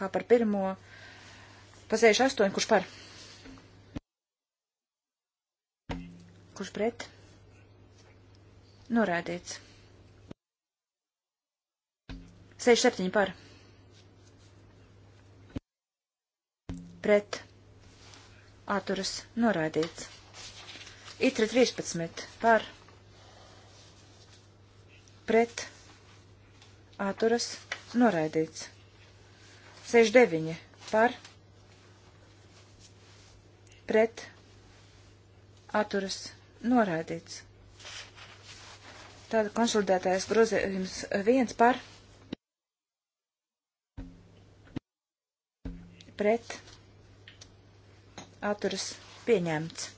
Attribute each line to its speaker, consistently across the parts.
Speaker 1: kā par pirmo, pa 68, kurš par? Kurš pret? Norādīts. 67 par. Pret. Atturas norādīts. Itra 13 par. Pret. Atturas norādīts. 69 par pret atturas noraidīts. Tāda konsolidētājs grozījums viens par pret atturas pieņemts.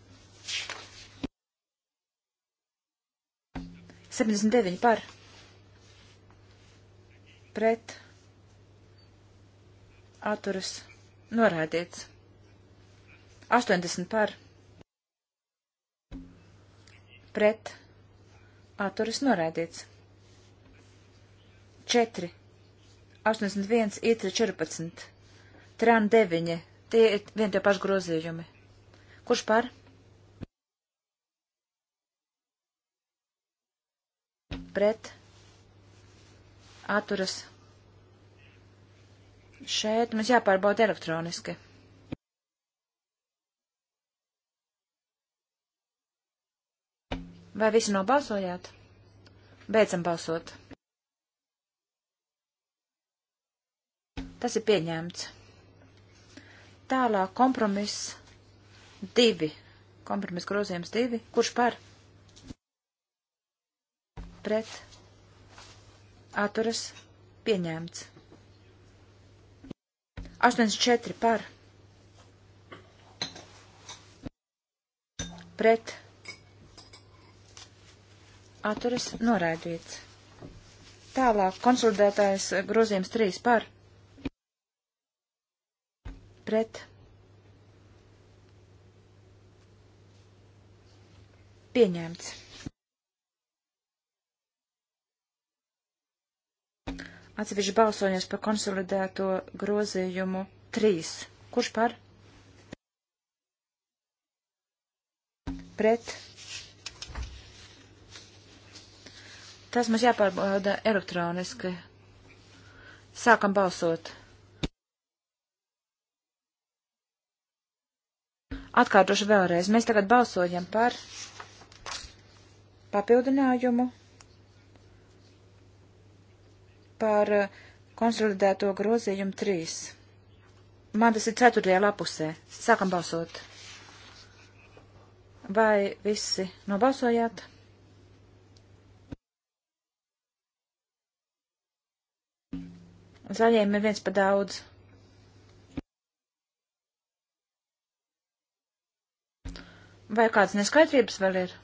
Speaker 1: 79 par pret atturas norādīts. 80 par pret atturas norādīts. 4, 81, itri 14, tran 9, tie ir vien tie paši grozījumi. Kurš par? Pret atturas norādīts Šeit mums jāpārbauda elektroniski. Vai visi nobalsojāt? Beidzam balsot. Tas ir pieņemts. Tālāk kompromiss divi. Kompromiss grozījums divi. Kurš par? Pret. Atturas. Pieņemts. 84 par. Pret. Atturas noraidīts. Tālāk konsolidētājs grozījums 3 par. Pret. Pieņemts. Atsevišķi balsojums par konsolidēto grozījumu 3. Kurš par? Pret. Tas mums jāpārbauda elektroniski. Sākam balsot. Atkārtošu vēlreiz. Mēs tagad balsojam par papildinājumu par eh, konsolidēto grozījumu 3. Man tas ir 4. lapusē. Sākam balsot. Vai visi nobalsojāt? Zaļiem ir viens pa daudz. Vai kāds neskaidrības vēl ir?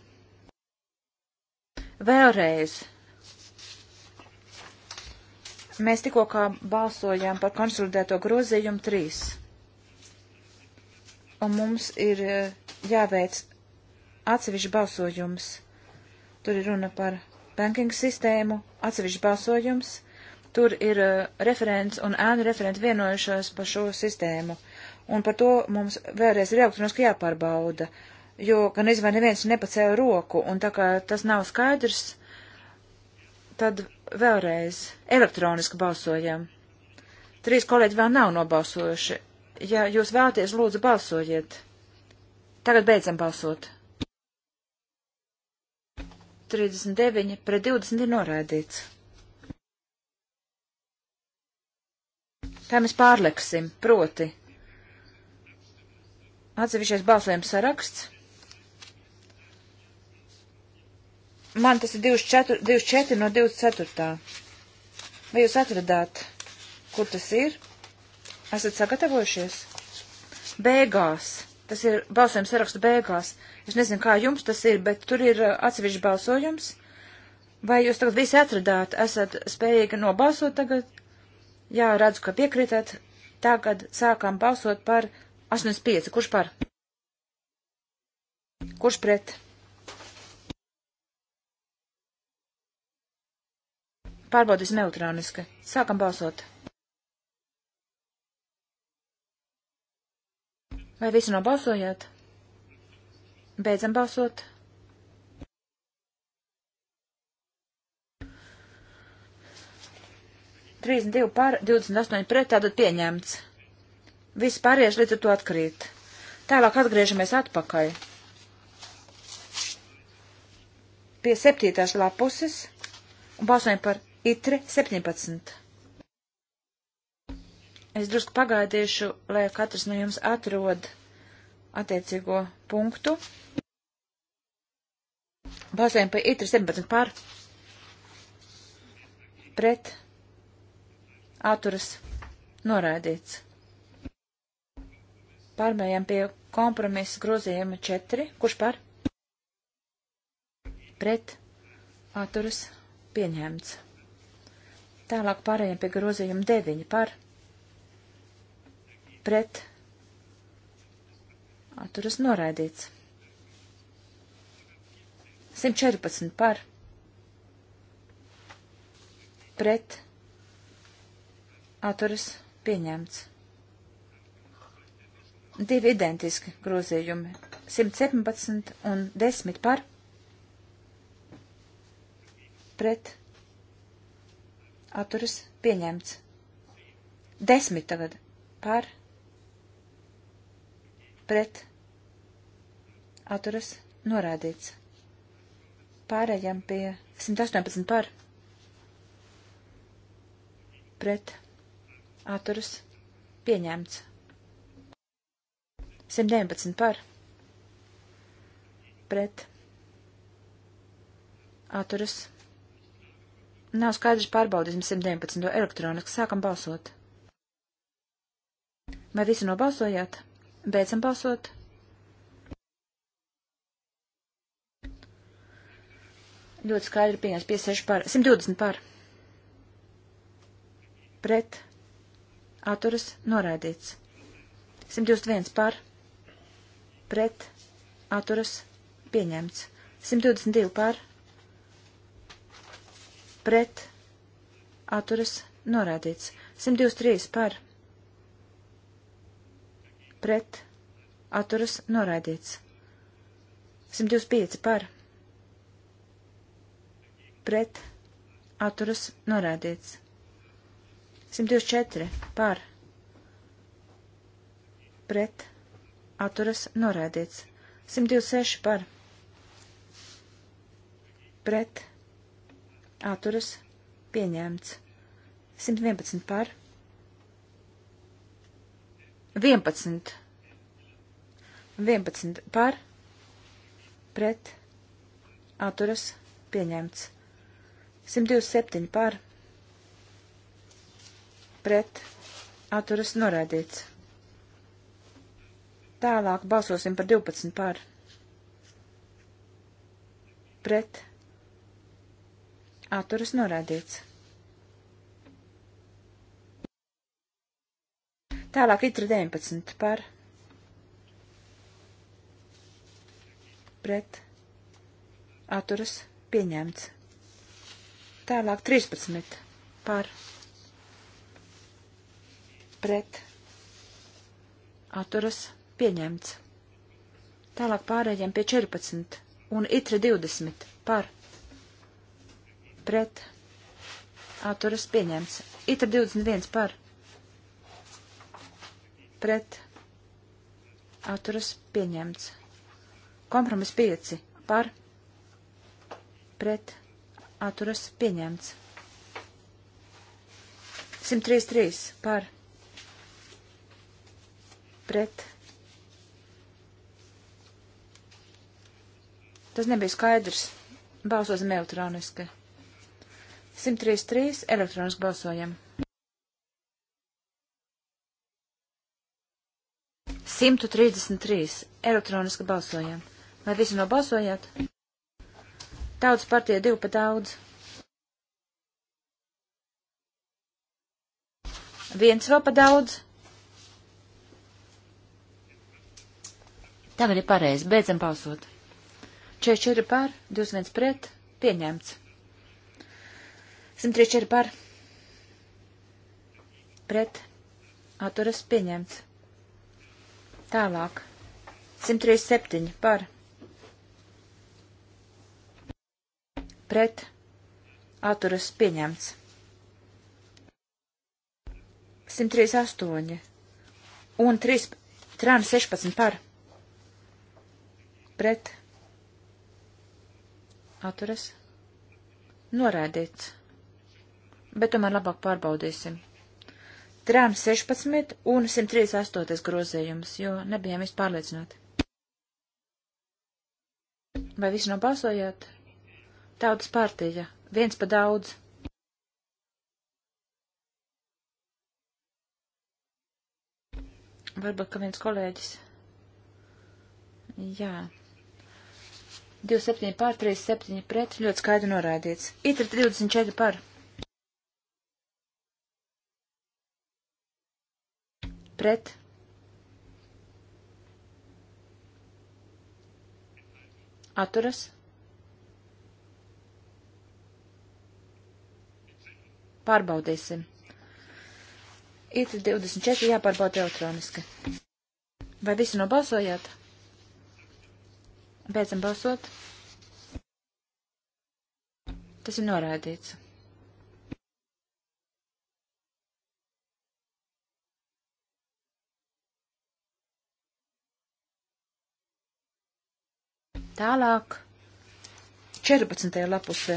Speaker 1: Vēlreiz Mēs tikko kā balsojām par konsolidēto grozījumu 3. Un mums ir eh, jāveic atsevišķi balsojums. Tur ir runa par banking sistēmu, atsevišķi balsojums. Tur ir eh, referents un ēnu referenti vienojušās par šo sistēmu. Un par to mums vēlreiz ir elektroniski jāpārbauda, jo gan izvēl neviens nepacēla roku, un tā kā tas nav skaidrs, tad Vēlreiz elektroniski balsojam. Trīs kolēģi vēl nav nobalsojuši. Ja jūs vēlaties, lūdzu, balsojiet. Tagad beidzam balsot. 39 pret 20 ir noraidīts. Tā mēs pārleksim, proti. Atsevišķais balsojums saraksts. Man tas ir 24, 24 no 24. Vai jūs atradāt, kur tas ir? Esat sagatavojušies? Beigās. Tas ir balsojums sarakstu beigās. Es nezinu, kā jums tas ir, bet tur ir uh, atsevišķi balsojums. Vai jūs tagad visi atradāt, esat spējīgi nobalsot tagad? Jā, redzu, ka piekritat. Tagad sākām balsot par 85. Kurš par? Kurš pret? Pārbaudīsim elektroniski. Sākam balsot. Vai visi nobalsojāt? Beidzam balsot. Trīsdesmit divi pār, divdesmit astoņi pret, tātad pieņemts. Visi pārieši līdz ar to atkrīt. Tālāk atgriežamies atpakaļ. Pie septītās lapuses un balsojam par Itri 17. Es drusku pagaidīšu, lai katrs no jums atrod attiecīgo punktu. Balsējam par itri 17 pār. Pret. Atturas. Noraidīts. Pārmējām pie kompromisa grozījuma 4. Kurš par? Pret. Atturas. Pieņemts. Tālāk pārējiem pie grozījuma 9 par pret atturas noraidīts. 114 par pret atturas pieņemts. Divi identiski grozījumi - 117 un 10 par pret atturas atturas pieņemts. Desmit tagad par, pret, atturas norādīts. Pārējām pie 118 par, pret, atturas pieņemts. 119 par, pret, atturas norādīts Nav skaidrs pārbaudīsim 119. elektroniski. Sākam balsot. Vai visi nobalsojāt? Beidzam balsot. Ļoti skaidri pieņems 56 par, 120 par. Pret. Atturas noraidīts. 121 par. Pret. Atturas pieņemts. 122 par pret atturas norādīts. 123 par pret atturas norādīts. 125 par pret atturas norādīts. 124 par pret atturas norādīts. 126 par pret atturas pieņemts. 111 par. 11. 11 par. Pret. Atturas pieņemts. 127 par. Pret. Atturas norādīts. Tālāk balsosim par 12 par. Pret Atturas norādīts. Tālāk itra 19 par pret atturas pieņemts. Tālāk 13 par pret atturas pieņemts. Tālāk pārējiem pie 14 un itra 20 par pret pret atturas pieņemts. Itra 21 par pret atturas pieņemts. Kompromis 5 par pret atturas pieņemts. 133 par pret. Tas nebija skaidrs. Balsosim elektroniski. 133 elektroniski balsojam. 133 elektroniski balsojam. Vai visi nobalsojāt? Tautas partija divi pa daudz. Viens vēl pa daudz. Tagad ir pareizi. Beidzam balsot. 44 pār, 21 pret, pieņemts. 134 par pret atturas pieņemts. Tālāk. 137 par pret atturas pieņemts. 138 un 3, trāna 16 par pret atturas noraidīts bet tomēr labāk pārbaudīsim. Trām 16 un 138 grozījums, jo nebijām vispār pārliecināti. Vai visi nobalsojāt? Tautas partija. Viens pa daudz. Varbūt, ka viens kolēģis. Jā. 27 pār, 37 pret, ļoti skaidri norādīts. Itra 24 pār. pret atturas pārbaudīsim. It 24 jāpārbauda elektroniski. Vai visi nobalsojāt? Beidzam balsot. Tas ir noraidīts. Tālāk, 14. lapusē.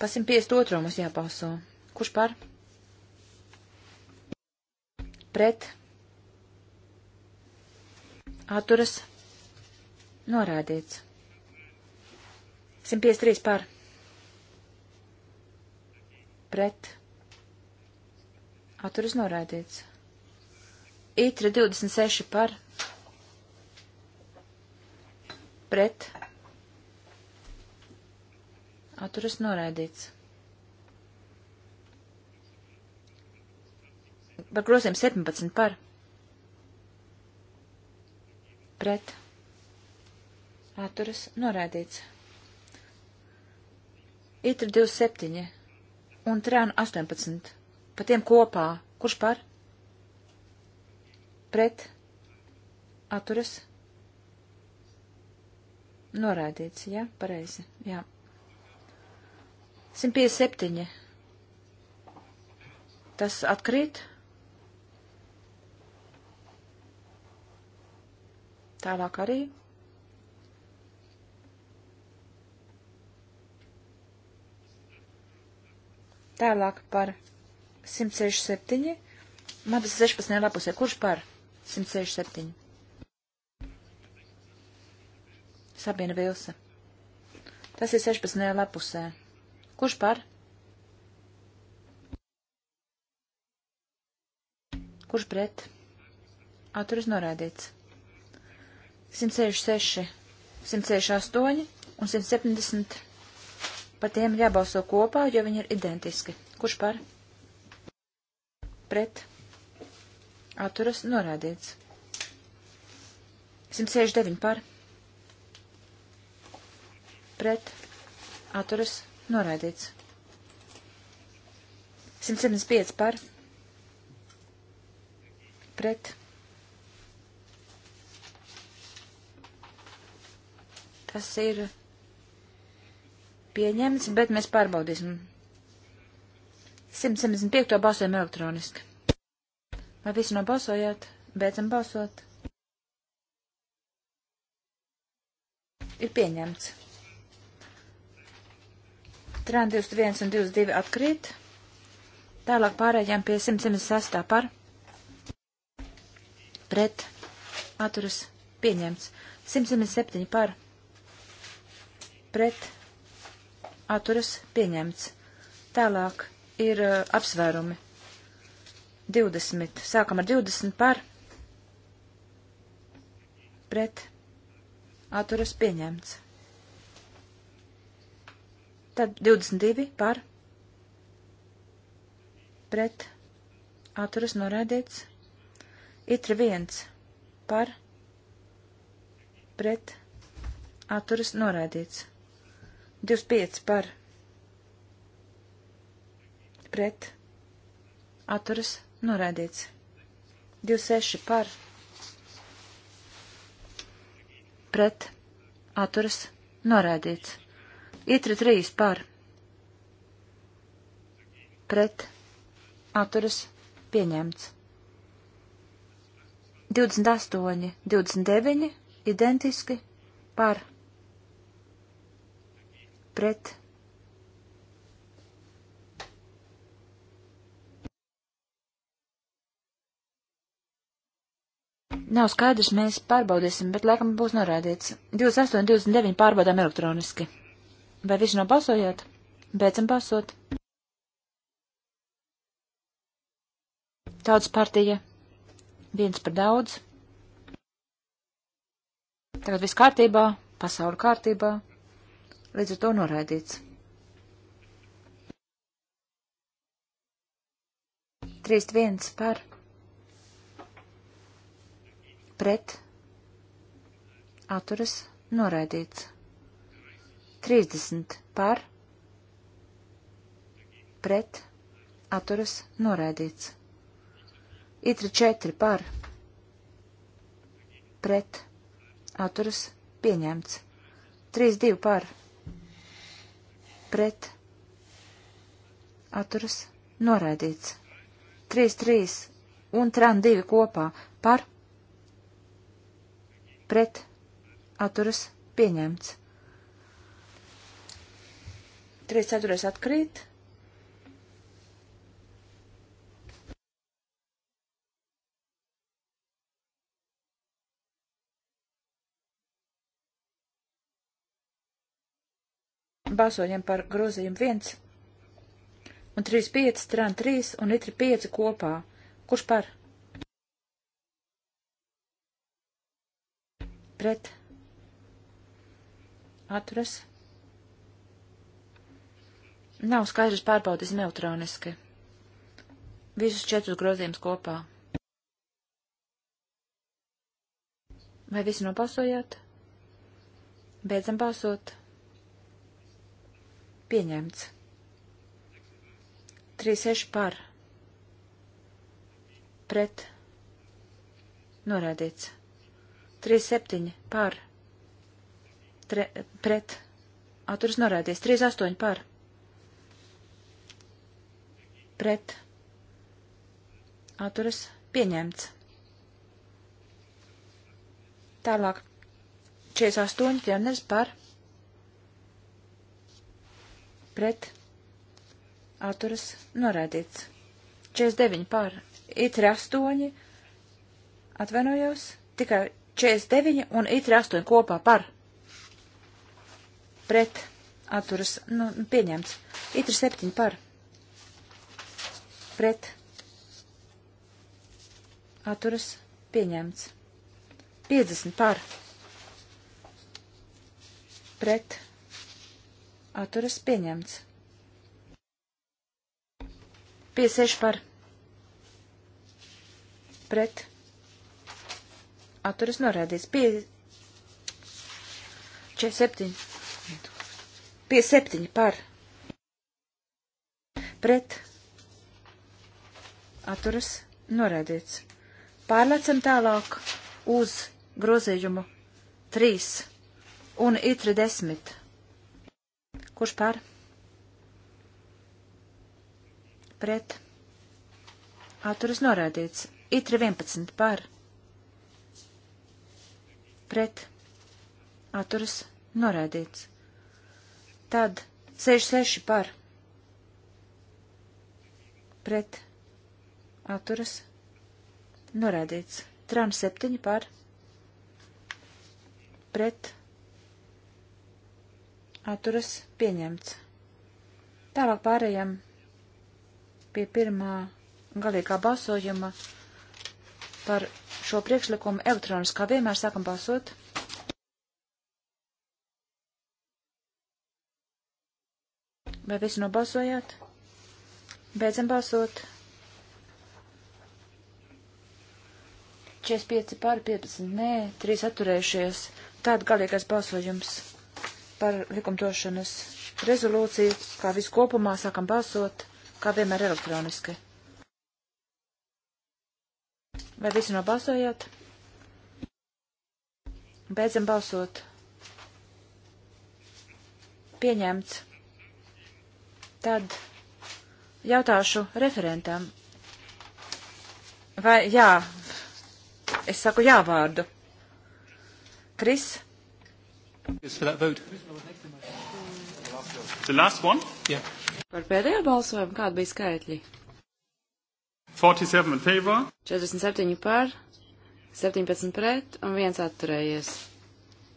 Speaker 1: Pa 152. mums jābalso. Kurš par? Pret. Atturas. Norādīts. 153 par. Pret. Atturas norādīts. Itra 26 par pret atturas noraidīts. Par groziem 17 par pret atturas noraidīts. Itri 27 un Trēnu 18. Pa tiem kopā. Kurš par? Pret. Atturas. Norādīts, jā, ja? pareizi, jā. 157. Tas atkrīt. Tālāk arī. Tālāk par 167. Man tas 16. lapusē. Kurš par 167? Sabina Vilsa. Tas ir 16. lapusē. Kurš par? Kurš pret? Atturis norādīts. 166, 168 un 170. Par tiem jābalso kopā, jo viņi ir identiski. Kurš par? Pret? Atturas norādīts. 169 par pret atturas noraidīts. 175 par pret Tas ir pieņemts, bet mēs pārbaudīsim. 175. balsojam elektroniski. Vai visi nobalsojāt? Beidzam balsot. Ir pieņemts. Tran 21 un 22 atkrīt. Tālāk pārējām pie 176 par. Pret. Atturas. Pieņemts. 177 par. Pret. Atturas. Pieņemts. Tālāk ir uh, apsvērumi. 20. Sākam ar 20 par. Pret. Atturas. Pieņemts. Tad 22 par pret atturas noraidīts. Itri 1 par pret atturas noraidīts. 25 par pret atturas noraidīts. 26 par pret atturas noraidīts. Itri 3 par pret atturas pieņemts. 28, 29 identiski par pret. Nav skaidrs, mēs pārbaudīsim, bet laikam būs norādīts. 28, 29 pārbaudām elektroniski. Vai visi nobalsojāt? Beidzam balsot. Tautas partija. Viens par daudz. Tagad viss kārtībā, pasauli kārtībā. Līdz ar to noraidīts. 31 par pret atturas noraidīts. 30 par, pret, atturas noraidīts. Itri 4 par, pret, atturas pieņemts. 32 par, pret, atturas noraidīts. 33 un tran 2 kopā par, pret, atturas pieņemts. 34. atkrīt. Balsojam par grozījumu 1 un 35, tran 3 un litri 5 kopā. Kurš par? Pret. Atturas. Nav skaidrs pārbaudīsim elektroniski. Visus četrus grozījumus kopā. Vai visi nopasojāt? Beidzam balsot. Pieņemts. 36 par. Pret. Norādīts. 37 par. Tre, pret. Autors norādīts. 38 par pret atturas pieņemts. Tālāk 48 treneris par pret atturas norādīts. 49 par itri 8 atvainojos, tikai 49 un itri 8 kopā par pret atturas nu, pieņemts. Itri 7 par pret pret atturas pieņemts. 50 par pret atturas pieņemts. 56 par pret atturas norādīts. 47 57 par pret atturas noraidīts. Pārlecam tālāk uz grozījumu 3 un itri 10. Kurš pār? Pret. Atturas noraidīts. Itri 11 pār. Pret. Atturas noraidīts. Tad 66 par. Pret atturas norādīts. Tran 7 par pret atturas pieņemts. Tālāk pārējām pie pirmā galīgā balsojuma par šo priekšlikumu elektroniskā vienmēr sākam balsot. Vai visi nobalsojāt? Beidzam balsot. 45 pār 15 nē, 3 atturējušies. Tāda galīgais balsojums par likumdošanas rezolūciju, kā viskopumā sākam balsot, kā vienmēr elektroniski. Vai visi nobalsojāt? Beidzam balsot. Pieņemts. Tad jautāšu referentam. Vai, jā, Es saku jā vārdu. Kris?
Speaker 2: Yeah.
Speaker 3: Par pēdējo balsojumu kāda bija skaitļi?
Speaker 2: 47 favor.
Speaker 3: 47 par, 17 pret un viens atturējies.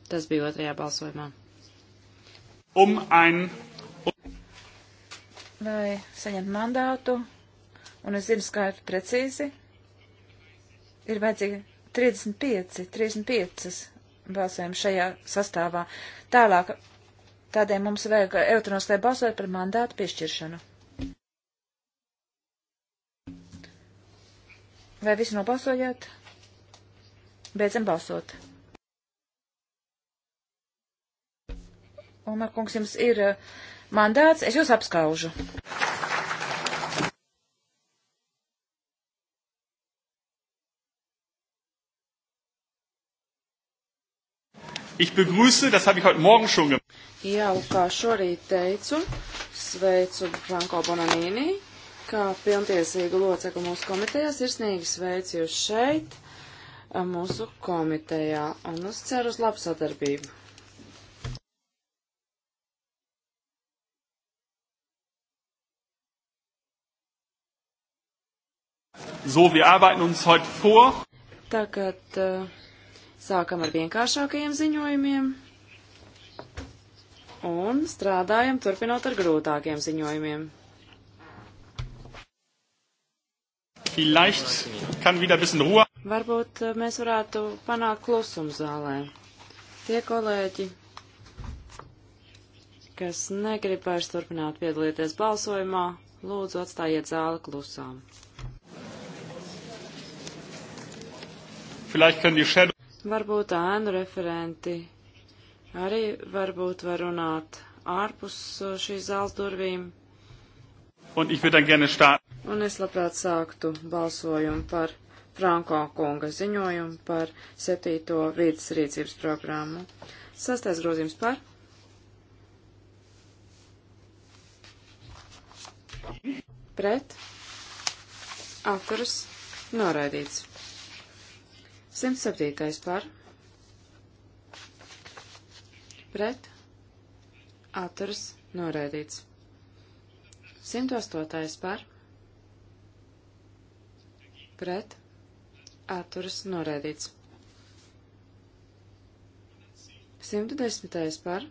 Speaker 3: Tas bija otrajā balsojumā.
Speaker 2: Um ein... Um.
Speaker 1: Lai saņemtu mandātu, un es zinu skaitu precīzi, ir vajadzīga 35, 35 balsojam šajā sastāvā. Tālāk, tādēļ mums vajag elektroniskai balsot par mandātu piešķiršanu. Vai visi nobalsojāt? Beidzam balsot. Omar kungs, jums ir eh, mandāts, es jūs apskaužu.
Speaker 2: Ich begrüße, das habe ich heute Morgen schon gemacht.
Speaker 3: Jau, kā šorīt teicu, sveicu Franko Bonanīni, kā pilntiesīgu locekli mūsu komitejā, sirsnīgi sveicu jūs šeit, mūsu komitejā, un es ceru uz labu sadarbību.
Speaker 2: So, wir arbeiten uns heute vor.
Speaker 3: Tagad, uh... Sākam ar vienkāršākajiem ziņojumiem un strādājam turpinot ar grūtākiem ziņojumiem. Varbūt eh, mēs varētu panākt klusumu zālē. Tie kolēģi, kas negrib vairs turpināt piedalīties balsojumā, lūdzu atstājiet zāli klusām.
Speaker 2: Vielleicht können die Shadow
Speaker 3: Varbūt ēnu referenti arī varbūt var runāt ārpus uh, šīs zāles durvīm. Un, Un es labprāt sāktu balsojumu par Franko kunga ziņojumu par septīto vīdes rīcības programmu. Sastais grozījums par. Pret. Autors noraidīts. 107. par pret atturas noraidīts. 108. par pret atturas noraidīts. 110. par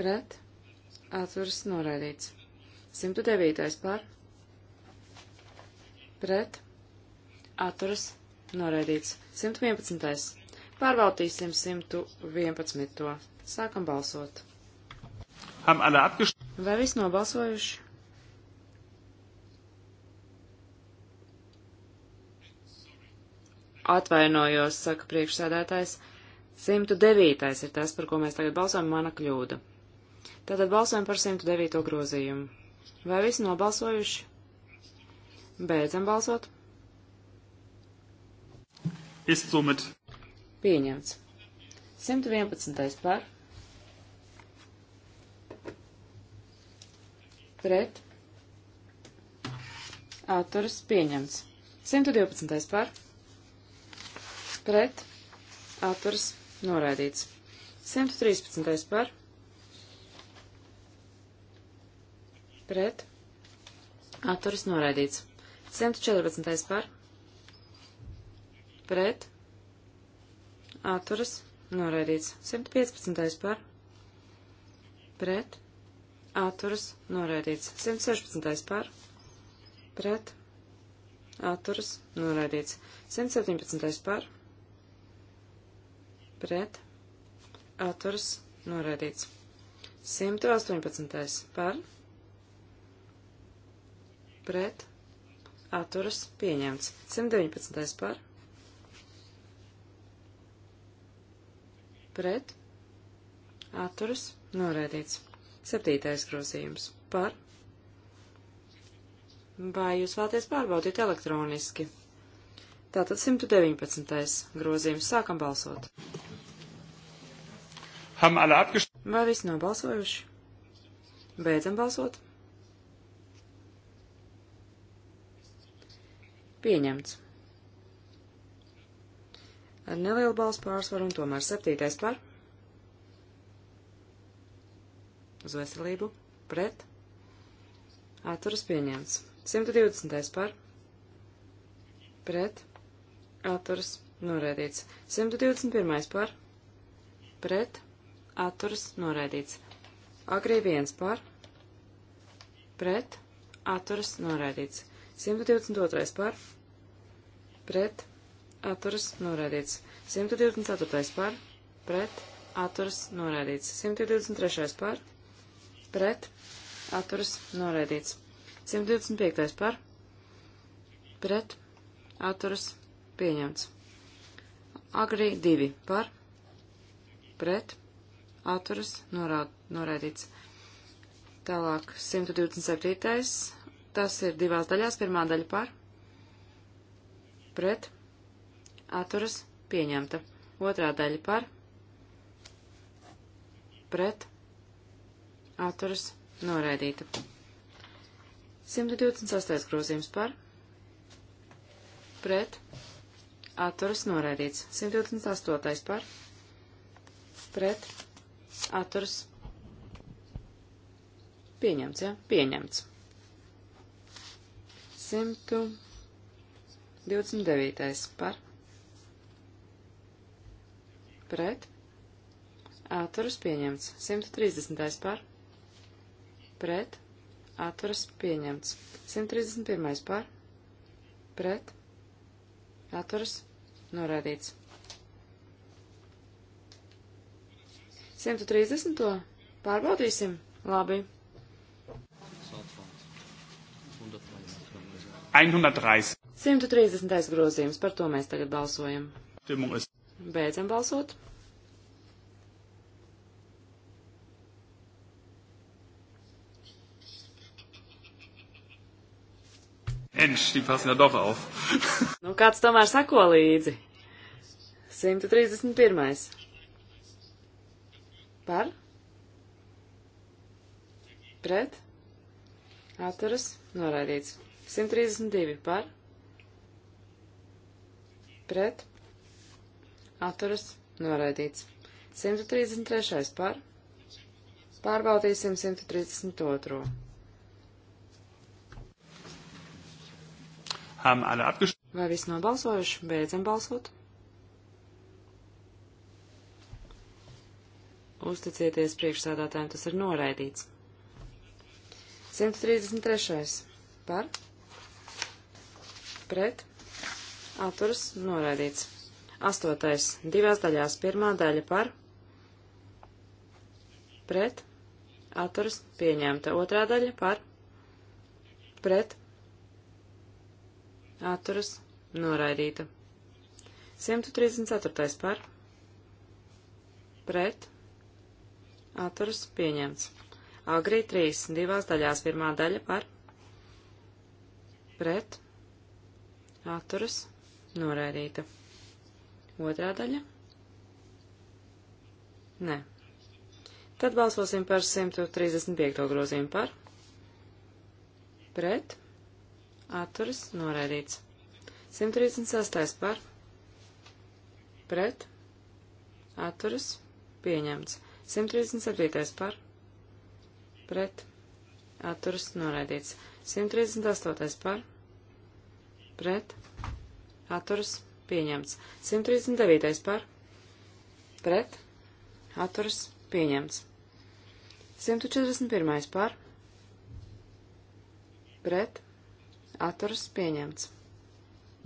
Speaker 3: pret atturas noraidīts. 109. par pret atturas noraidīts. 111. Pārvaldīsim 111. Sākam balsot.
Speaker 2: Vai
Speaker 3: viss nobalsojuši? Atvainojos, saka priekšsēdētājs. 109. ir tas, par ko mēs tagad balsojam, mana kļūda. Tātad balsojam par 109. grozījumu. Vai visi nobalsojuši? Beidzam balsot ist somit pieņemts. 111. par pret atturas pieņemts. 112. par pret atturas noraidīts. 113. par pret atturas noraidīts. 114. par pret, atturas, noraidīts. 115. par, pret, atturas, noraidīts. 116. par, pret, atturas, noraidīts. 117. par, pret, atturas, noraidīts. 118. par, pret, atturas, pieņemts. 119. par, pret, pret, atturas, norēdīts. Septītais grozījums par. Vai jūs vēlaties pārbaudīt elektroniski? Tātad 119. grozījums. Sākam balsot. Vai visi nobalsojuši? Beidzam balsot. Pieņemts ar nelielu balstu pārsvaru un tomēr septītais par. Uz veselību pret. Atturas pieņemts. 120. par. Pret. Atturas noraidīts. 121. par. Pret. Atturas noraidīts. Agrī viens par. Pret. Atturas noraidīts. 122. par. Pret atturas norādīts. 124. par, pret, atturas norādīts. 123. par, pret, atturas norādīts. 125. par, pret, atturas pieņemts. Agri 2 par, pret, atturas norādīts. Tālāk 127. Tas ir divās daļās. Pirmā daļa par, pret, atturas atturas pieņemta. Otrā daļa par pret atturas noraidīta. 128. grozījums par pret atturas noraidīts. 128. par pret atturas pieņemts, jā? Ja? Pieņemts. 129. par pret pret, atturas pieņemts. 130. par, pret, atturas pieņemts. 131. par, pret, atturas norādīts. 130. To. pārbaudīsim.
Speaker 2: Labi. 130.
Speaker 3: 130. grozījums, par to mēs tagad balsojam. Beidzam balsot.
Speaker 2: Mensch, die passen ja doch auf.
Speaker 3: nu, kāds tomēr sako līdzi. 131. Par? Pret? Atturas? Noraidīts. 132. Par? Pret? atturas, noraidīts. 133. par. Pārbaudīsim 132. Vai viss nobalsojuši? Beidzam balsot. Uzticieties priekšsādātājiem, tas ir noraidīts. 133. par. Pret. Atturas noraidīts. Astotais. Divās daļās. Pirmā daļa par. Pret. Atturas pieņemta. Otrā daļa par. Pret. Atturas noraidīta. 134. par. Pret. Atturas pieņemts. Agrī 3. Divās daļās. Pirmā daļa par. Pret. Atturas noraidīta. Otrā daļa? Nē. Tad balsosim par 135. grozījumu par. Pret. Atturis noraidīts. 136. par. Pret. Atturis pieņemts. 137. par. Pret. Atturis noraidīts. 138. par. Pret. Atturis pieņemts pieņemts. 139. par pret atturas pieņemts. 141. par pret atturas pieņemts.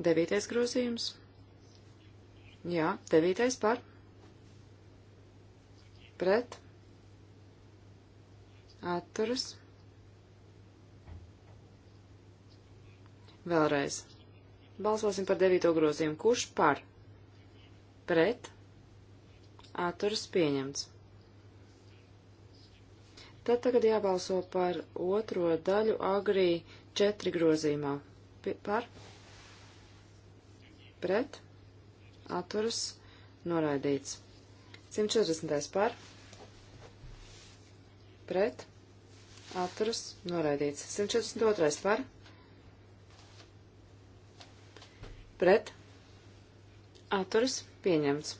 Speaker 3: 9. grozījums. Jā, 9. par pret atturas. Vēlreiz. Balsosim par devīto grozījumu. Kurš par? Pret? Atturas pieņemts. Tad tagad jābalso par otro daļu agrī četri grozīmā. P par? Pret? Atturas noraidīts. 140. par? Pret? Atturas noraidīts. 142. par? pret atturas pieņemts.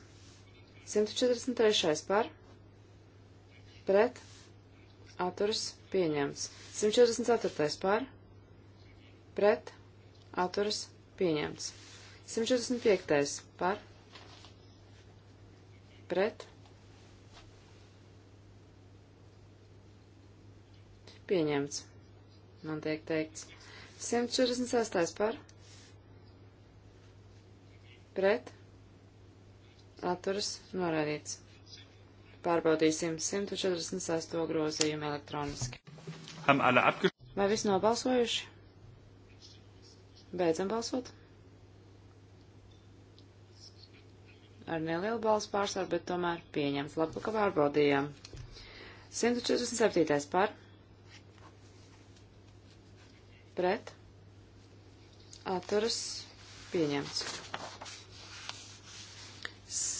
Speaker 3: 143. par pret atturas pieņemts. 144. par pret atturas pieņemts. 145. par pret pieņemts. Man tiek teikts. 146. par pret pret, atturas norādīts. Pārbaudīsim 148. grozījumu elektroniski. Vai viss nobalsojuši? Beidzam balsot. Ar nelielu balsu pārsvaru, bet tomēr pieņemts. Labi, ka pārbaudījām. 147. par. Pret. Atturas pieņemts.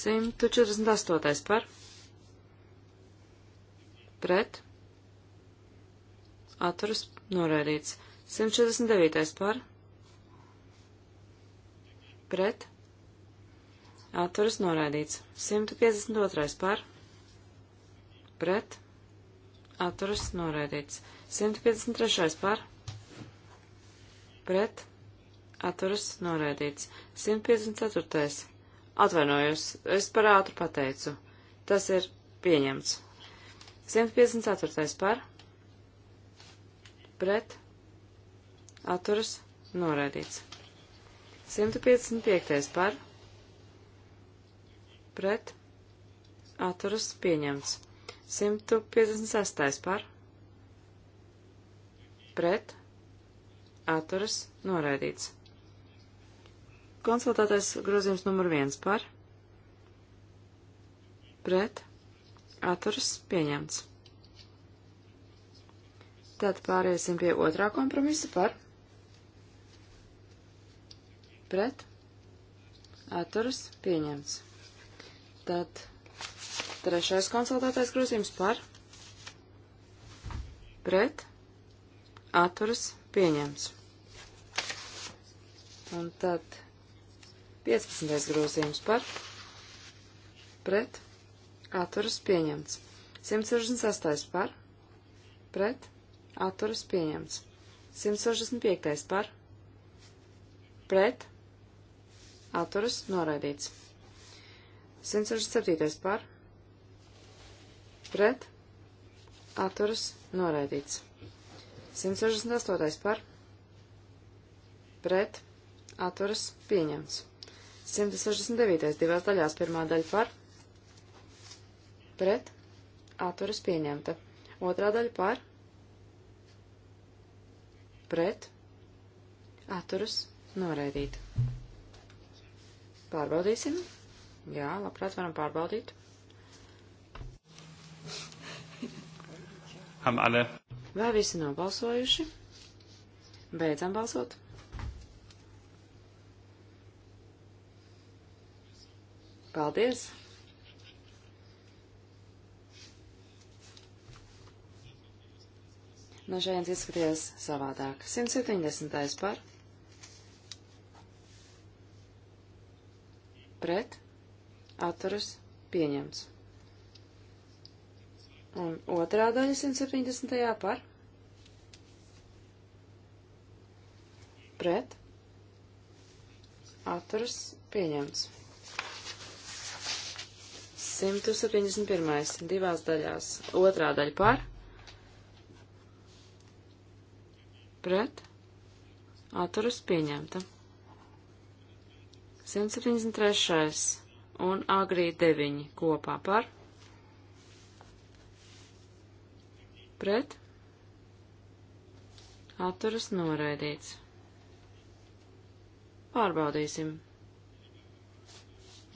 Speaker 3: 148. par pret atturas norēdīts. 149. par pret atturas norēdīts. 152. par pret atturas norēdīts. 153. par pret atturas norēdīts. 154. Atvainojos, es par ātru pateicu. Tas ir pieņemts. 154. par. Pret. Atturas. Noraidīts. 155. par. Pret. Atturas. Pieņemts. 156. par. Pret. Atturas. Noraidīts. Konsultētais grozījums numur viens par pret atturas pieņemts. Tad pāriesim pie otrā kompromisa par pret atturas pieņemts. Tad trešais konsultētais grozījums par pret atturas pieņemts. Un tad 15. grozījums par pret atturas pieņemts. 168. par pret atturas pieņemts. 165. par pret atturas noraidīts. 167. par pret atturas noraidīts. 168. par pret atturas pieņemts. 169. divās daļās pirmā daļa par, pret, atturas pieņemta. Otrā daļa par, pret, atturas noraidīta. Pārbaudīsim. Jā, labprāt varam pārbaudīt. Ham alle. Vai visi nobalsojuši? Beidzam balsot. Paldies! No šajienas izskatījās savādāk. 170. par. Pret. Atturas. Pieņemts. Un otrā daļa 170. par. Pret. Atturas. Pieņemts. 171. divās daļās. Otrā daļa par, pret, atturas pieņemta. 173. un agrī 9 kopā par, pret, atturas noraidīts. Pārbaudīsim.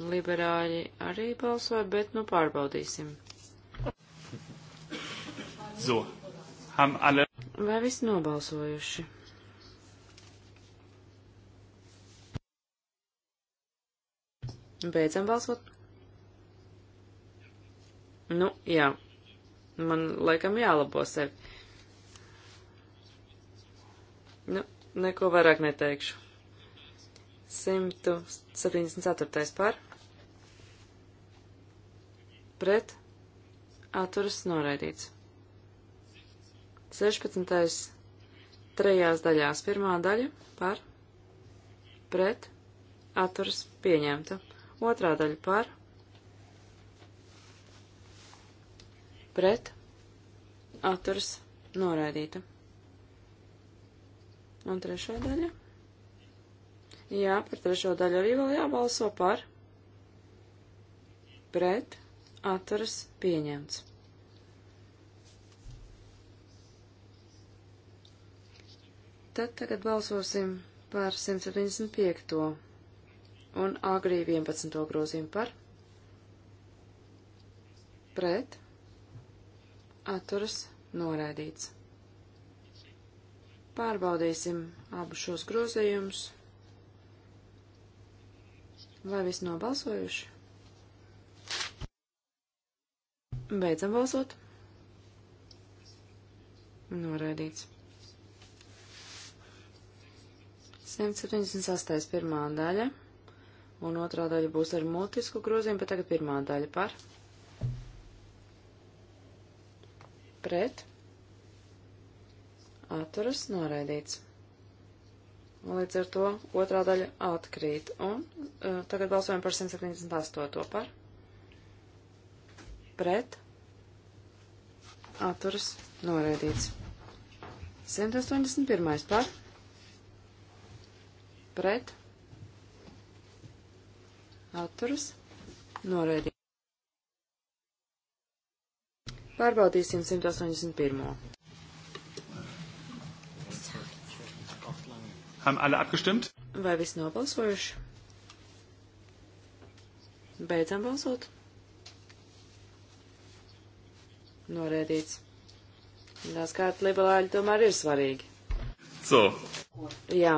Speaker 3: Liberāļi arī balsoja, bet nu pārbaudīsim.
Speaker 2: So, ham alle.
Speaker 3: Vai visi nobalsojuši? Beidzam balsot. Nu, jā. Man laikam jālabo sevi. Nu, neko vairāk neteikšu. 174. par pret atturas noraidīts. 16. trejās daļās pirmā daļa par pret atturas pieņemta. Otrā daļa par pret atturas noraidīta. Un trešā daļa. Jā, par trešo daļu arī vēl jābalso par pret atturas pieņemts. Tad tagad balsosim par 175. un agrī 11. grozījumu par pret atturas noraidīts. Pārbaudīsim abu šos grozījumus. Vai viss nobalsojuši? Beidzam balsot. Noraidīts. 178. pirmā daļa, un otrā daļa būs ar multisku grozījumu, bet tagad pirmā daļa par. Pret. Atturas noraidīts. Un līdz ar to otrā daļa atkrīt, un uh, tagad balsojam par 178. par pret, atturas noraidīts. 181. par, pret, atturas noraidīts. Pārbaudīsim 181.
Speaker 2: Haben alle abgestimmt?
Speaker 3: Vai viss nobalsojuši? Beidzam balsot. Norēdīts. Dažkārt liberāļi tomēr ir svarīgi. So. Jā.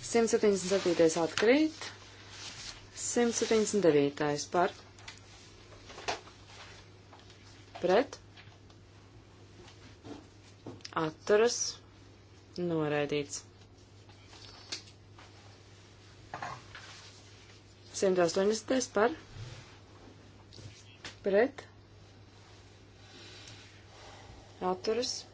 Speaker 3: 177. atkrīt. 179. par. Pret. Atturas. Noraidīts. 180. par. Pret atturas.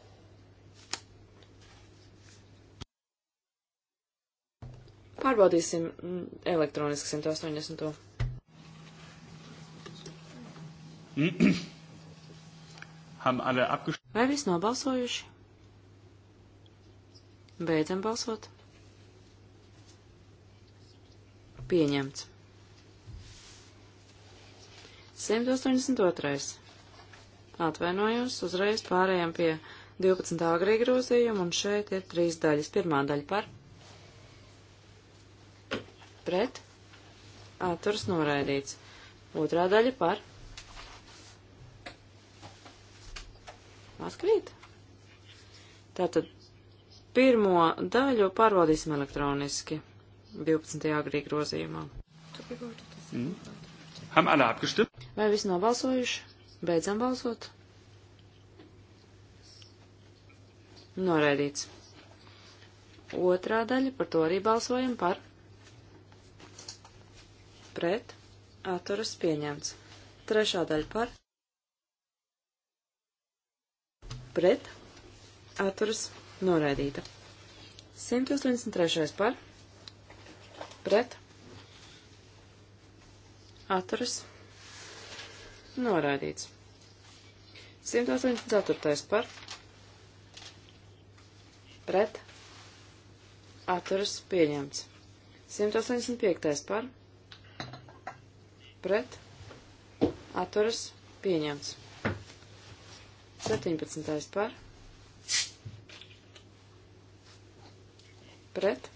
Speaker 3: Pārbaudīsim mm, elektroniski 180. Vai viss nobalsojuši? Beidzam balsot. Pieņemts. 182. Atvainojos, uzreiz pārējām pie 12. agrī grozījuma, un šeit ir trīs daļas. Pirmā daļa par pret, atturs noraidīts. Otrā daļa par atkrīt. Tātad pirmo daļu pārbaudīsim elektroniski 12. agrī grozījumā. Hm? Vai visi nobalsojuši? Beidzam balsot. Noraidīts. Otrā daļa, par to arī balsojam par. Pret. Atturas pieņemts. Trešā daļa par. Pret. Atturas noraidīta. 183. par. Pret. Atturas Noraidīts. 184. par pret atturas pieņemts. 185. par pret atturas pieņemts. 17. par pret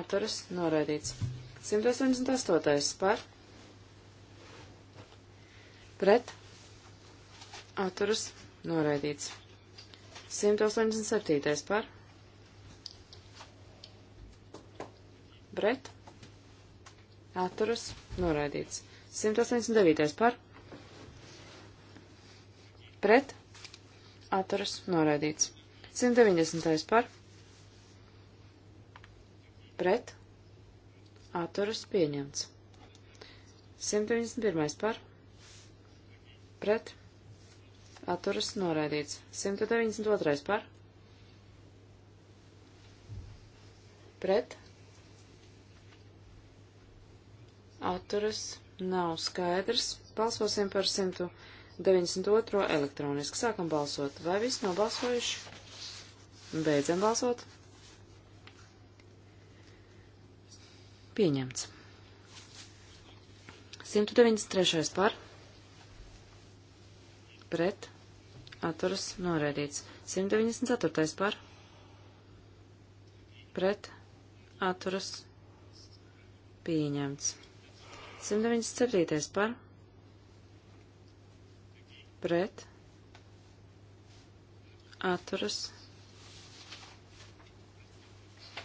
Speaker 3: atturas noraidīts. 188. par pret atturas noraidīts. 187. par pret atturas noraidīts. 189. par pret atturas noraidīts. 190. par pret atturas pieņemts. 191. par pret pret, atturas noraidīts. 192. par, pret, atturas nav skaidrs. Balsosim par 192. elektroniski. Sākam balsot. Vai viss nav balsojuši? Beidzam balsot. Pieņemts. 193. par pret, atturas noraidīts. 194. par, pret, atturas pieņemts. 197. par, pret, atturas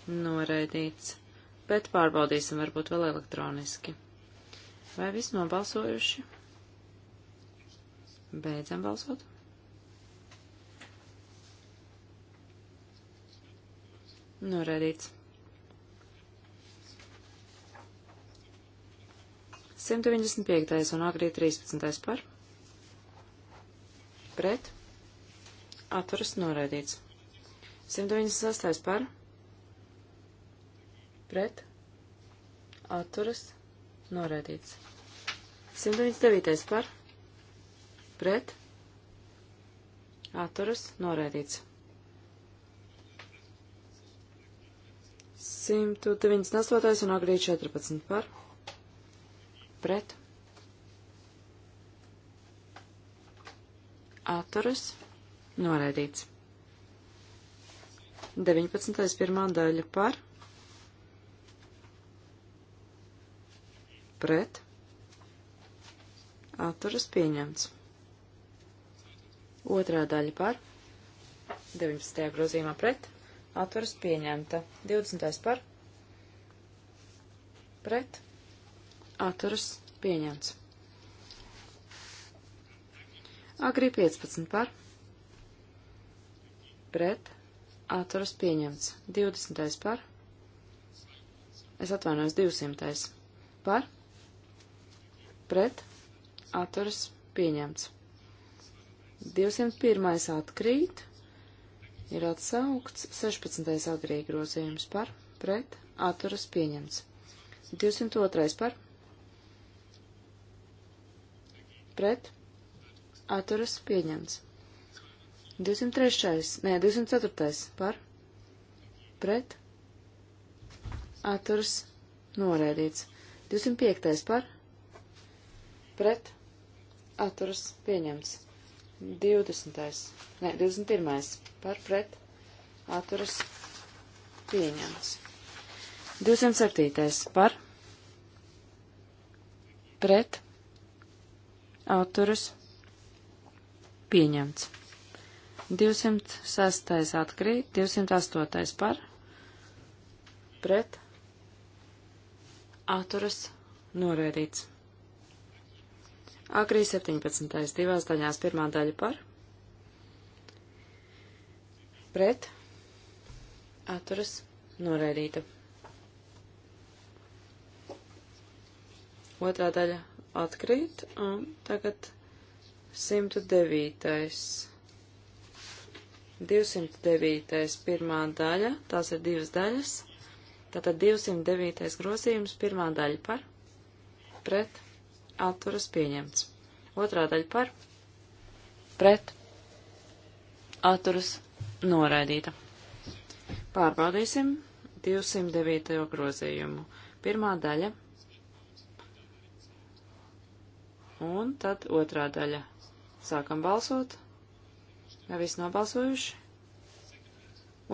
Speaker 3: noraidīts. Bet pārbaudīsim varbūt vēl elektroniski. Vai viss nobalsojuši? Beidzam balsot. Norēdīts. 195. un agrī 13. par. Pret. Atturas norēdīts. 198. par. Pret. Atturas norēdīts. 199. par pret, atturas, noraidīts. 198 un agrīt 14 par, pret, atturas, noraidīts. 19. pirmā daļa par, pret, atturas pieņemts. Otrā daļa par 19. grozījumā pret atturas pieņemta. 20. par pret atturas pieņemts. Agrī 15 par pret atturas pieņemts. 20. par es atvainojos 200. par pret atturas pieņemts. 201. atkrīt, ir atsaukts, 16. atgrīja grozījums par, pret, atturas pieņemts. 202. par, pret, atturas pieņemts. 203. nē, 204. par, pret, atturas norēdīts. 205. par, pret, atturas pieņemts. 20. Nē, 21. par pret atturas pieņemts. 207. par pret atturas pieņemts. 206. atkrīt, 208. par pret atturas noraidīts. Agrī 17. divās daļās pirmā daļa par. Pret. Atturas. Noraidīta. Otrā daļa atkrīt. Un tagad 109. 209. pirmā daļa. Tās ir divas daļas. Tātad 209. grozījums pirmā daļa par. Pret atturas pieņemts. Otrā daļa par, pret, atturas noraidīta. Pārbaudīsim 209. grozījumu. Pirmā daļa un tad otrā daļa. Sākam balsot. Ja viss nobalsojuši.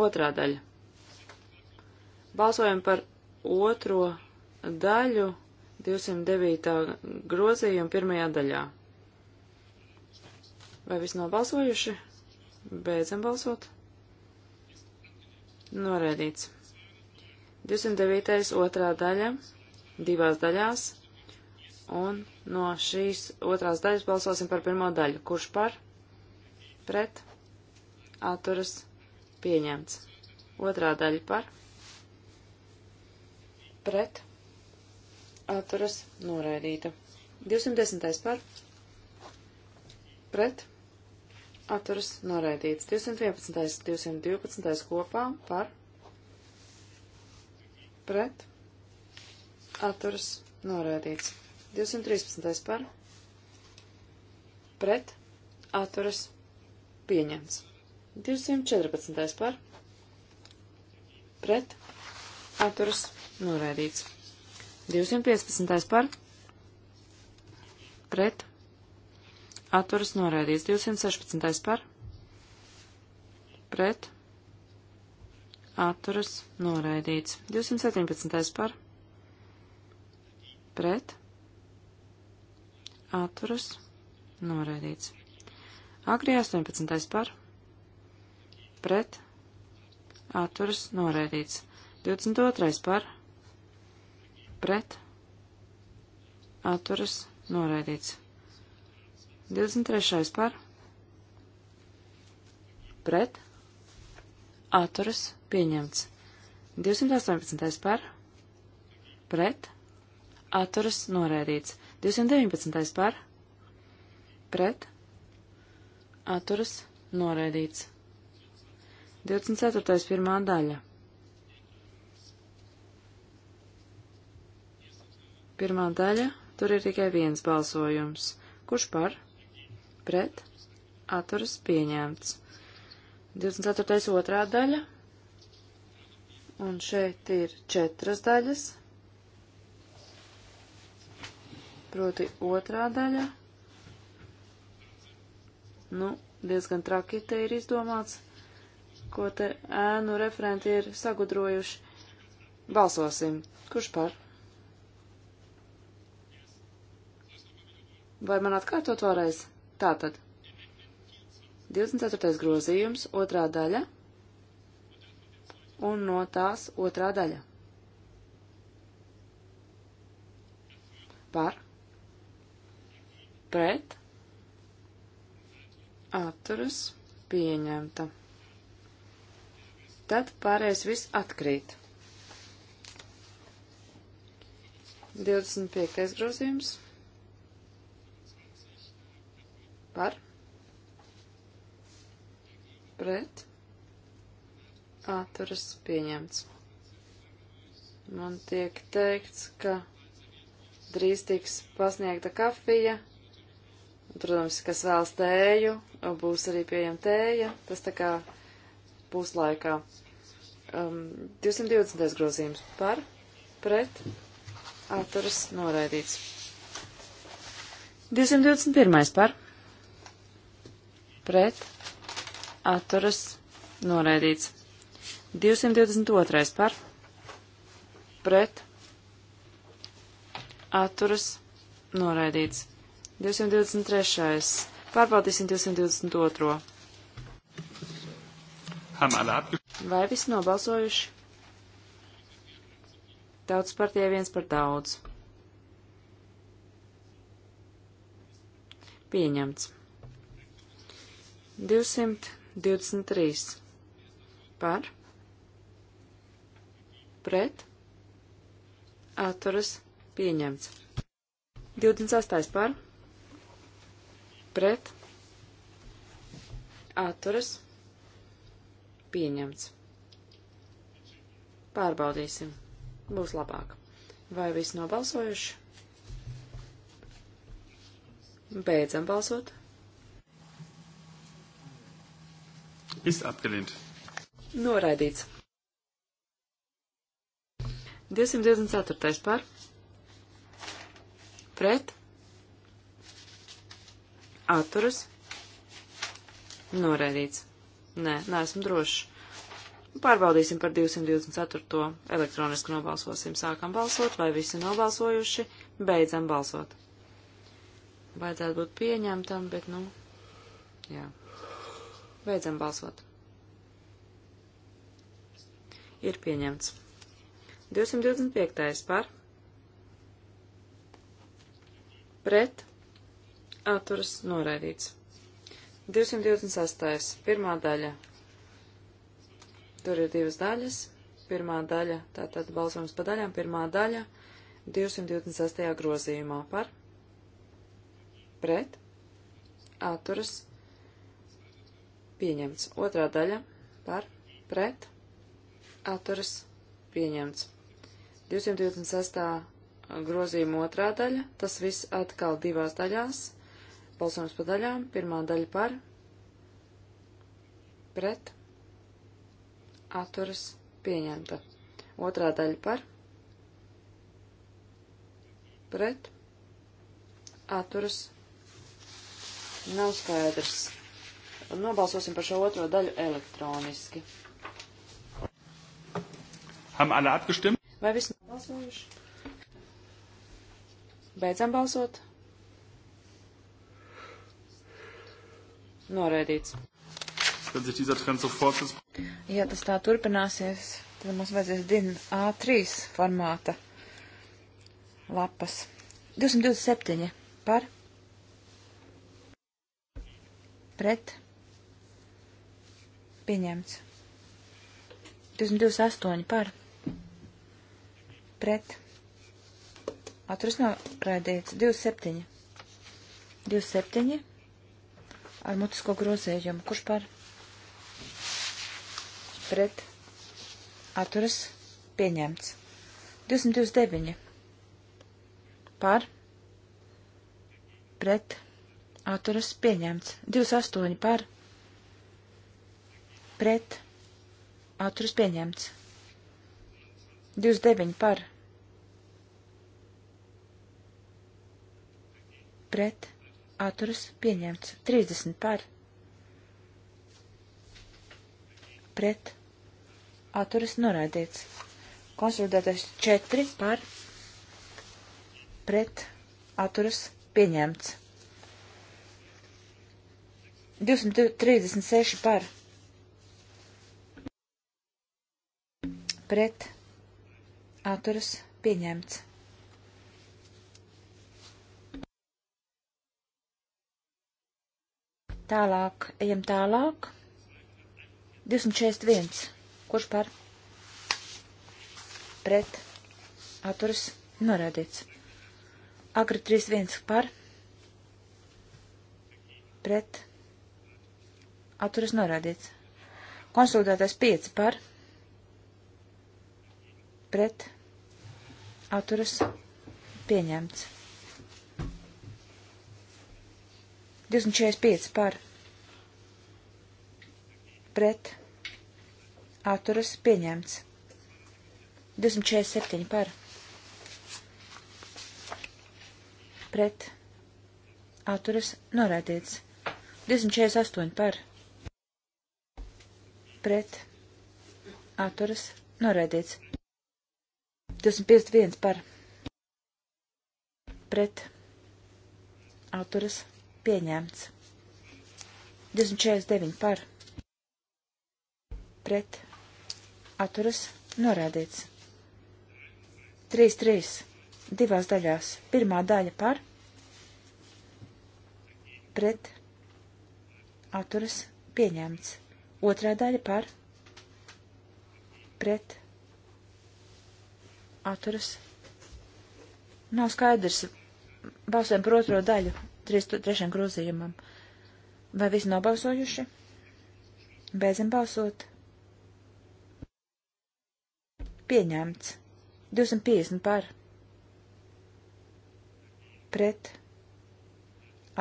Speaker 3: Otrā daļa. Balsojam par otro daļu 209. grozījuma pirmajā daļā. Vai visi nobalsojuši? Beidzam balsot. Norēdīts. 209. otrā daļa, divās daļās, un no šīs otrās daļas balsosim par pirmo daļu. Kurš par? Pret? Atturas? Pieņemts. Otrā daļa par? Pret? atturas noraidīta. 210. par pret atturas noraidīts. 211. 212. kopā par pret atturas noraidīts. 213. par pret atturas pieņemts. 214. par pret atturas noraidīts. 215. par pret atturas noraidīts. 216. par pret atturas noraidīts. 217. par pret atturas noraidīts. Agri 18. par pret atturas noraidīts. 22. par pret, atturas, noraidīts. 23. par, pret, atturas, pieņemts. 218. par, pret, atturas, noraidīts. 219. par, pret, atturas, noraidīts. 24. pirmā daļa Pirmā daļa, tur ir tikai viens balsojums. Kurš par? Pret? Atturas pieņemts. 24. otrā daļa. Un šeit ir četras daļas. Proti otrā daļa. Nu, diezgan traki te ir izdomāts, ko te ēnu referenti ir sagudrojuši. Balsosim. Kurš par? Vai man atkārtot vēlreiz? Tātad. 24. grozījums, otrā daļa un no tās otrā daļa. Par, pret, atturas, pieņemta. Tad pārējais viss atkrīt. 25. grozījums. par pret atturas pieņemts. Man tiek teikts, ka drīz tiks pasniegta kafija, un, protams, kas vēlas tēju, būs arī pieejama tēja, tas tā kā puslaikā. Um, 220. grozījums par pret atturas noraidīts. 221. par pret atturas noraidīts. 222. par pret atturas noraidīts. 223. Pārbaudīsim 222. Vai visi nobalsojuši? Tautas partijai viens par daudz. Pieņemts. 223 par pret atturas pieņemts. 28 par pret atturas pieņemts. Pārbaudīsim. Būs labāk. Vai viss nobalsojuši? Beidzam balsot.
Speaker 2: Ist abgelehnt.
Speaker 3: Noraidīts. 224. par. Pret. Atturas. Noraidīts. Nē, neesmu drošs. Pārbaudīsim par 224. elektroniski nobalsosim. Sākam balsot, vai visi nobalsojuši, beidzam balsot. Vajadzētu būt pieņemtam, bet nu, jā. Beidzam balsot. Ir pieņemts. 225. par pret atturas noraidīts. 226. pirmā daļa. Tur ir divas daļas. Pirmā daļa, tātad balsojums pa daļām, pirmā daļa 226. grozījumā par pret atturas pieņemts. Otrā daļa par pret atturas pieņemts. 226. grozījuma otrā daļa, tas viss atkal divās daļās, balsojums pa daļām, pirmā daļa par pret atturas pieņemta. Otrā daļa par pret atturas pieņemta atturas nav skaidrs. Un nobalsosim par šo otro daļu elektroniski.
Speaker 2: Haben alle abgestimmt?
Speaker 3: Vai viss nobalsojuši? Beidzam balsot.
Speaker 1: Noraidīts. Ja tas tā turpināsies, tad mums vajadzēs DIN A3 formāta lapas. 227 par pret Pieņemts. 22.8 par. Pret. Atturas noraidīts. 27. 27. Ar mutisko grozējumu. Kurš par? Pret. Atturas pieņemts. 229. Par. Pret. Atturas pieņemts. 28 par. Pret pret atturas pieņemts. 29 par pret atturas pieņemts. 30 par pret atturas noraidīts. Konsolidētais 4 par pret atturas pieņemts. 236 par pret pret atturas pieņemts. Tālāk, ejam tālāk. 241. Kurš par? Pret. Atturas. Norādīts. Agri 31 par. Pret. Atturas norādīts. Konsultētais 5 par pret atturas pieņemts. 245 par pret atturas pieņemts. 247 par pret atturas norādīts. 248 par pret atturas norādīts. 251 par pret atturas pieņemts. 249 par pret atturas norādīts. 3.3 divās daļās. Pirmā daļa par pret atturas pieņemts. Otrā daļa par pret atturas. Nav skaidrs. Balsojam par otro daļu, trīs, trešajam grozījumam. Vai visi nobalsojuši? Beidzam balsot. Pieņemts. 250 par. Pret.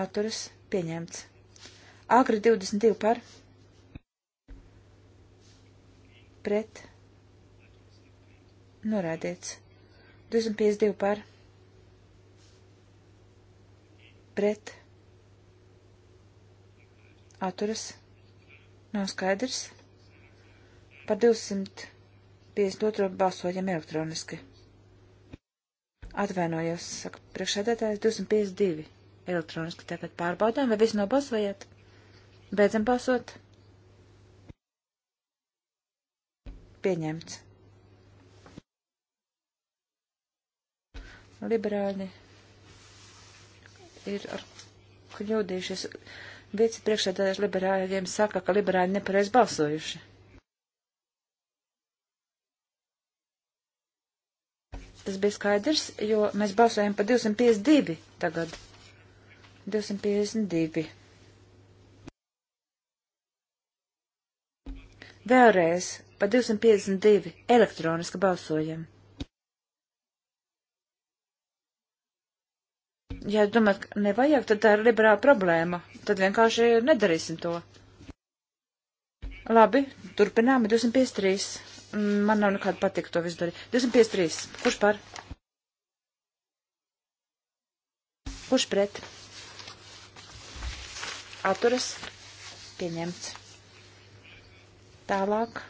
Speaker 1: Atturas. Pieņemts. Agri 22 par. Pret norādīts. 252 par pret atturas nav skaidrs. Par 252 balsojam elektroniski. Atvainojos, saka priekšsēdētājs 252 elektroniski tagad pārbaudām, vai visi nobalsojat? Beidzam balsot. Pieņemts. liberāļi ir ar kļūdījušies. Vici priekšsēdētājs liberāļiem saka, ka liberāļi nepareiz balsojuši. Tas bija skaidrs, jo mēs balsojam par 252 tagad. 252. Vēlreiz par 252 elektroniski balsojam. ja domājat, ka nevajag, tad tā ir liberāla problēma. Tad vienkārši nedarīsim to. Labi, turpinām. 253. Man nav nekāda patika to visu darīt. 253. Kurš par? Kurš pret? Atturas. Pieņemts. Tālāk.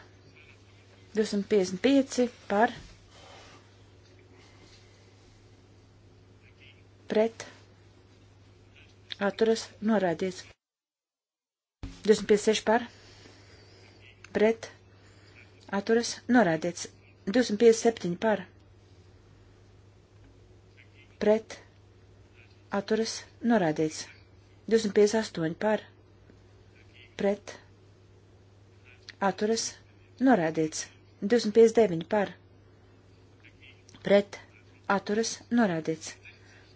Speaker 1: 255 par pret atturas norādīts. 256 par pret atturas norādīts. 257 par pret atturas norādīts. 258 par pret atturas norādīts. 259 par pret atturas norādīts.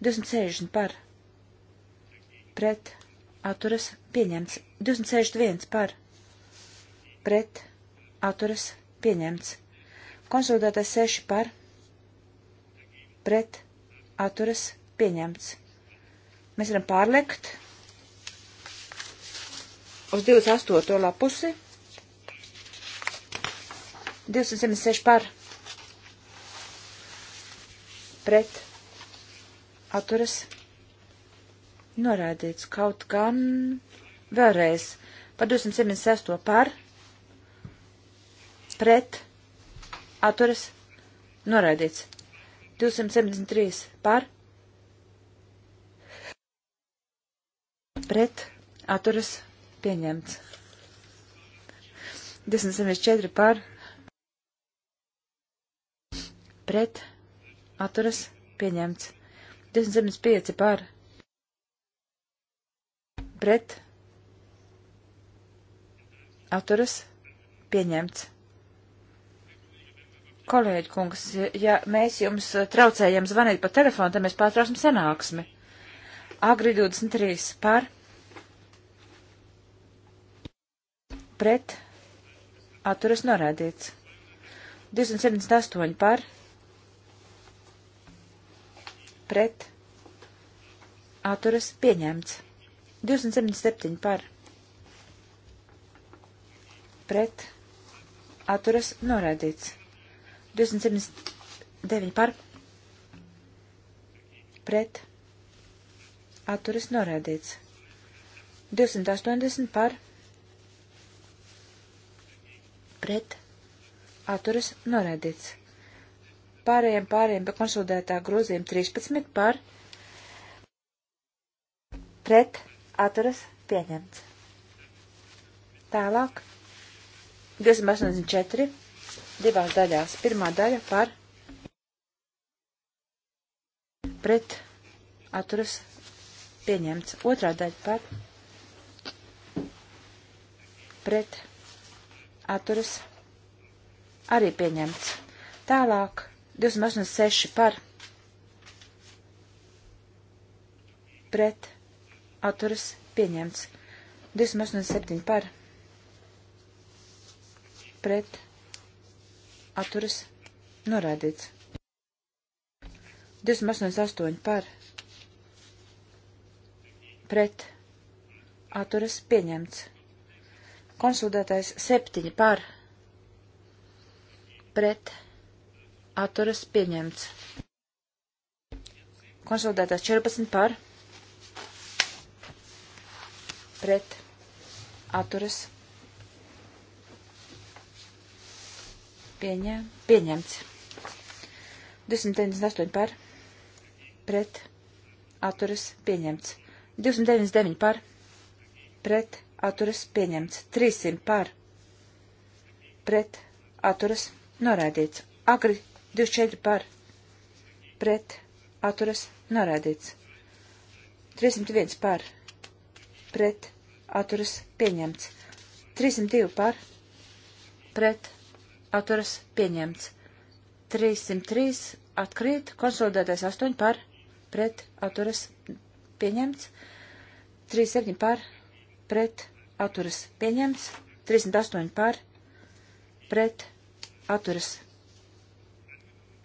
Speaker 1: 260 par pret atturas pieņemts. 261 par pret atturas pieņemts. Konsolidētais 6 par pret atturas pieņemts. Mēs varam pārlekt uz 28. lapusi. 276 par pret atturas norādīts kaut gan vēlreiz par 276. par pret atturas norādīts 273 par pret atturas pieņemts 274 par pret atturas pieņemts 1075 par pret atturas pieņemts. Kolēģi kungs, ja mēs jums traucējam zvanīt pa telefonu, tad mēs pārtrauksim sanāksmi. Agri 23 par pret atturas norādīts. 278 par pret pret atturas pieņemts. 277 par pret atturas noraidīts. 279 par pret atturas noraidīts. 280 par pret atturas noraidīts pārējiem pārējiem pie konsolidētā grozījuma 13 par pret atturas pieņemts. Tālāk 284 divās daļās. Pirmā daļa par pret atturas pieņemts. Otrā daļa par pret atturas arī pieņemts. Tālāk 286 par pret atturas pieņemts. 287 par pret atturas norādīts. 288 par pret atturas pieņemts. Konsultētais 7 par pret atturas atturas pieņemts. Konsolidētās 14 par pret atturas pieņem, pieņemts. 298 par pret atturas pieņemts. 299 par pret atturas pieņemts. 300 par pret atturas noraidīts. Agri 24 par pret atturas norādīts. 301 par pret atturas pieņemts. 302 par pret atturas pieņemts. 303 atkrīt, konsolidētais 8 par pret atturas pieņemts. 37 par pret atturas pieņemts. 308 par pret atturas pieņemts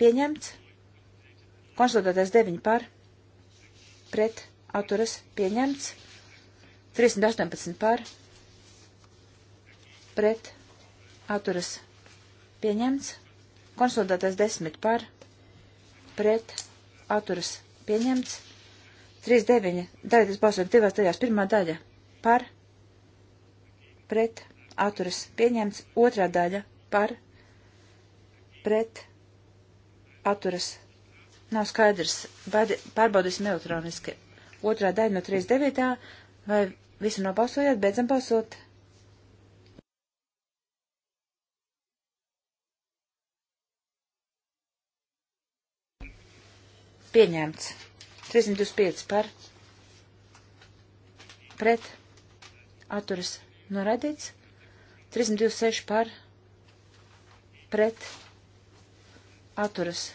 Speaker 1: pieņemts. Konsultētais 9 par, pret, atturas, pieņemts. 318 par, pret, atturas, pieņemts. Konsultētais 10 par, pret, atturas, pieņemts. 39, daļas balsojam divās daļās, pirmā daļa par, pret, atturas, pieņemts. Otrā daļa par, pret, atturas atturas nav skaidrs. Badi, pārbaudīsim elektroniski. Otrā daļa no 39. Vai visu nobalsojāt? Beidzam balsot. Pieņemts. 305 par. Pret. Atturas noraidīts. 326 par. Pret atturas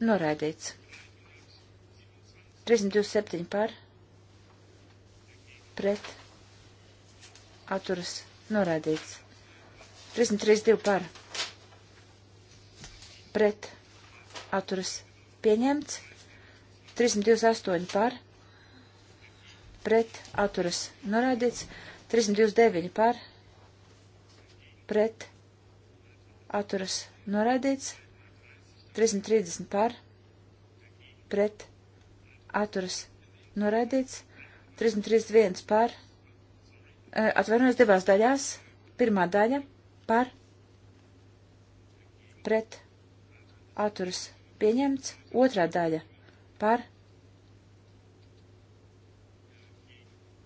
Speaker 1: noraidīts. 327 par pret atturas noraidīts. 332 par pret atturas pieņemts. 328 par pret atturas noraidīts. 329 par pret atturas noraidīts, 330 par, pret, atturas noraidīts, 331 par, e, atvainojos divās daļās, pirmā daļa par, pret, atturas pieņemts, otrā daļa par,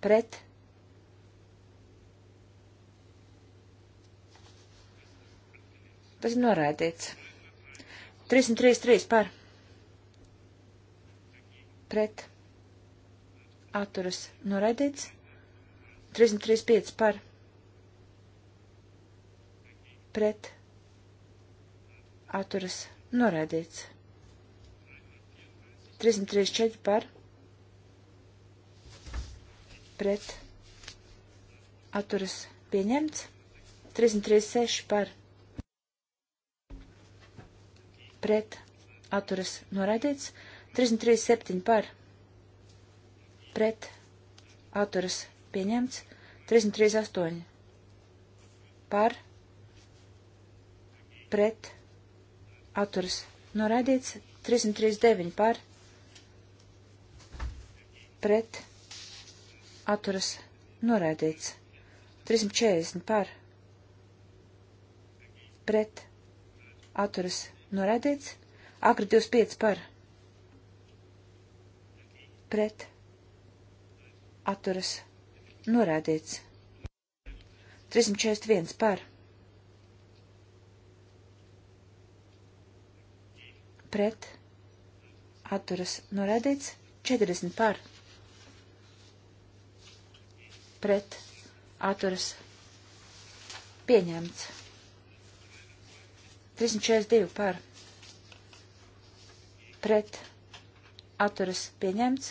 Speaker 1: pret, Tas ir norādīts. 333 par. Pret. Atturas norādīts. 335 par. Pret. Atturas norādīts. 334 par pret atturas pieņemts, 336 par pret atturas noraidīts, 337 par pret atturas pieņemts, 338 par pret atturas noraidīts, 339 par pret atturas noraidīts, 340 par pret atturas noraidīts Noraidīts. Agri 25 par. Pret. Atturas. Noraidīts. 341 par. Pret. Atturas. Noraidīts. 40 par. Pret. Atturas. Pieņemts. 342 par pret atturas pieņemts.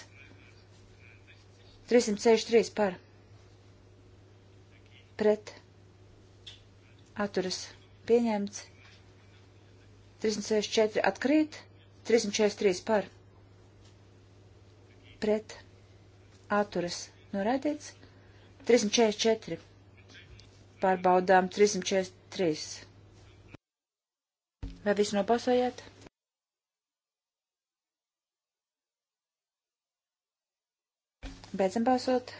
Speaker 1: 363 par pret atturas pieņemts. 364 atkrīt. 343 par pret atturas norādīts. 344 pārbaudām 343. Vai visi nobalsojāt? Beidzam balsot.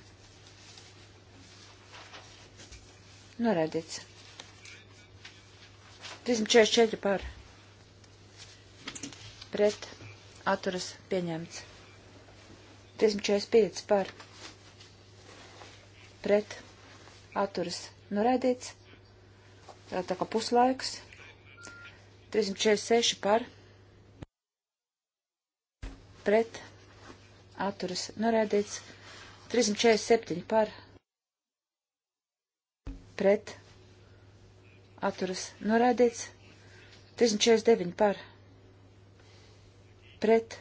Speaker 1: Norādīts. 344 par. Pret. Atturas pieņemts. 345 par. Pret. Atturas norādīts. Tā, tā kā puslaiks. 346 par pret atturas norēdīts, 347 par pret atturas norēdīts, 349 par pret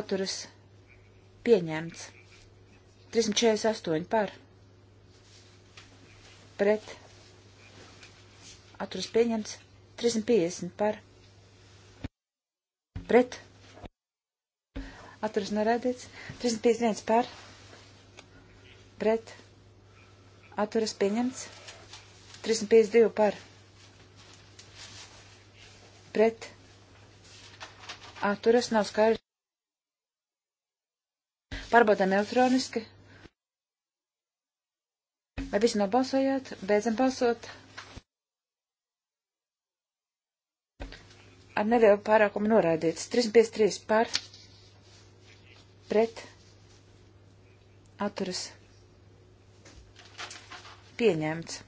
Speaker 1: atturas pieņemts, 348 par pret atturas atturas pieņemts 350 par pret atturas norādīts 351 par pret atturas pieņemts 352 par pret atturas nav skaidrs. Pārbaudām elektroniski. Vai visi nobalsojāt? Beidzam balsot. ar nelielu pārākumu noraidīts. 353 par pret atturas pieņemts.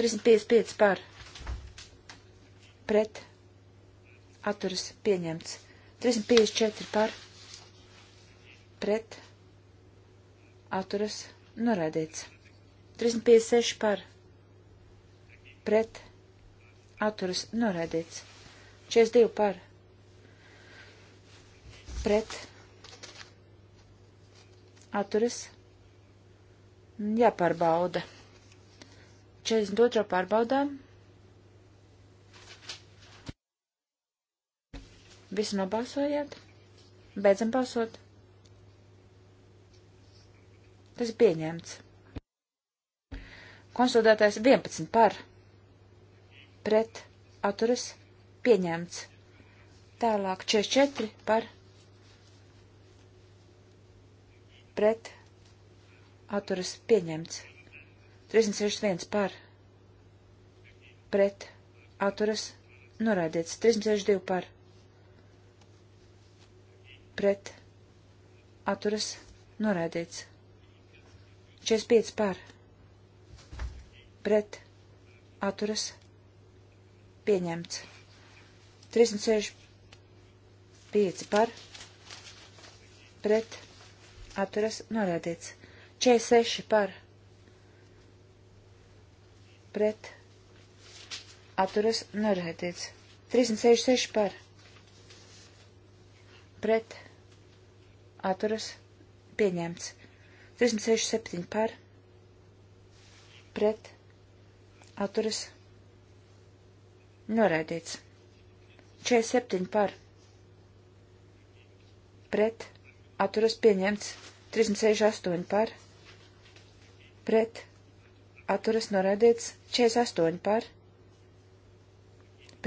Speaker 1: 355 par pret atturas pieņemts. 354 par pret atturas noraidīts. 356 par pret atturas noraidīts. 42 par pret atturas jāpārbauda. 42 pārbaudām. Visi nobalsojāt. Beidzam balsot. Tas ir pieņemts. Konsultētājs 11 par pret atturas pieņemts. Tālāk 44 par pret atturas pieņemts. 361 par pret atturas noraidīts. 362 par pret atturas noraidīts. 45 par pret atturas pieņemts. 365 par pret atturas norādīts. 46 par pret atturas norādīts. 366 par pret atturas pieņemts. 367 par pret atturas norādīts. 47 par. Pret. Atturas pieņemts. 368 par. Pret. Atturas norādīts. 48 par.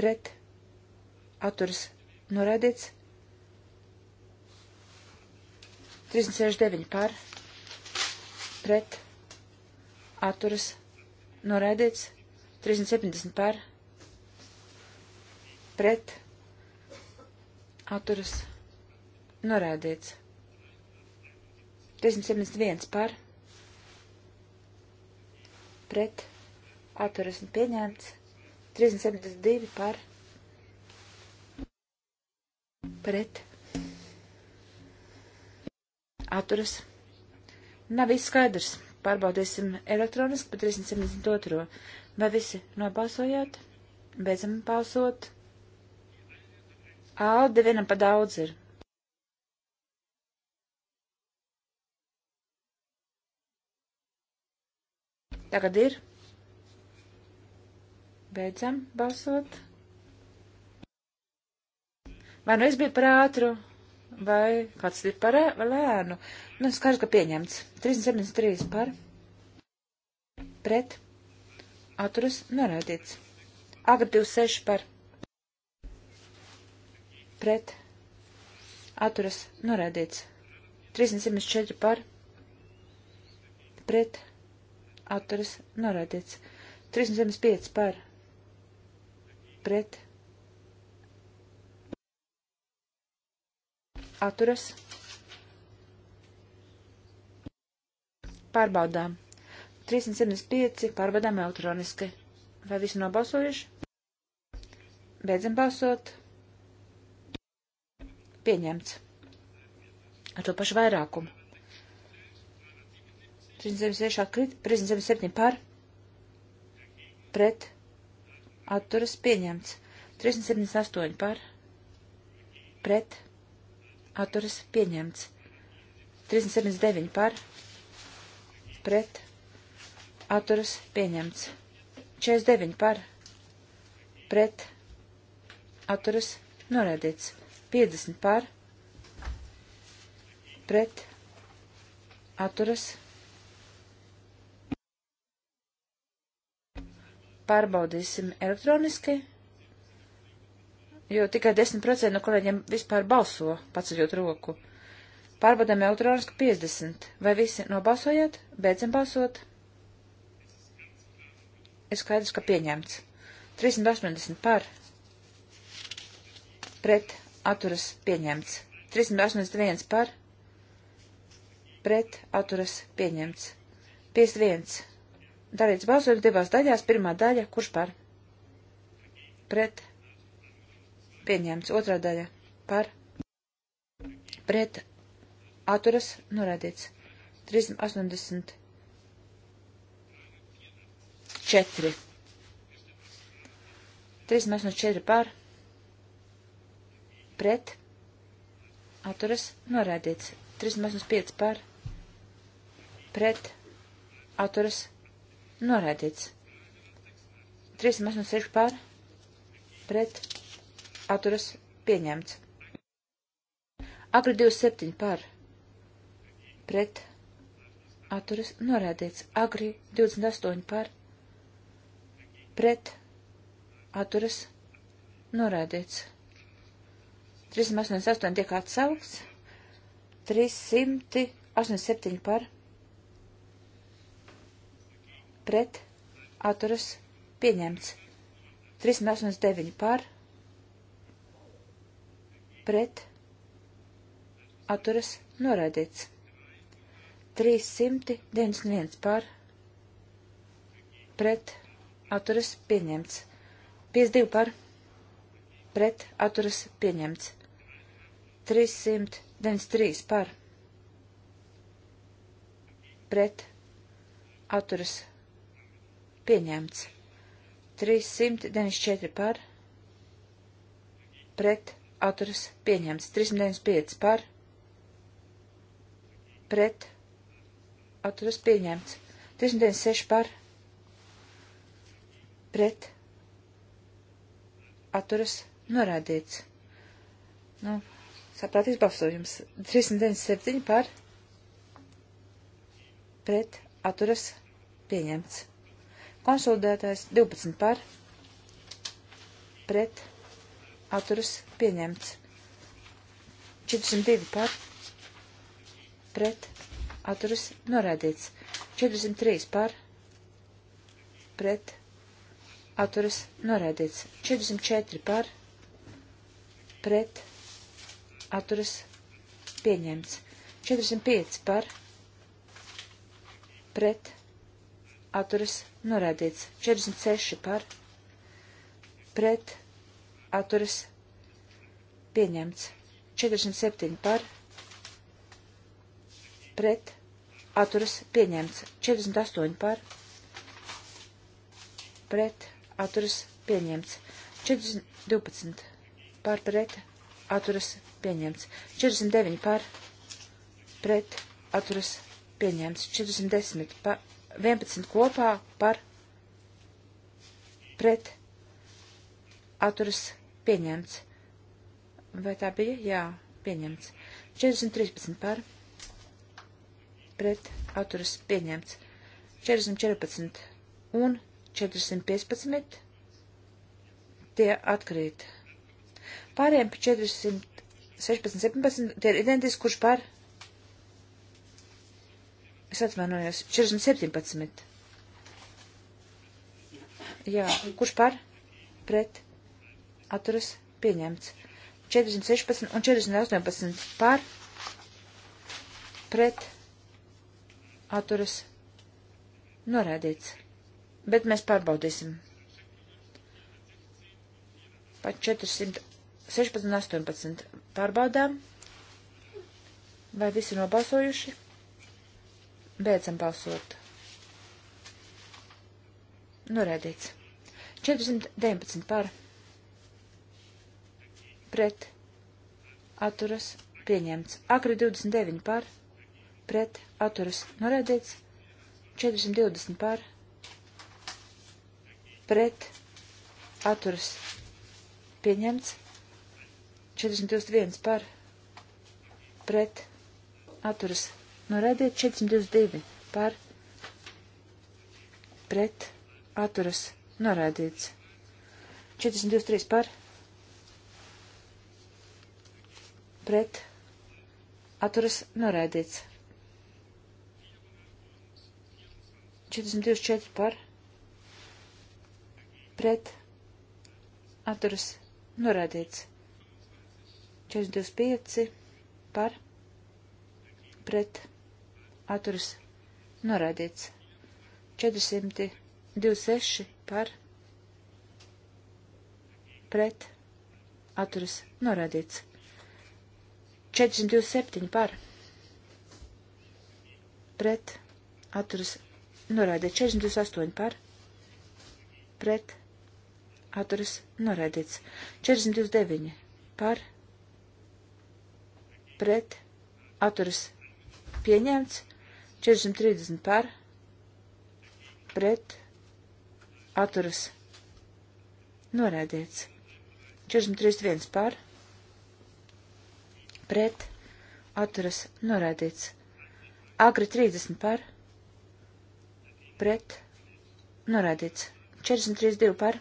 Speaker 1: Pret. Atturas norādīts. 369 par, pret, atturas, noraidīts, 370 par, pret, atturas norādīts. 371 par pret atturas un pieņemts. 372 par pret atturas. Nav viss skaidrs. Pārbaudīsim elektroniski pa 372. Vai visi nobalsojāt? Beidzam balsot. Alde vienam pa daudz ir. Tagad ir. Beidzam balsot. Vai nu es biju par ātru, vai kāds ir par lēnu? Nu, skaidrs, ka pieņemts. 373 par. Pret. Atturas norādīts. Agri 26 par pret atturas norēdīts. 374 par pret atturas norēdīts. 375 par pret atturas pārbaudām. 375 pārbaudām elektroniski. Vai visi nobalsojuši? Beidzam balsot. Pieņemts. Ar to pašu vairākumu. 36 atkrit, 37 par, pret, atturas pieņemts. 378 par, pret, atturas pieņemts. 379 par, pret, atturas pieņemts. 49 par, pret, atturas norēdīts. 50 par pret atturas. Pārbaudīsim elektroniski, jo tikai 10% no kolēģiem vispār balso, paceļot roku. Pārbaudām elektroniski 50. Vai visi nobalsojat? Beidzam balsot. Ir skaidrs, ka pieņemts. 380 par pret atturas pieņemts. 381 par pret atturas pieņemts. 51. Darīts balsojums divās daļās. Pirmā daļa, kurš par? Pret. Pieņemts. Otrā daļa. Par. Pret. Atturas norādīts. 384. 384 par pret, atturas, norādīts. 305 par, pret, atturas, norādīts. 306 par, pret, atturas, pieņemts. Agri 27 par, pret, atturas, norādīts. Agri 28 par, pret, atturas, norādīts. 388 tiek atsaukts. 387 par pret atturas pieņemts. 389 par pret atturas noraidīts. 391 par pret atturas pieņemts. 52 par pret atturas pieņemts. 393 par pret atturas pieņemts. 394 par pret atturas pieņemts. 395 par pret atturas pieņemts. 396 par pret atturas norādīts. Nu, saprātīgs balsojums. 397 par pret atturas pieņemts. Konsolidētājs 12 par pret atturas pieņemts. 402 par pret atturas norādīts. 403 par pret atturas norādīts. 404 par pret atturas norādīts atturas pieņemts. 405 par pret atturas norādīts. 46 par pret atturas pieņemts. 47 par pret atturas pieņemts. 48 par pret atturas pieņemts. 412 par pret atturas pieņemts pieņemts. 49 par pret atturas pieņemts. 410 par 11 kopā par pret atturas pieņemts. Vai tā bija? Jā, pieņemts. 413 par pret atturas pieņemts. 414 un 415 tie atkrīt. Pārējiem pa 400 16, 17, tie ir identiski, kurš par? Es atvainojos, 417. Jā, kurš par? Pret. Atturas pieņemts. 416 un 418 par. Pret. Atturas norādīts. Bet mēs pārbaudīsim. Pat 400. 16 un 18. Pārbaudām, vai visi nobalsojuši. Beidzam balsot. Norēdīts. 419 par. Pret. Atturas. Pieņemts. Akri 29 par. Pret. Atturas. Norēdīts. 420 par. Pret. Atturas. Pieņemts. 421 par pret atturas norēdiet nu, 422 par pret atturas norēdīts nu, 423 par pret atturas norēdīts nu, 424 par pret atturas norēdīts 425 par pret atturas norādīts. 426 par pret atturas norādīts. 427 par pret atturas norādīts. 428 par pret atturas norādīts. 429 par pret pret atturas pieņemts, 430 par pret atturas norēdīts, 431 par pret atturas norēdīts, agri 30 par pret norēdīts, 432 par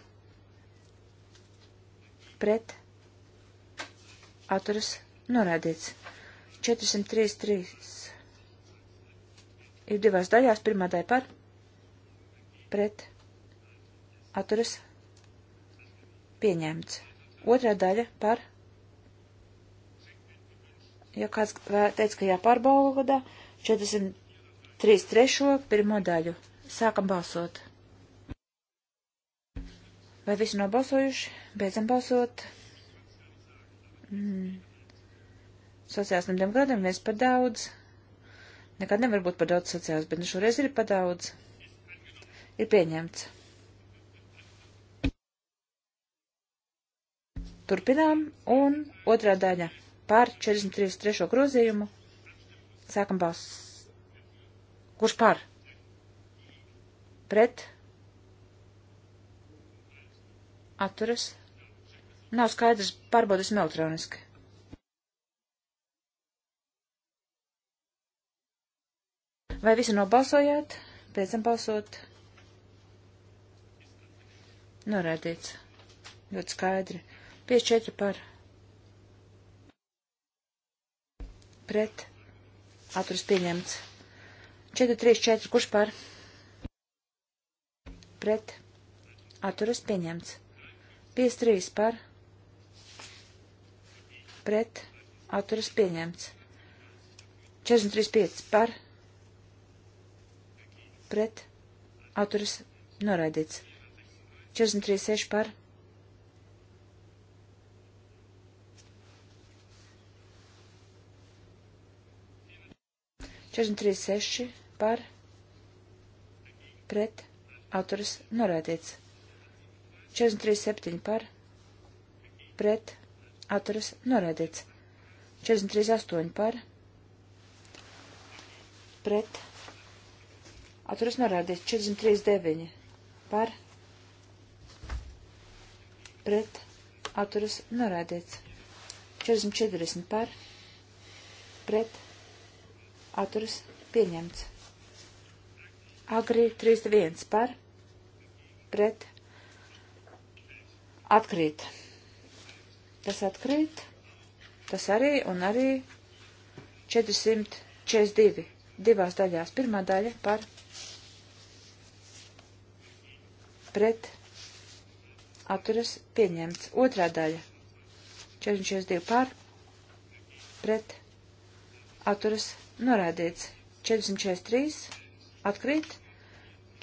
Speaker 1: pret atturas norēdīts. 433 ir divās daļās. Pirmā daļa par, pret, atturas, pieņemts. Otrā daļa par, ja kāds teica, ka jāpārbauda, 403 trešo pirmo daļu. Sākam balsot. Vai visi nobalsojuši? Beidzam balsot. Mm sociālistiem demokrātiem mēs par daudz. Nekad nevar būt par daudz sociālistu, bet nu šoreiz ir par daudz. Ir pieņemts. Turpinām, un otrā daļa par 43. grozījumu. Sākam balss. Kurš par? Pret? Atturas? Nav skaidrs, pārbaudīsim elektroniski. Vai visi nobalsojāt? Pēc tam balsot. Norēdīts. Ļoti skaidri. 5-4 par. Pret. Atturis pieņemts. 4-3-4. Kurš par? Pret. Atturis pieņemts. 5-3 par. Pret. Atturis pieņemts. 43-5 par pret atturas noraidīts. 43.6 par Četrdesmit trīs seši par pret autors norādīts. Četrdesmit trīs septiņi par pret autors norādīts. Četrdesmit trīs astoņi par pret Atturas norādīts 439 par pret atturas norādīts 440 par pret atturas pieņemts. Agri 31 par pret atkrīt. Tas atkrīt. Tas arī un arī 442 divās daļās. Pirmā daļa par pret pret atturas pieņemts. Otrā daļa 442 par pret atturas norādīts. 443 atkrīt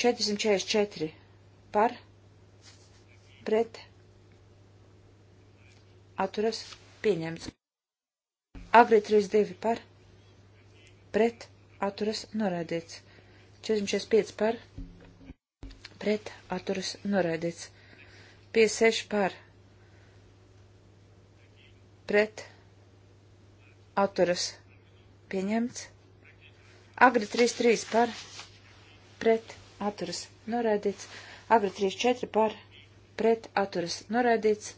Speaker 1: 444 par pret atturas pieņemts. Agri 32 par pret atturas norādīts. 445 par pret pret atturas noraidīts. 56 par pret atturas pieņemts. Agri 3-3 par pret atturas noraidīts. Agri 3-4 par pret atturas noraidīts.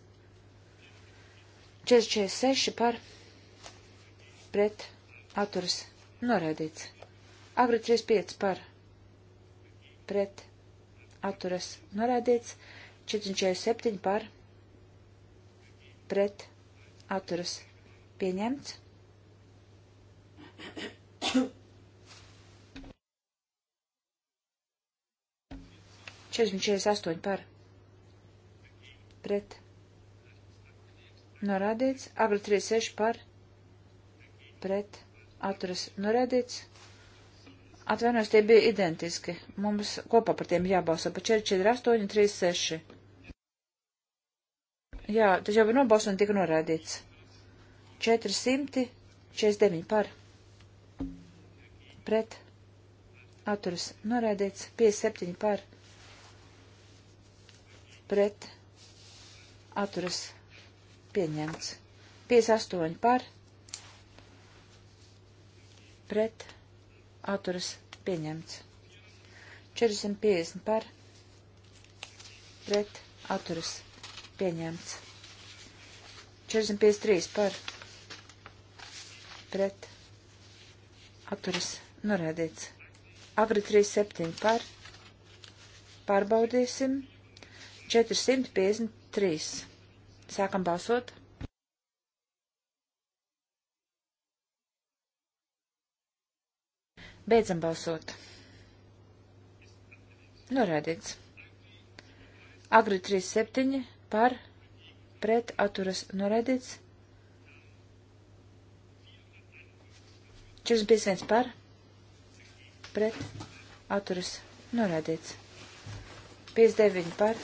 Speaker 1: 4-4-6 par pret atturas noraidīts. Agri 3-5 par pret atturas noraidīts atturas norādīts, 447 par pret atturas pieņemts. Četrdesmit četrdesmit astoņi par pret norādīts, agri trīs seši par pret atturas norādīts. Atvainojos, tie bija identiski. Mums kopā par tiem jābalso pa 448, 36. Jā, tas jau bija nobalsots un tika norādīts. 449 par. Pret. Atturas norādīts. 57 par. Pret. Atturas pieņemts. 58 par. Pret atturas pieņemts. 450 par pret atturas pieņemts. 453 par pret atturas norēdīts. Agri 37 par pārbaudīsim. 453. Sākam balsot. Beidzam balsot. Norādīts. Agri 37 par pret atturas norādīts. 451 par pret atturas norādīts. 59 par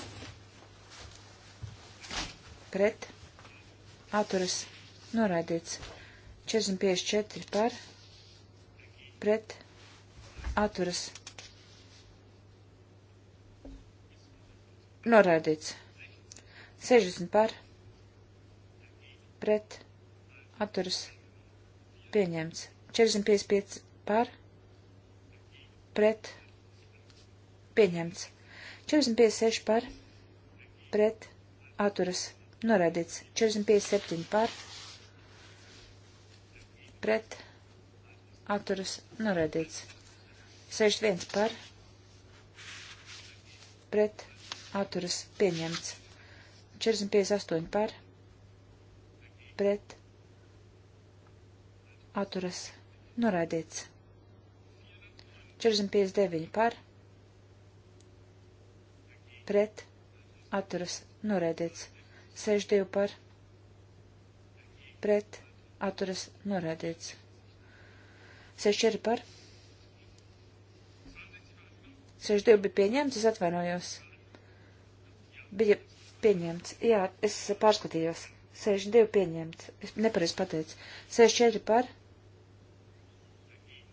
Speaker 1: pret atturas norādīts. 454 par pret atturas noraidīts. 60 par pret atturas pieņemts. 455 par pret pieņemts. 456 par pret atturas noraidīts. 457 par pret atturas noraidīts. 61 par pret atturas pieņemts. 458 par pret atturas noraidīts. 459 par pret atturas noraidīts. 62 par pret atturas noraidīts. 64 par pret 62 bija pieņemts, es atvainojos. Bija pieņemts. Jā, es pārskatījos. 62 pieņemts. Es nepareiz pateicu. 64 par.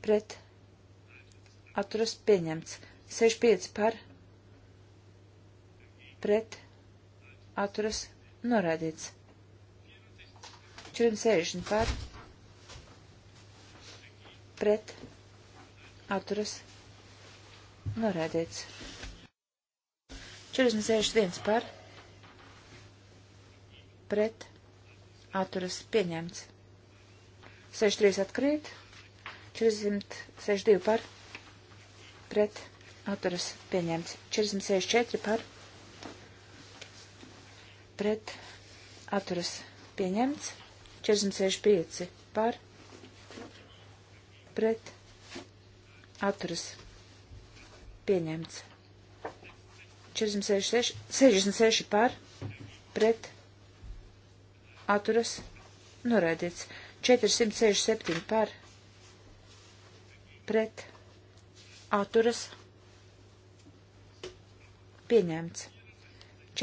Speaker 1: Pret. Atturas pieņemts. 65 par. Pret. Atturas norādīts. 460 par. Pret. Atturas Norēdīts. 46.1 par. Pret. Atturas pieņemts. 63 atkrīt. 462 par. Pret. Atturas pieņemts. 464 par. Pret. Atturas pieņemts. 465 par. Pret. Atturas pieņemts Pieņemts. 466, 66 par, pret, atturas, noraidīts. 467 par, pret, atturas, pieņemts.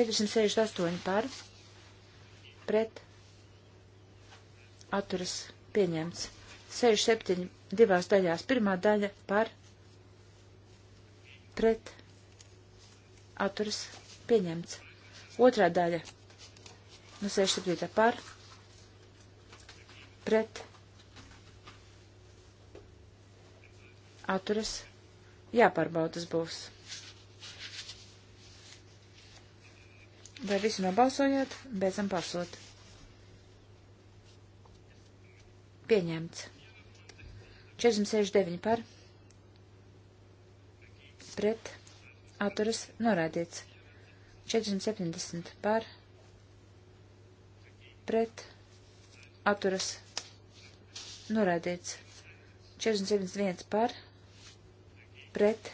Speaker 1: 468 par, pret, atturas, pieņemts. 67 divās daļās, pirmā daļa par, pret pret atturas pieņemts. Otrā daļa no 67. par pret atturas jāpārbaudas būs. Vai visi nobalsojāt? Beidzam balsot. Pieņemts. 469 par pret pret atturas norādīts. 470 par pret atturas norādīts. 471 par pret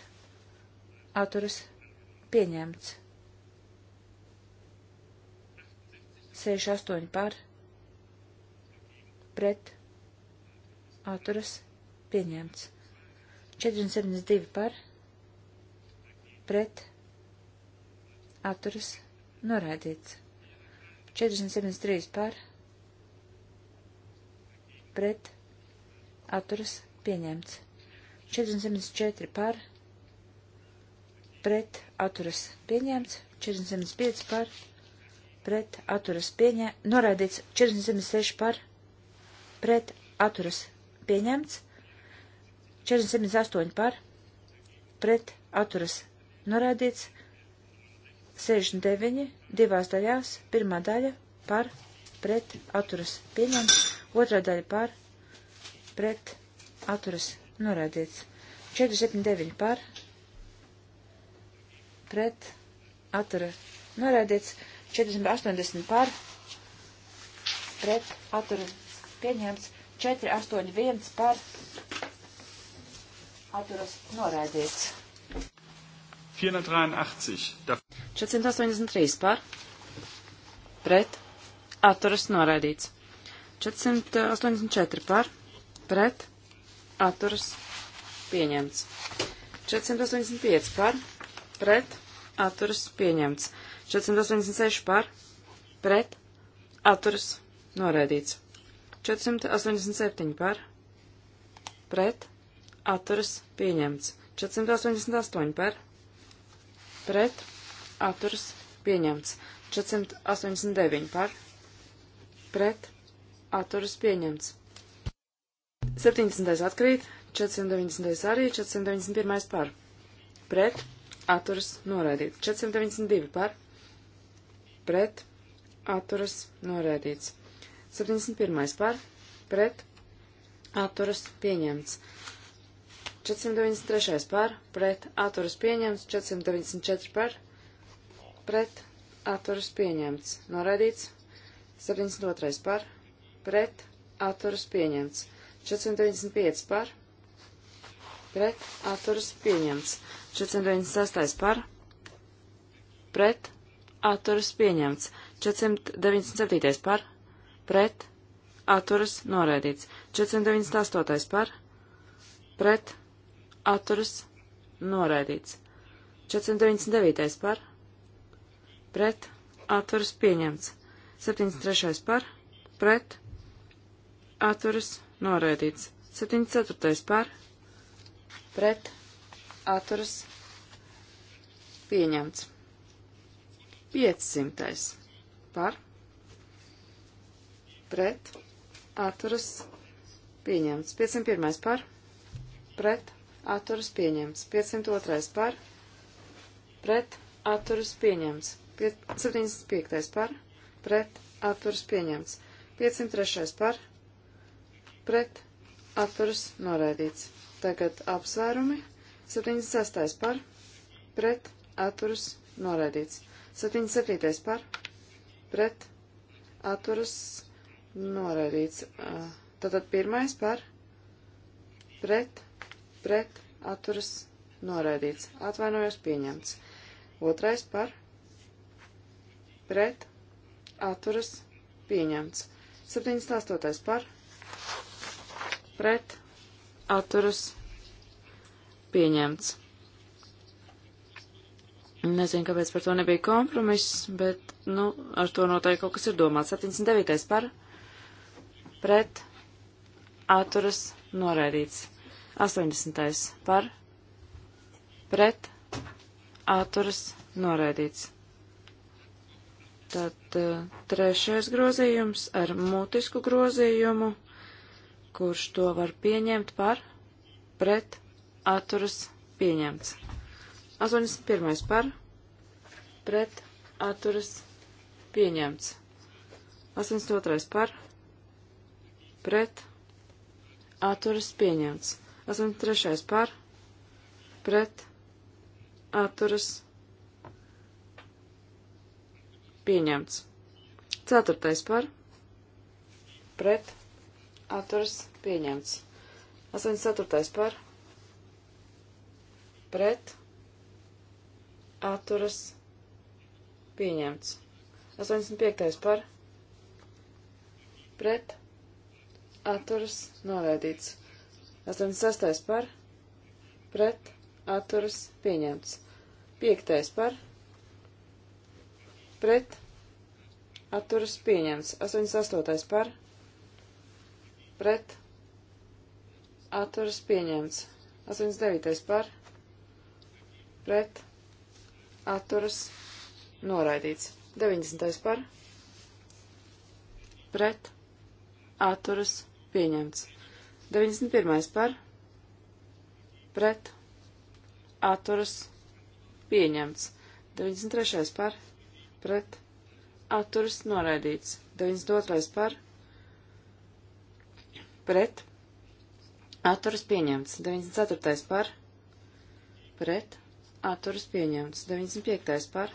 Speaker 1: atturas pieņemts. 68 par pret atturas pieņemts. 472 par pret pret atturas noraidīts. 473 par pret atturas pieņemts. 474 par pret atturas pieņemts. 475 par pret atturas pieņemts. Noraidīts 476 par pret atturas pieņemts. 478 par pret atturas norādīts 69 divās daļās, pirmā daļa par pret atturas pieņemts, otrā daļa par pret atturas norādīts 479 par pret atturas norādīts 480 par pret atturas pieņemts 481 par atturas norādīts.
Speaker 2: 483. 483 par. Pret.
Speaker 3: Atturas noraidīts. 484 par. Pret. Atturas pieņemts. 485 par. Pret. Atturas pieņemts. 486 par. Pret. Atturas noraidīts. 487 par. Pret. Atturas pieņemts. 488 par pret, atturas, pieņemts. 489 par, pret, atturas, pieņemts. 70. atkrīt, 490. arī, 491. par, pret, atturas, noraidīt. 492 par, pret, atturas, noraidīts. 71. par, pret, atturas, pieņemts. 493 par, pret atturas pieņemts, 494 par, pret atturas pieņemts, noraidīts, 72 par, pret atturas pieņemts, 495 par, pret atturas pieņemts, 496 par, pret atturas pieņemts, 497 par, pret atturas noraidīts, 498 par, pret atturas noraidīts. 499. par pret atturas pieņemts. 73. par pret atturas noraidīts. 74. par pret atturas pieņemts. 500. par pret atturas pieņemts. 501. par pret atturas pieņemts atturas pieņemts. 502. par, pret, atturas pieņemts. 75. par, pret, atturas pieņemts. 503. par, pret, atturas noraidīts. Tagad apsvērumi. 76. par, pret, atturas noraidīts. 77. par, pret, atturas noraidīts. Tātad pirmais par, pret, atturas noraidīts pret atturas noraidīts. Atvainojos pieņemts. Otrais par pret atturas pieņemts. 78. par pret atturas pieņemts. Nezinu, kāpēc par to nebija kompromiss, bet, nu, ar to noteikti kaut kas ir domāts. 79. par pret atturas noraidīts. 80. par pret atturas noraidīts. Tad eh, trešais grozījums ar mutisku grozījumu, kurš to var pieņemt par pret atturas pieņemts. 81. par pret atturas pieņemts. 82. par pret atturas pieņemts. 83. par pret atturas pieņemts. 4. par pret atturas pieņemts. 84. par pret atturas pieņemts. 85. par pret atturas noraidīts. 86. par, pret, atturas, pieņemts. 5. par, pret, atturas, pieņemts. 88. par, pret, atturas, pieņemts. 89. par, pret, atturas, noraidīts. 90. par, pret, atturas, pieņemts. 91. par pret atturas pieņemts. 93. par pret atturas noraidīts. 92. par pret atturas pieņemts. 94. par pret atturas pieņemts. 95. par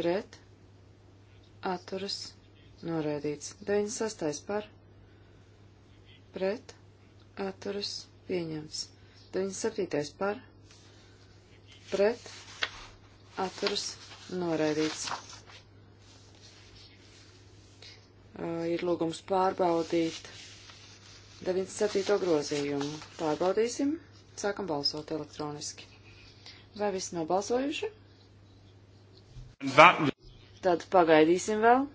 Speaker 3: pret atturas noraidīts. 96. par pret pret atturas pieņemts. 97. par pret atturas noraidīts. Ir lūgums pārbaudīt 97. grozījumu. Pārbaudīsim, sākam balsot elektroniski. Vai visi nobalsojuši? Tad pagaidīsim vēl.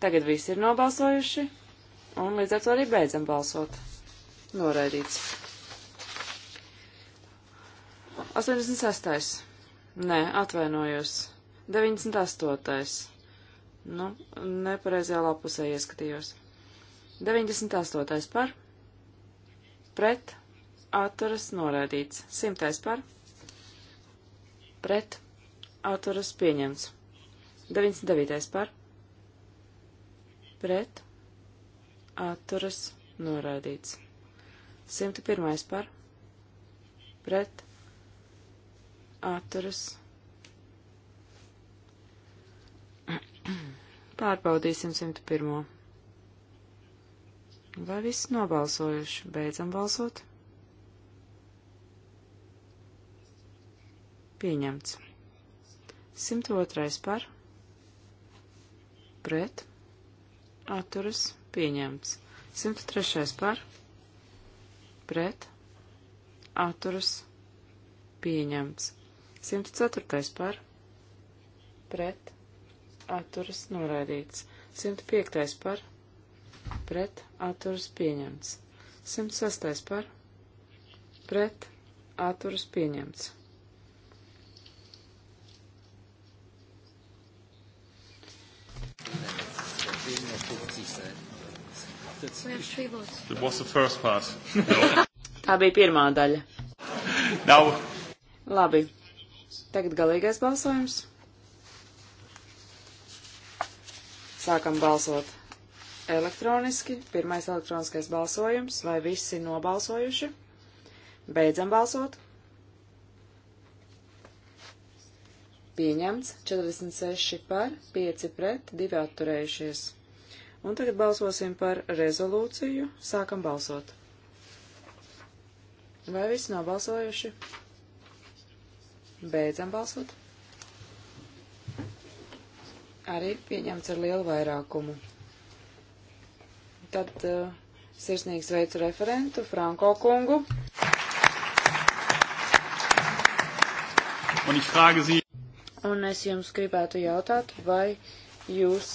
Speaker 3: Tagad visi ir nobalsojuši, un līdz ar to arī beidzam balsot. Noraidīts. 86. Nē, atvainojos. 98. Nu, nepareizajā lapusē ieskatījos. 98. par, pret, atturas norādīts, 100. par, pret, atturas pieņemts, 99. par, pret, atturas, noraidīts. 101. par, pret, atturas. Pārbaudīsim 101. Vai viss nobalsojuši? Beidzam balsot. Pieņemts. 102. par, pret, atturas pieņemts. 103. par pret atturas pieņemts. 104. par pret atturas noraidīts. 105. par pret atturas pieņemts. 106. par pret atturas pieņemts.
Speaker 2: That was the first part. No.
Speaker 3: Tā bija pirmā daļa. Nav. Labi. Tagad galīgais balsojums. Sākam balsot elektroniski. Pirmais elektroniskais balsojums. Vai visi nobalsojuši? Beidzam balsot. Pieņemts 46 par, 5 pret, 2 atturējušies. Un tagad balsosim par rezolūciju. Sākam balsot. Vai visi nav balsojuši? Beidzam balsot. Arī pieņemts ar lielu vairākumu. Tad uh, sirsnīgi sveicu referentu Franko kungu. Un es jums gribētu jautāt, vai jūs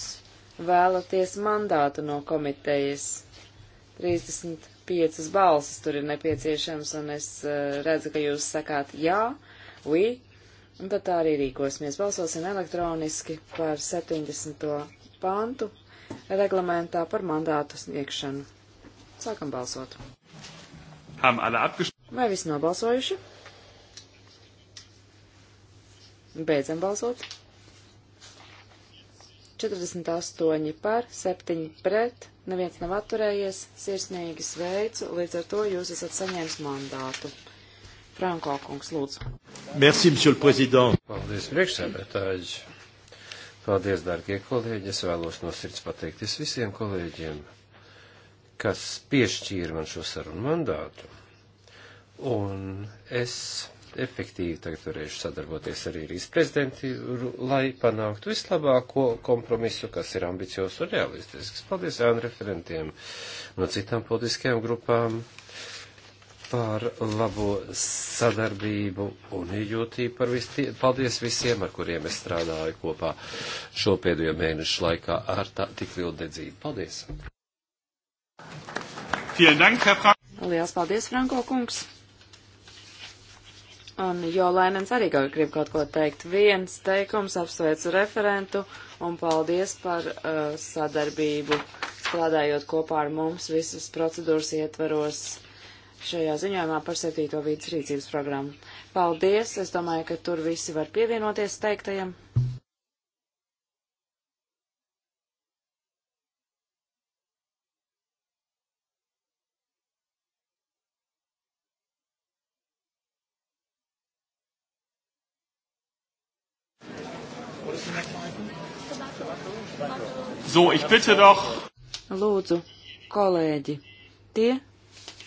Speaker 3: vēlaties mandātu no komitejas. 35 balsis tur ir nepieciešams, un es eh, redzu, ka jūs sakāt jā, oui, un tad tā arī rīkosimies. Balsosim elektroniski par 70. pantu reglamentā par mandātu sniegšanu. Sākam balsot. Vai viss nobalsojuši? Beidzam balsot. 48 par, 7 pret, neviens nav atturējies, sirsnīgi sveicu, līdz ar to jūs esat saņēmis mandātu. Franko kungs, lūdzu.
Speaker 1: Merci, monsieur le président.
Speaker 4: Paldies, priekšsēdētāji. Paldies, dārgie kolēģi. Es vēlos no sirds pateikties visiem kolēģiem, kas piešķīra man šo sarunu mandātu. Un es efektīvi tagad varēšu sadarboties arī ar izprezidenti, lai panāktu vislabāko kompromisu, kas ir ambiciozs un realistisks. Paldies ēnu referentiem no citām politiskajām grupām par labo sadarbību un jūtību par vis tie, paldies visiem, ar kuriem es strādāju kopā šo pēdējo mēnešu laikā ar tā tik lielu dedzību. Paldies! Vielen Dank, Herr Frank.
Speaker 3: Lielas paldies, Franko kungs! Un Jo Lainens arī grib kaut ko teikt. Viens teikums apsveicu referentu un paldies par uh, sadarbību, strādājot kopā ar mums visas procedūras ietveros šajā ziņojumā par 7. vīdes rīcības programmu. Paldies! Es domāju, ka tur visi var pievienoties teiktajam.
Speaker 2: So, ich bitte doch.
Speaker 3: Lūdzu, kolēģi, tie,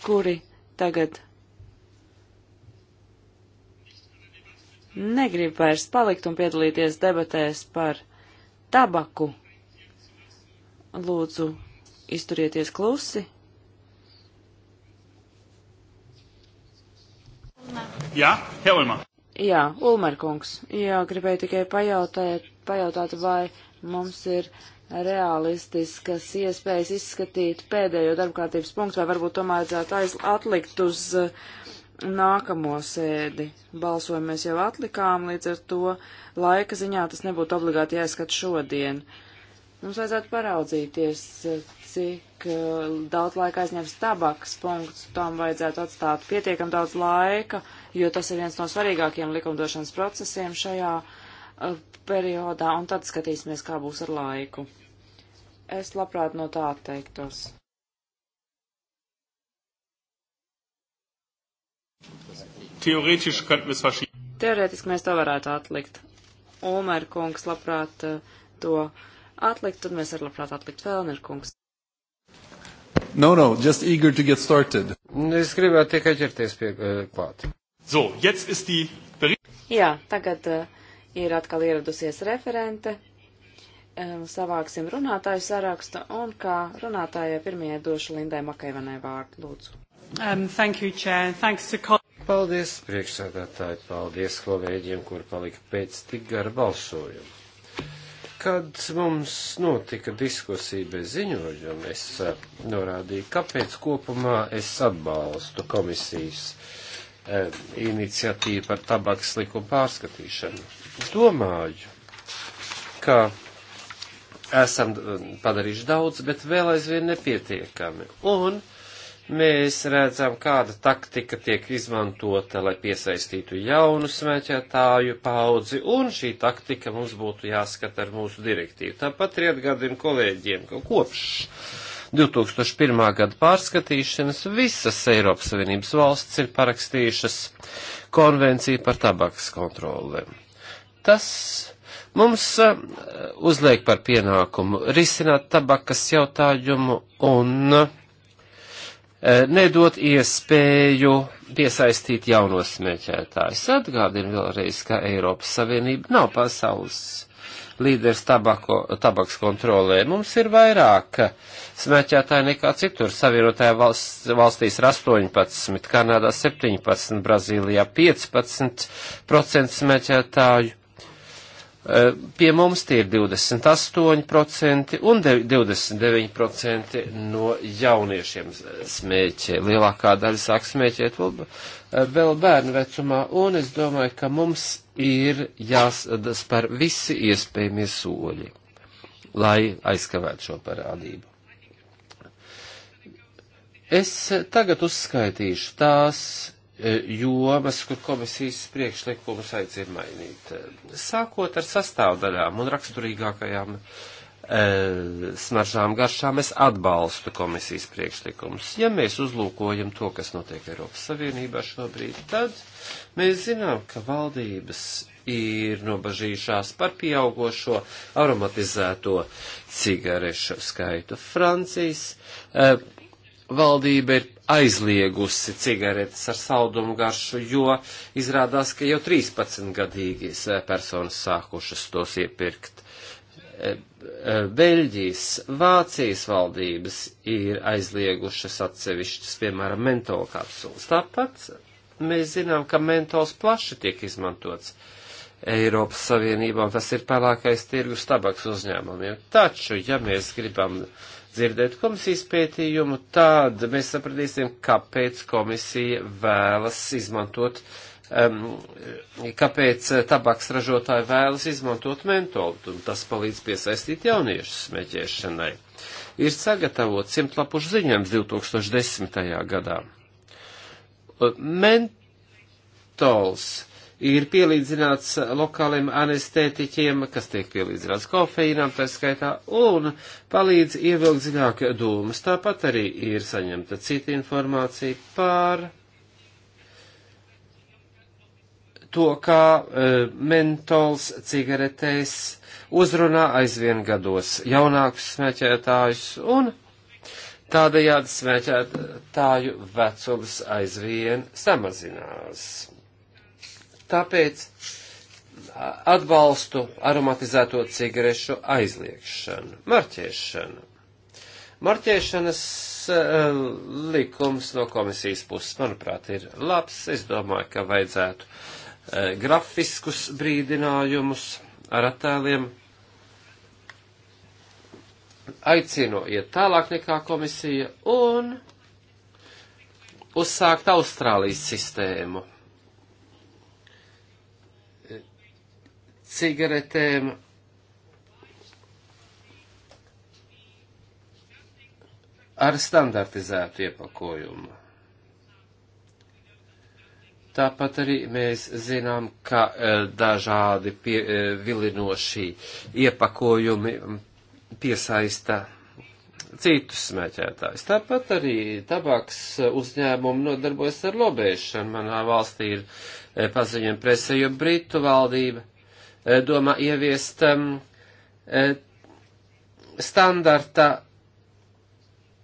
Speaker 3: kuri tagad negrib vairs palikt un piedalīties debatēs par tabaku, lūdzu, izturieties klusi.
Speaker 2: Jā, Herr Ulmer.
Speaker 3: Jā, Ulmer kungs. Jā, gribēju tikai pajautāt, pajautāt vai mums ir realistiskas iespējas izskatīt pēdējo darbkārtības punktu, vai varbūt tomēr vajadzētu atlikt uz uh, nākamo sēdi. Balsojumu mēs jau atlikām, līdz ar to laika ziņā tas nebūtu obligāti jāizskat šodien. Mums vajadzētu paraudzīties, uh, cik uh, daudz laika aizņems tabaks punkts, tam vajadzētu atstāt pietiekam daudz laika, jo tas ir viens no svarīgākiem likumdošanas procesiem šajā uh, periodā, un tad skatīsimies, kā būs ar laiku. Es labprāt no tā atteiktos.
Speaker 2: Teorētiski
Speaker 3: mēs to varētu atlikt. Omer kungs labprāt eh, to atlikt, tad mēs arī labprāt atlikt Felner kungs.
Speaker 4: No, no, just eager to get started. Es gribētu tikai ķerties pie uh, klāt. So, jetzt ist die...
Speaker 3: Jā, tagad uh, Ir atkal ieradusies referente. Savāksim runātāju sarakstu un kā runātājai pirmie došu Lindai Makaivanai vārdu. Lūdzu.
Speaker 4: Um, thank you, Chair. Thanks to Paldies, priekšsēdētāji, paldies kolēģiem, kur palika pēc tik gara balsojuma. Kad mums notika diskusija bez ziņojuma, es eh, norādīju, kāpēc kopumā es atbalstu komisijas eh, iniciatīvu par tabaks likumu pārskatīšanu. Domāju, ka esam eh, padarījuši daudz, bet vēl aizvien nepietiekami. Un mēs redzam, kāda taktika tiek izmantota, lai piesaistītu jaunu smēķētāju paudzi, un šī taktika mums būtu jāskata ar mūsu direktīvu. Tāpat ir atgādina kolēģiem, ka kopš 2001. gada pārskatīšanas visas Eiropas Savienības valsts ir parakstījušas konvenciju par tabakas kontrolēm tas mums uzliek par pienākumu risināt tabakas jautājumu un nedot iespēju piesaistīt jaunos smēķētājus. Atgādinu vēlreiz, ka Eiropas Savienība nav pasaules līderis tabako, tabaks kontrolē. Mums ir vairāk smēķētāji nekā citur. Savienotajā valsts, valstīs ir 18, Kanādā 17, Brazīlijā 15% smēķētāju Eh, pie mums tie ir 28% un 29% no jauniešiem eh, smēķē. Lielākā daļa sāk smēķēt eh, vēl bērnu vecumā, un es domāju, ka mums ir jāspēr visi iespējamie soļi, lai aizkavētu šo parādību. Es tagad uzskaitīšu tās E, jomas, kur komisijas priekšlikumus aicina mainīt. Sākot ar sastāvdaļām un raksturīgākajām e, smaržām garšām, es atbalstu komisijas priekšlikumus. Ja mēs uzlūkojam to, kas notiek Eiropas Savienībā šobrīd, tad mēs zinām, ka valdības ir nobažījušās par pieaugošo aromatizēto cigarešu skaitu. Francijas eh, valdība ir aizliegusi cigaretes ar saldumu garšu, jo izrādās, ka jau 13-gadīgas personas sākušas tos iepirkt. E, e, Beļģijas, Vācijas valdības ir aizliegušas atsevišķas, piemēram, mentola kapsulas. Tāpat mēs zinām, ka mentols plaši tiek izmantots Eiropas Savienībā, un tas ir pelākais tirgus tabaks uzņēmumiem. Taču, ja mēs gribam uh, dzirdēt komisijas pētījumu, tad mēs sapratīsim, kāpēc komisija vēlas izmantot, um, kāpēc tabaks ražotāji vēlas izmantot mentolu, un tas palīdz piesaistīt jauniešus smēķēšanai. Ir sagatavot simtlapušu ziņojums 2010. gadā. Mentols ir pielīdzināts lokāliem anestētiķiem, kas tiek pielīdzināts kofeīnām, tā skaitā, un palīdz ievilkt dziļāk dūmas. Tāpat arī ir saņemta cita informācija par to, kā e, mentols cigaretēs uzrunā aizvien gados jaunākus smēķētājus un tādējādi smēķētāju vecums aizvien samazinās. Tāpēc atbalstu aromatizēto cigarešu aizliekšanu, marķēšanu. Marķēšanas uh, likums no komisijas puses, manuprāt, ir labs. Es domāju, ka vajadzētu uh, grafiskus brīdinājumus ar attēliem. Aicinu iet tālāk nekā komisija un uzsākt Austrālijas sistēmu cigaretēm. ar standartizētu iepakojumu. Tāpat arī mēs zinām, ka e, dažādi pie, e, vilinoši iepakojumi piesaista citus smēķētājus. Tāpat arī tabaks uzņēmumi nodarbojas ar lobēšanu. Manā valstī ir e, paziņojumi presē, jo Britu valdība Eh, domā ieviest eh, standarta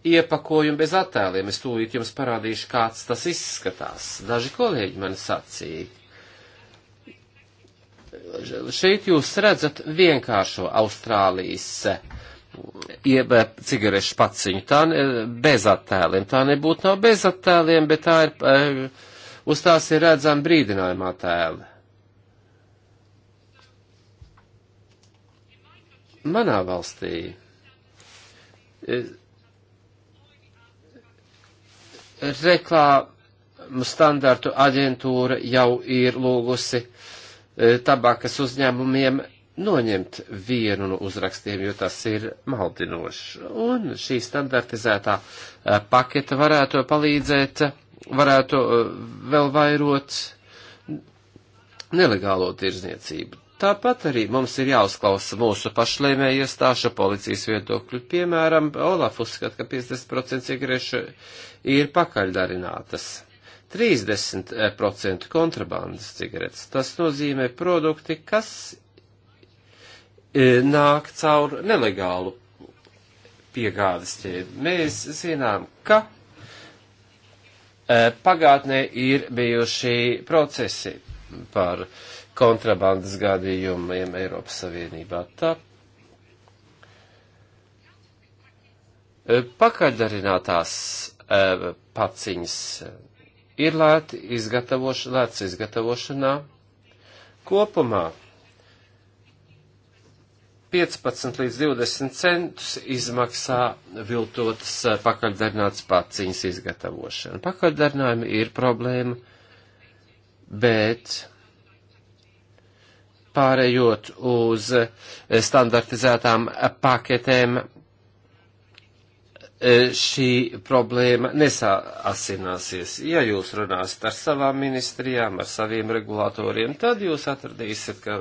Speaker 4: iepakojumu bez attēliem. Es tūlīt jums parādīšu, kāds tas izskatās. Daži kolēģi man sacīja. Šeit jūs redzat vienkāršo Austrālijas eh, jeb cigarešu paciņu. Tā ne, bez attēliem. Tā nebūtu nav bez attēliem, bet tā ir, uz tās ir redzama brīdinājumā tēla. Manā valstī e, reklāmu standartu aģentūra jau ir lūgusi e, tabakas uzņēmumiem noņemt vienu no uzrakstiem, jo tas ir maldinošs. Un šī standartizētā e, paketa varētu palīdzēt, varētu vēl vairot nelegālo tirzniecību tāpat arī mums ir jāuzklausa mūsu pašlēmē iestāša policijas viedokļu. Piemēram, Olaf uzskata, ka 50% igriešu ir pakaļdarinātas. 30% kontrabandas cigaretes. Tas nozīmē produkti, kas e, nāk caur nelegālu piegādes ķēdi. Mēs zinām, ka e, pagātnē ir bijuši procesi par uh, kontrabandas gadījumiem Eiropas Savienībā. Tā e, pakaļdarinātās e, paciņas ir lēti izgatavoš, lēts izgatavošanā. Kopumā 15 līdz 20 centus izmaksā viltotas e, pakaļdarinātas paciņas izgatavošana. Pakaļdarinājumi ir problēma, bet pārējot uz eh, standartizētām paketēm, eh, šī problēma nesāsināsies. Ja jūs runāsiet ar savām ministrijām, ar saviem regulātoriem, tad jūs atradīsiet, ka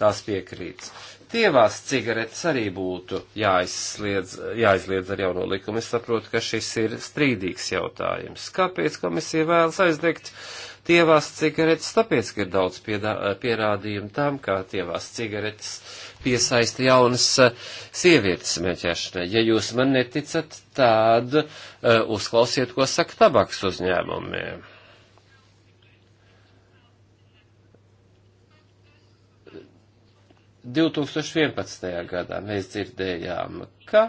Speaker 4: tās piekrīts. Tievās cigaretes arī būtu jāizsliedz, jāizliedz ar jauno likumu. Es saprotu, ka šis ir strīdīgs jautājums. Kāpēc komisija vēlas aizdegt uh, tievās cigaretes, tāpēc, ka ir daudz piedā, pierādījumu tam, kā tievās cigaretes piesaista jaunas eh, sievietes smēķēšanai. Ja jūs man neticat, tad uh, uzklausiet, ko saka tabaks uzņēmumiem. gadā mēs dzirdējām, ka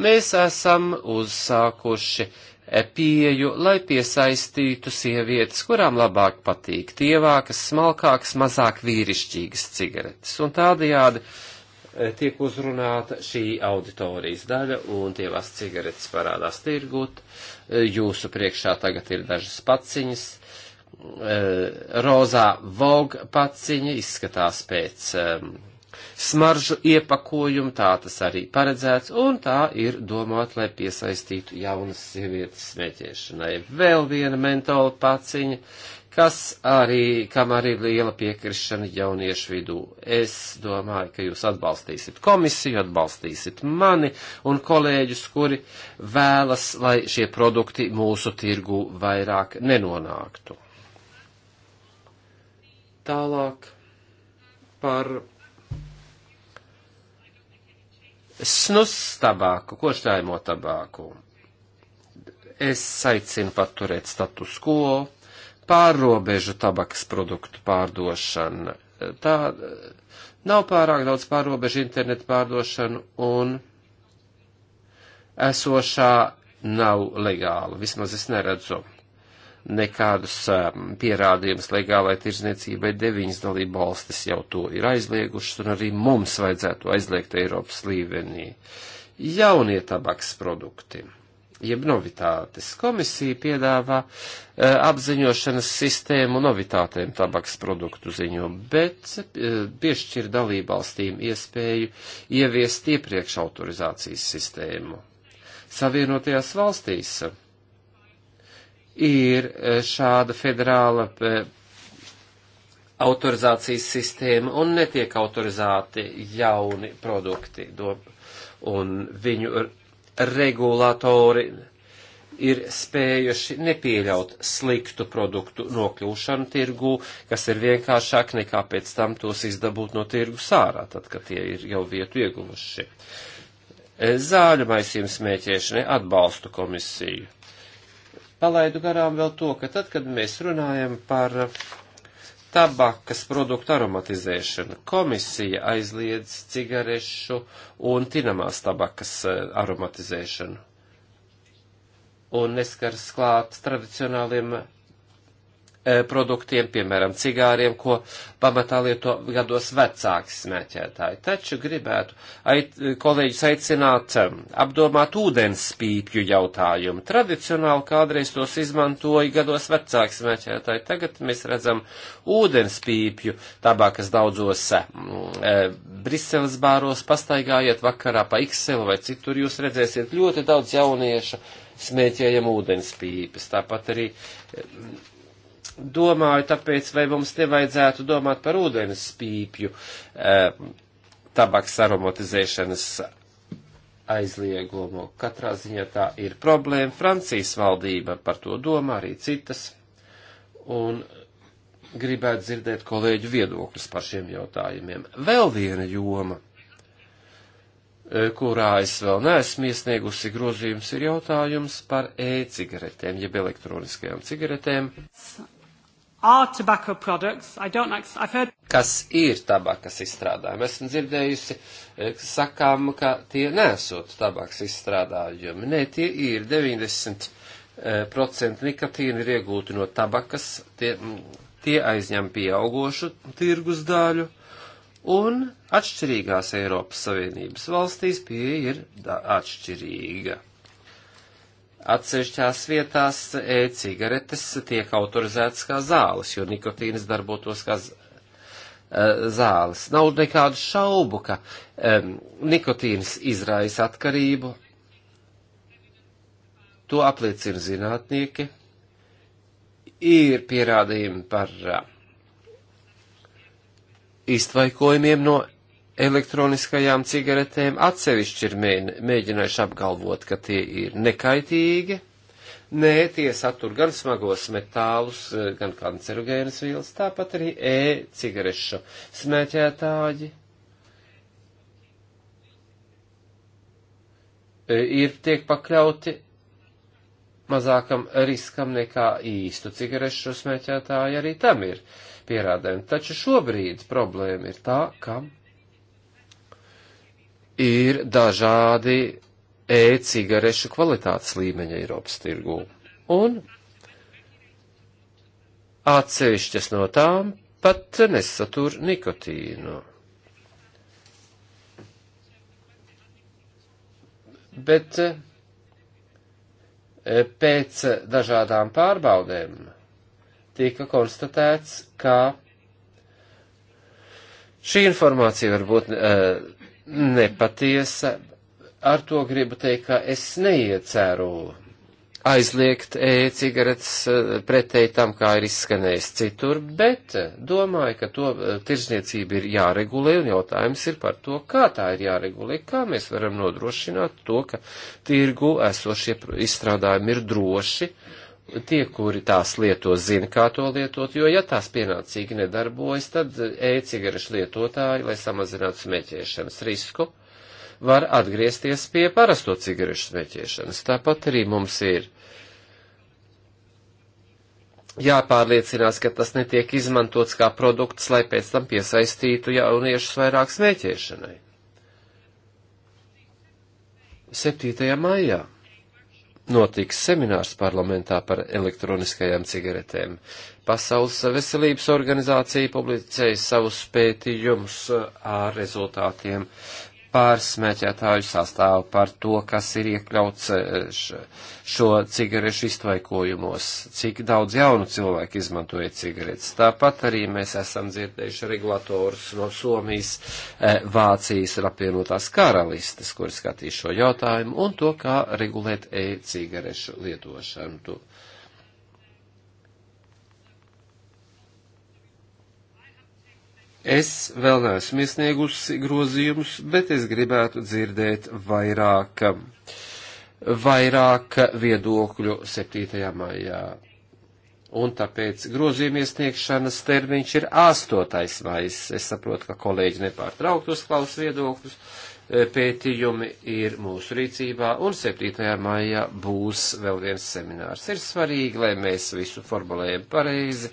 Speaker 4: mēs esam uzsākuši uh, pieju, lai piesaistītu sievietes, kurām labāk patīk tievākas, smalkākas, mazāk vīrišķīgas cigaretes. Un tādajādi e, tiek uzrunāta šī auditorijas daļa, un tievās cigaretes parādās tirgūt. E, jūsu priekšā tagad ir dažas paciņas. E, Rozā Vogue paciņa izskatās pēc smaržu iepakojumu, tā tas arī paredzēts, un tā ir domāt, lai piesaistītu jaunas sievietes smēķēšanai. Vēl viena mentola paciņa, kas arī, kam arī ir liela piekrišana jauniešu vidū. Es domāju, ka jūs atbalstīsiet komisiju, atbalstīsiet mani un kolēģus, kuri vēlas, lai šie produkti mūsu tirgu vairāk nenonāktu. Tālāk par Snus tabāku, košļājumu tabāku. Es aicinu paturēt status quo, pārrobežu tabakas produktu pārdošana. Tā nav pārāk daudz pārrobežu internetu pārdošanu un esošā nav legāla. Vismaz es neredzu nekādus um, pierādījumus legālai tirzniecībai. Deviņas dalība valstis jau to ir aizliegušas, un arī mums vajadzētu aizliegt Eiropas līmenī. Jaunie tabaks produkti jeb novitātes. Komisija piedāvā e, apziņošanas sistēmu novitātēm tabaks produktu ziņo, bet e, piešķir dalībvalstīm iespēju ieviest iepriekš autorizācijas sistēmu. Savienotajās valstīs ir e, šāda federāla e, autorizācijas sistēma un netiek autorizēti jauni produkti. Un viņu regulātori ir spējuši nepieļaut sliktu produktu nokļūšanu tirgū, kas ir vienkāršāk nekā pēc tam tos izdabūt no tirgu sārā, tad, kad tie ir jau vietu ieguvuši. E, zāļu maisījuma smēķēšanai atbalstu komisiju palaidu garām vēl to, ka tad, kad mēs runājam par tabakas produktu aromatizēšanu, komisija aizliedz cigarešu un tinamās tabakas eh, aromatizēšanu un neskars klāt tradicionāliem E, produktiem, piemēram, cigāriem, ko pamatā lieto gados vecāki smēķētāji. Taču gribētu ait, kolēģis aicināt e, apdomāt ūdenspīpju jautājumu. Tradicionāli kādreiz tos izmantoja gados vecāki smēķētāji. Tagad mēs redzam ūdenspīpju tabakas daudzos e, e, Briseles bāros. Pastaigājiet vakarā pa Ikselu vai citur, jūs redzēsiet ļoti daudz jauniešu smēķējam ūdenspīpes. Tāpat arī e, domāju tāpēc, vai mums nevajadzētu domāt par ūdens pīpju eh, tabaks aromatizēšanas aizliegumu. Katrā ziņā tā ir problēma. Francijas valdība par to domā, arī citas. Un gribētu dzirdēt kolēģu viedokļus par šiem jautājumiem. Vēl viena joma, eh, kurā es vēl neesmu iesniegusi grozījums, ir jautājums par e-cigaretēm, jeb elektroniskajām cigaretēm.
Speaker 2: Heard...
Speaker 4: Kas ir tabakas izstrādājumi? Esmu dzirdējusi, eh, sakām, ka tie nesot tabakas izstrādājumi. Nē, tie ir 90% eh, nikotīna ir iegūti no tabakas, tie, tie aizņem pieaugošu tirgus daļu, un atšķirīgās Eiropas Savienības valstīs pieeja ir atšķirīga. Atsevišķās vietās e-cigaretes tiek autorizētas kā zāles, jo nikotīnas darbotos kā e, zāles. Nav nekādu šaubu, ka um, nikotīns izraisa atkarību. To apliecina zinātnieki. Ir pierādījumi par uh, iztvaikojumiem no elektroniskajām cigaretēm atsevišķi ir mēģinājuši apgalvot, ka tie ir nekaitīgi. Nē, tie satur gan smagos metālus, gan kancerogēnas vielas, tāpat arī e-cigarešu smēķētāji e, ir tiek pakļauti mazākam riskam nekā īstu cigarešu smēķētāji arī tam ir pierādēm. Taču šobrīd problēma ir tā, ka ir dažādi e-cigarešu kvalitātes līmeņa Eiropas tirgū. Un atsevišķas no tām pat nesatur nikotīnu. Bet e, pēc dažādām pārbaudēm tika konstatēts, ka šī informācija var būt e, nepatiesa. Ar to gribu teikt, ka es neiecēru aizliegt e-cigaretes eh, pretēji tam, kā ir izskanējis citur, bet domāju, ka to eh, tirzniecība ir jāregulē un jautājums ir par to, kā tā ir jāregulē, kā mēs varam nodrošināt to, ka tirgu esošie izstrādājumi ir droši, uh, tie, kuri tās lieto, zina, kā to lietot, jo ja tās pienācīgi nedarbojas, tad e-cigarešu lietotāji, lai samazinātu smēķēšanas risku, var atgriezties pie parasto cigarešu smēķēšanas. Tāpat arī mums ir jāpārliecinās, ka tas netiek izmantots kā produkts, lai pēc tam piesaistītu jauniešus vairāk smēķēšanai. 7. maijā notiks seminārs parlamentā par elektroniskajām cigaretēm. Pasaules veselības organizācija publicēja savus pētījumus uh, ar rezultātiem pārsmēķētāju sastāvu par to, kas ir iekļauts e, šo cigarešu iztvaikojumos, cik daudz jaunu cilvēku izmantoja cigaretes. Tāpat arī mēs esam dzirdējuši regulatorus no Somijas, e, Vācijas un apvienotās karalistes, kuri skatīs šo jautājumu, un to, kā regulēt e-cigarešu lietošanu. Es vēl neesmu iesniegusi grozījumus, bet es gribētu dzirdēt vairāk, vairāk viedokļu 7. maijā. Un tāpēc grozījuma iesniegšanas termiņš ir 8. maijs. Es saprotu, ka kolēģi nepārtraukt uzklaus viedokļus, E, pētījumi ir mūsu rīcībā, un 7. maijā būs vēl viens seminārs. Ir svarīgi, lai mēs visu formulējam pareizi,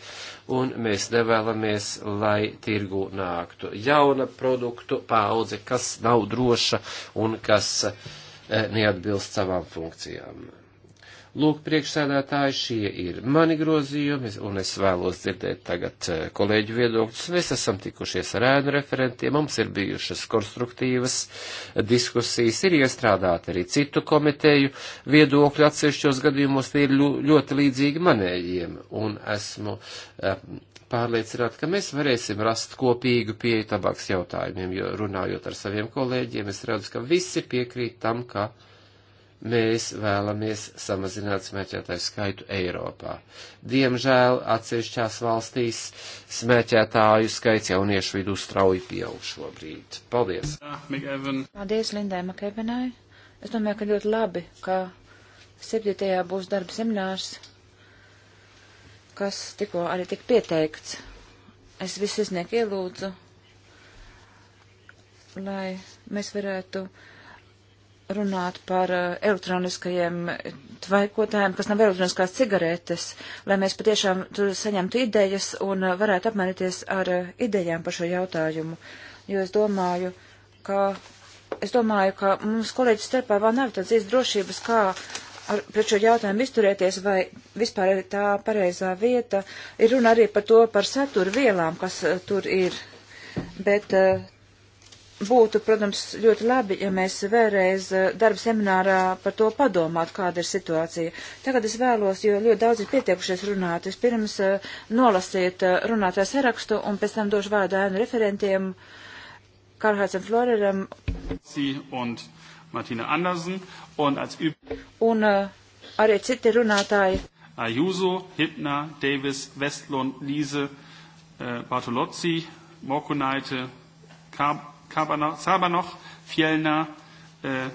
Speaker 4: un mēs nevēlamies, lai tirgu nāktu jauna produktu paudze, kas nav droša un kas e, neatbilst savām funkcijām. Lūk, priekšsēdētāji, šie ir mani grozījumi, un es vēlos dzirdēt tagad e, kolēģu viedokļus. Mēs esam tikušies ar ēnu referentiem, mums ir bijušas konstruktīvas diskusijas, ir iestrādāti arī citu komiteju viedokļu atsevišķos gadījumos, tie ir ļoti līdzīgi manējiem, un esmu e, pārliecināt, ka mēs varēsim rast kopīgu pieeju tabaks jautājumiem, jo runājot ar saviem kolēģiem, es redzu, ka visi piekrīt tam, ka mēs vēlamies samazināt smēķētāju skaitu Eiropā. Diemžēl atsevišķās valstīs smēķētāju skaits jauniešu vidū strauji pieaug šobrīd. Paldies! Paldies
Speaker 1: Lindai Makevenai. Es domāju, ka ļoti labi, ka 7. būs darba seminārs, kas tikko arī tik pieteikts. Es visu iznieku ielūdzu, lai mēs varētu runāt par eh, elektroniskajiem tvaikotājiem, kas nav elektroniskās cigaretes, lai mēs patiešām tur saņemtu idejas un eh, varētu apmainīties ar eh, idejām par šo jautājumu. Jo es domāju, ka, es domāju, ka mums kolēģi starpā vēl nav tāds īsts drošības, kā ar, pret šo jautājumu izturēties, vai vispār ir tā pareizā vieta. Ir runa arī par to, par saturu vielām, kas tur ir. Bet uh, būtu, protams, ļoti labi, ja mēs vēlreiz eh, darba seminārā par to padomātu, kāda ir situācija. Tagad es vēlos, jo ļoti daudz ir pietiekušies runāt, es pirms eh, nolasīt eh, runātā sarakstu un pēc tam došu vārdu ēnu referentiem Karlhācam Floreram.
Speaker 2: Un Martina Andersen un,
Speaker 1: un arī citi runātāji.
Speaker 2: Ajuso, Hipner, Davis, Westlund, Liese, Bartolozzi, Morkunaite, Kāp, Sabanoch, Fielner, äh,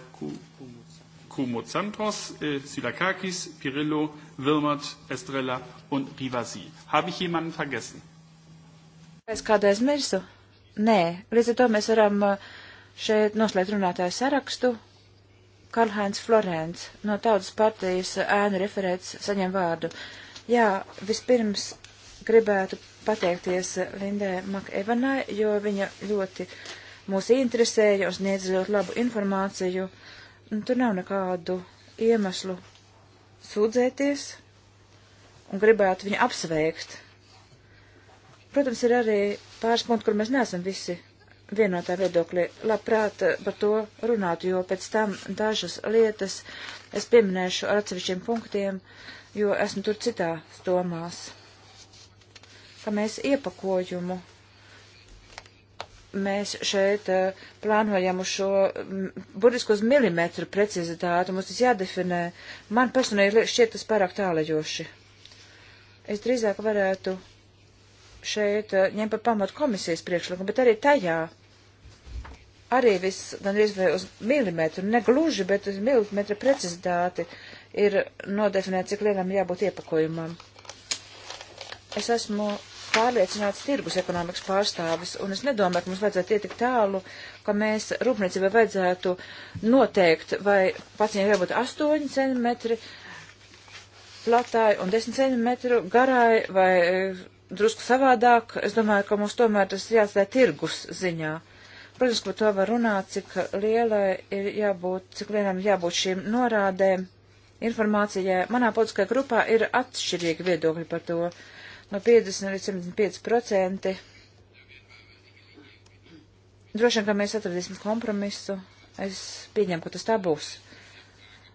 Speaker 2: Koumoutsantros, äh, Silakakis, Pirillo, Wilmot, Estrella und Rivasi. Habe ich jemanden vergessen?
Speaker 1: Es kādreiz mirsu? Nē, līdz ar to mēs varam äh, šeit noslēgt runātāju sarakstu. Karlheinz Florence no Tautas partijas ēnu referēts saņem vārdu. Jā, vispirms gribētu pateikties Lindai Makevanai, jo viņa ļoti uh, mūs interesēja un sniedz ļoti labu informāciju. Un tur nav nekādu iemeslu sūdzēties un gribētu viņu apsveikt. Protams, ir arī pāris punkti, kur mēs neesam visi vienotā viedoklī. Labprāt eh, par to runāt, jo pēc tam dažas lietas es pieminēšu ar atsevišķiem punktiem, jo esmu tur citās domās. Ka mēs iepakojumu mēs šeit eh, plānojam uz šo mm, burtiski uz milimetru precizitāti, mums tas jādefinē. Man personīgi šķiet tas pārāk tālajoši. Es drīzāk varētu šeit eh, ņemt par pamatu komisijas priekšlikumu, bet arī tajā. Arī viss gan vai uz milimetru, ne gluži, bet uz milimetra precizitāti ir nodefinēts, cik lielam jābūt iepakojumam. Es esmu pārliecināts tirgus ekonomikas pārstāvis, un es nedomāju, ka mums vajadzētu iet tik tālu, ka mēs rūpniecībai vajadzētu noteikt, vai pacientam jābūt 8 centimetri platāji un 10 centimetru garai, vai eh, drusku savādāk. Es domāju, ka mums tomēr tas jāatstāja tirgus ziņā. Protams, ka par to var runāt, cik lielai ir jābūt, cik lielām ir jābūt šīm norādēm, informācijai. Manā politiskajā grupā ir atšķirīgi viedokļi par to. Uh, no 50 līdz 75 procenti. Droši vien, ka mēs atradīsim kompromisu. Es pieņemu, ka tas tā būs.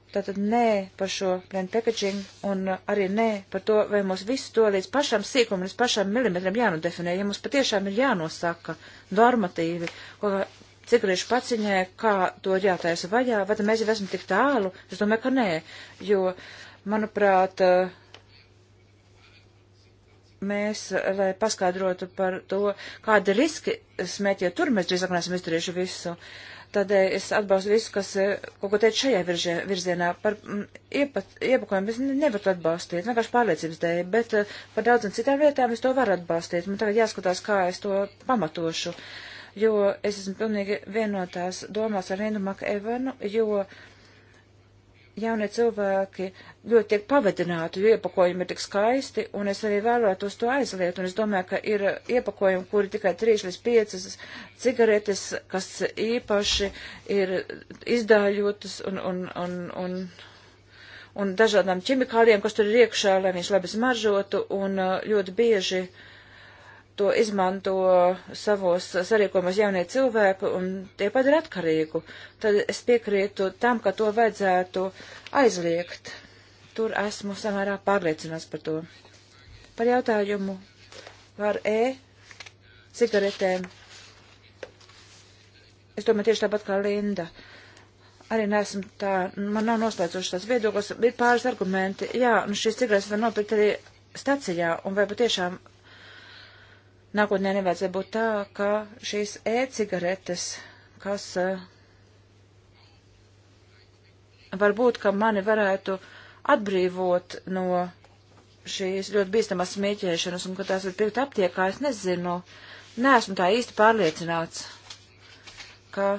Speaker 1: Tātad nē par šo brand packaging un arī nē par to, vai mums visu to līdz pašam sīkumam, līdz pašam milimetram jānodefinē, ja mums patiešām ir jānosaka normatīvi, ko cigarešu paciņē, kā to ir jātaisa vaļā, vai tad mēs jau esam tik tālu? Es domāju, ka nē, jo, manuprāt, uh, mēs, lai paskaidrotu par to, kādi riski smēt, ja tur mēs drīzāk neesam izdarījuši visu. Tādēļ es atbalstu visu, kas eh, kaut ko teica šajā viržē, virzienā. Par mm, iepakojumu es nevaru to atbalstīt, vienkārši pārliecības dēļ, bet eh, par daudzām citām lietām es to varu atbalstīt. Man tagad jāskatās, kā es to pamatošu, jo es esmu pilnīgi vienotās domās ar Rindu Maka Evanu, jo. Uh, jaunie cilvēki ļoti tiek pavadināti, jo iepakojumi ir tik skaisti, un es arī vēlētos to aizliet, un es domāju, ka ir iepakojumi, kuri tikai 3 līdz 5 cigaretes, kas īpaši ir izdāļotas un, un, un, un, un dažādām ķimikāliem, kas tur ir iekšā, lai viņš labi smaržotu, un uh, ļoti bieži uh, to izmanto savos sarīkomos jaunie cilvēki un tie padara atkarīgu, tad es piekrītu tam, ka to vajadzētu aizliegt. Tur esmu samērā pārliecināts par to. Par jautājumu par E cigaretēm. Es domāju tieši tāpat kā Linda. Arī neesmu tā, man nav noslēdzošas tās viedoklis, ir pāris argumenti. Jā, un nu šīs cigaretes var nopirkt arī stacijā, un vai patiešām nākotnē nevajadzētu būt tā, ka šīs e-cigaretes, kas eh, varbūt, ka mani varētu atbrīvot no šīs ļoti bīstamās smieķēšanas un ka tās var pirkt aptiekā, es nezinu. Nē, esmu tā īsti pārliecināts, ka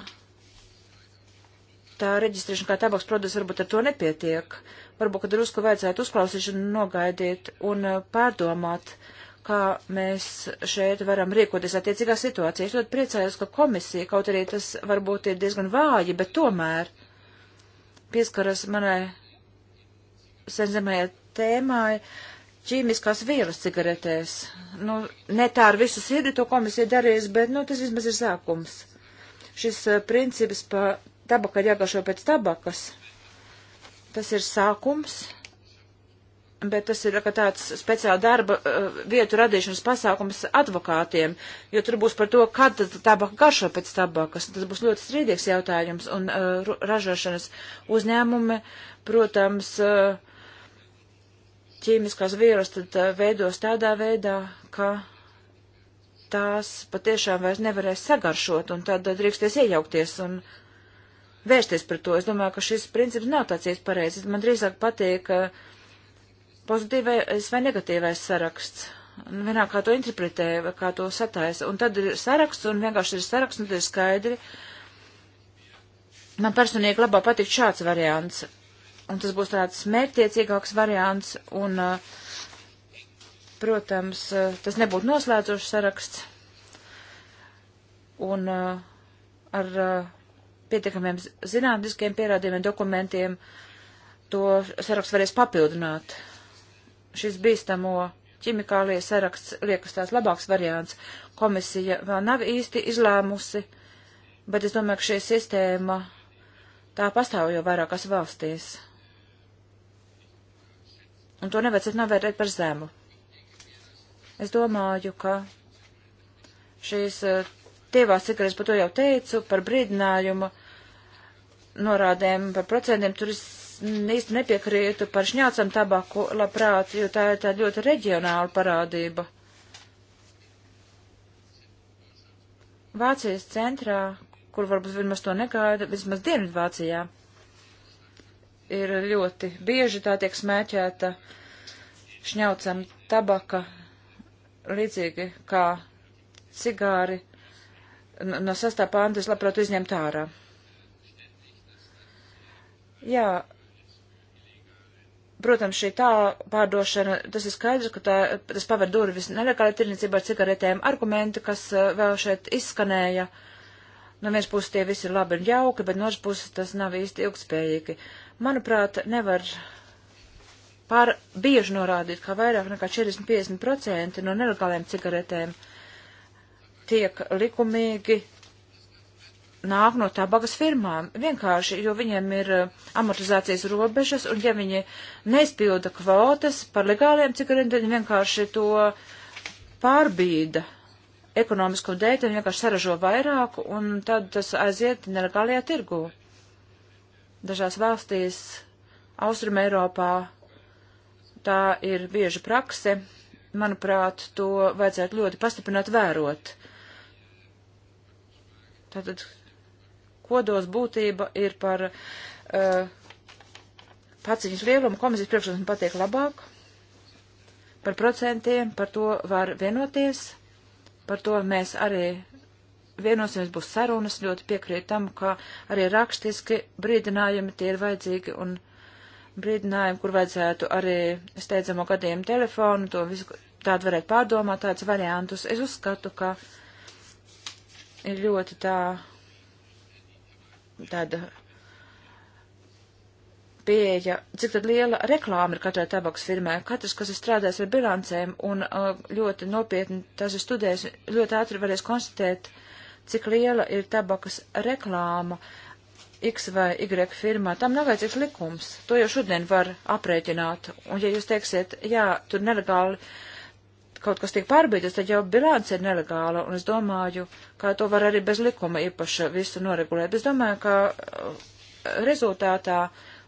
Speaker 1: tā reģistrēšana kā tabaks produkts varbūt ar to nepietiek. Varbūt, ka drusku vajadzētu uzklausīšanu nogaidīt un eh, pārdomāt. Uh, kā mēs šeit varam rīkoties attiecīgā situācijā. Es ļoti priecājos, ka komisija, kaut arī tas varbūt ir diezgan vāji, bet tomēr pieskaras manai senzemējai tēmai ķīmiskās vīras cigaretēs. Nu, ne tā ar visu sirdi to komisija darīs, bet, nu, tas vismaz ir sākums. Šis uh, princips par tabaka ir jāgašo pēc tabakas. Tas ir sākums bet tas ir kā tāds speciāli darba eh, vietu radīšanas pasākums advokātiem, jo tur būs par to, kad tad tabaka garšo pēc tabakas. Tas būs ļoti strīdīgs jautājums, un uh, ražošanas uzņēmumi, protams, uh, ķīmiskās vīrus tad uh, veidos tādā veidā, ka tās patiešām vairs nevarēs sagaršot, un tad drīksties iejaukties un vērsties par to. Es domāju, ka šis princips nav tāds īsti pareizs. Man drīzāk patīk, ka uh, pozitīvais vai negatīvais saraksts. Nu, vienā kā to interpretē, vai kā to sataisa. Un tad ir saraksts, un vienkārši ir saraksts, un tad ir skaidri. Man personīgi labāk patīk šāds variants. Un tas būs tāds mērķtiecīgāks variants, un, uh, protams, uh, tas nebūtu noslēdzošs saraksts. Un uh, ar pietiekamiem zinātniskiem pierādījumiem, dokumentiem to saraksts varēs papildināt šis bīstamo ķimikālie saraksts liekas tās labāks variants. Komisija vēl nav īsti izlēmusi, bet es domāju, ka šī sistēma tā pastāv jau vairākās valstīs. Un to nevajadzētu novērtēt par zemu. Es domāju, ka šīs eh, tievās cigaretes, par to jau teicu, par brīdinājumu norādēm, par procentiem, tur es īsti nepiekrītu par šņācam tabaku labprāt, jo tā ir tā ļoti reģionāla parādība. Vācijas centrā, kur varbūt vismaz to negaida, vismaz Dienvidvācijā, ir ļoti bieži tā tiek smēķēta šņaucam tabaka, līdzīgi kā cigāri no sastā pānta es labprāt izņemt ārā. Jā, protams, šī tā pārdošana, tas ir skaidrs, ka tā, tas paver durvis nelegāli tirniecībā ar cigaretēm. Argumenti, kas eh, vēl šeit izskanēja, no nu, vienas puses tie visi ir labi un jauki, bet no otras puses tas nav īsti ilgspējīgi. Manuprāt, nevar pār bieži norādīt, ka vairāk nekā 40-50% no nelegāliem cigaretēm tiek likumīgi nāk no tabakas firmām. Vienkārši, jo viņiem ir eh, amortizācijas robežas, un ja viņi neizpilda kvotas par legāliem cigaretēm, tad viņi vienkārši to pārbīda ekonomisko dēļ, viņi vienkārši saražo vairāk, un tad tas aiziet nelegālajā tirgū. Dažās valstīs, Austrum Eiropā, tā ir bieža prakse. Manuprāt, to vajadzētu ļoti pastiprināt vērot. Tātad kodos būtība ir par uh, paciņas lielumu. Komisijas priekšlikums patiek labāk. Par procentiem, par to var vienoties. Par to mēs arī vienosimies, būs sarunas. Ļoti piekrīt tam, ka arī rakstiski brīdinājumi tie ir vajadzīgi un brīdinājumu, kur vajadzētu arī steidzamo gadījumu telefonu, to visu tādu varētu pārdomāt, tāds variantus. Es uzskatu, ka ir ļoti tā tāda pieeja, cik tad liela reklāma ir katrai tabaks firmai. Katrs, kas ir strādājis ar bilancēm un uh, ļoti nopietni tas ir studējis, ļoti ātri varēs konstatēt, cik liela ir tabakas reklāma X vai Y firmā. Tam nav vajadzīgs likums. To jau šodien var aprēķināt. Un ja jūs teiksiet, jā, tur nelegāli kaut kas tiek pārbīdīts, tad jau bilāns ir nelegāla, un es domāju, kā to var arī bez likuma īpaši visu noregulēt. Es domāju, ka uh, rezultātā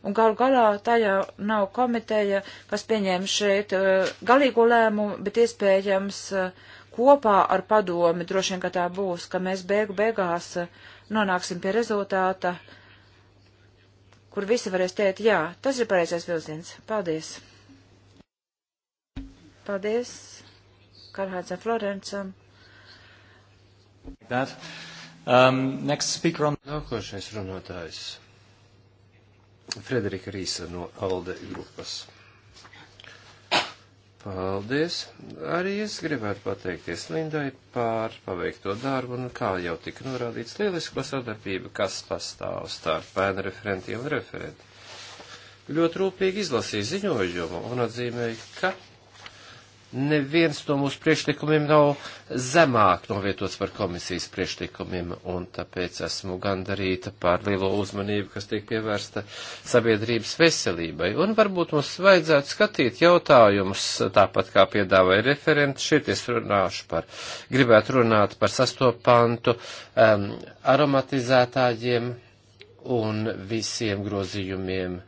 Speaker 1: un galu galā tā jau nav komiteja, kas pieņēma šeit uh, galīgo lēmumu, bet iespējams uh, kopā ar padomi droši vien, ka tā būs, ka mēs beigu beigās nonāksim pie rezultāta, kur visi varēs teikt, jā, tas ir pareizais vilziens. Paldies! Paldies, Karhādza Florence.
Speaker 4: That. Um, next speaker on... Nākošais runātājs. Frederika Rīsa no Alde grupas. Paldies! Arī es gribētu pateikties Lindai par paveikto darbu un, kā jau tika norādīts, lielisko sadarbību, kas pastāv starp pēna referentiem un referentiem. Ļoti rūpīgi izlasīju ziņojumu un atzīmēju, ka neviens no mūsu priekšlikumiem nav zemāk novietots par komisijas priekšlikumiem, un tāpēc esmu gandarīta par lielo uzmanību, kas tiek pievērsta sabiedrības veselībai. Un varbūt mums vajadzētu skatīt jautājumus, tāpat kā piedāvāja referenti, šeit es runāšu par, gribētu runāt par sastopantu um, aromatizētājiem un visiem grozījumiem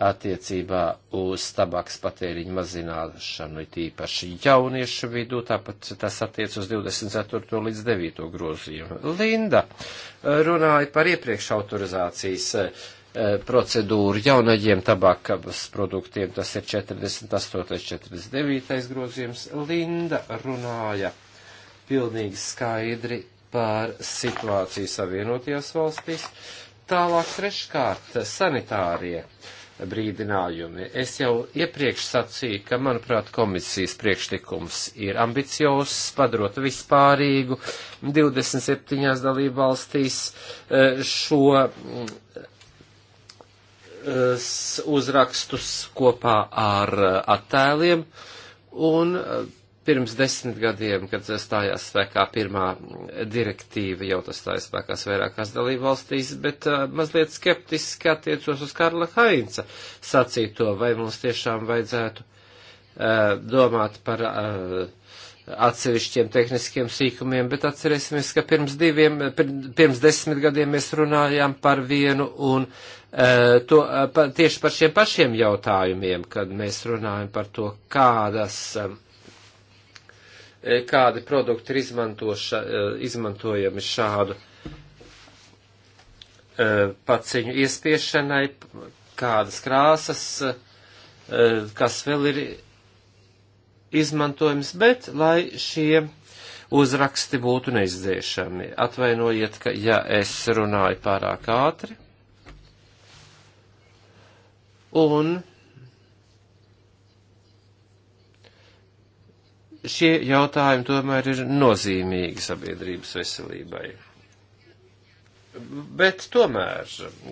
Speaker 4: attiecībā uz tabaks patēriņu mazināšanu, it īpaši jauniešu vidū, tāpat tas attiec uz 24. līdz 9. grozījumu. Linda eh, runāja par iepriekš autorizācijas eh, eh, procedūru jaunajiem tabakas produktiem, tas ir 48. 49. grozījums. Linda runāja pilnīgi skaidri par situāciju Savienotajās valstīs. Tālāk treškārt sanitārie uh, brīdinājumi. Es jau iepriekš sacīju, ka, manuprāt, komisijas priekšlikums ir ambiciozs, padarot vispārīgu 27. dalību valstīs e, šo mm, e, uzrakstus kopā ar e, attēliem, un pirms desmit gadiem, kad stājās spēkā pirmā direktīva, jau tas stājās spēkās vairākās dalību valstīs, bet uh, mazliet skeptiski attiecos uz Karla Hainca sacīto, vai mums tiešām vajadzētu uh, domāt par uh, atsevišķiem tehniskiem sīkumiem, bet atcerēsimies, ka pirms diviem, pirms desmit gadiem mēs runājām par vienu un uh, to, uh, pa, tieši par šiem pašiem jautājumiem, kad mēs runājam par to, kādas um, E, kādi produkti ir izmantoša, e, izmantojami šādu e, paciņu iespiešanai, kādas krāsas, kas vēl ir izmantojams, bet lai šie uzraksti būtu neizdziešami. Atvainojiet, ka ja es runāju pārāk ātri. Un šie jautājumi tomēr ir nozīmīgi sabiedrības veselībai. Bet tomēr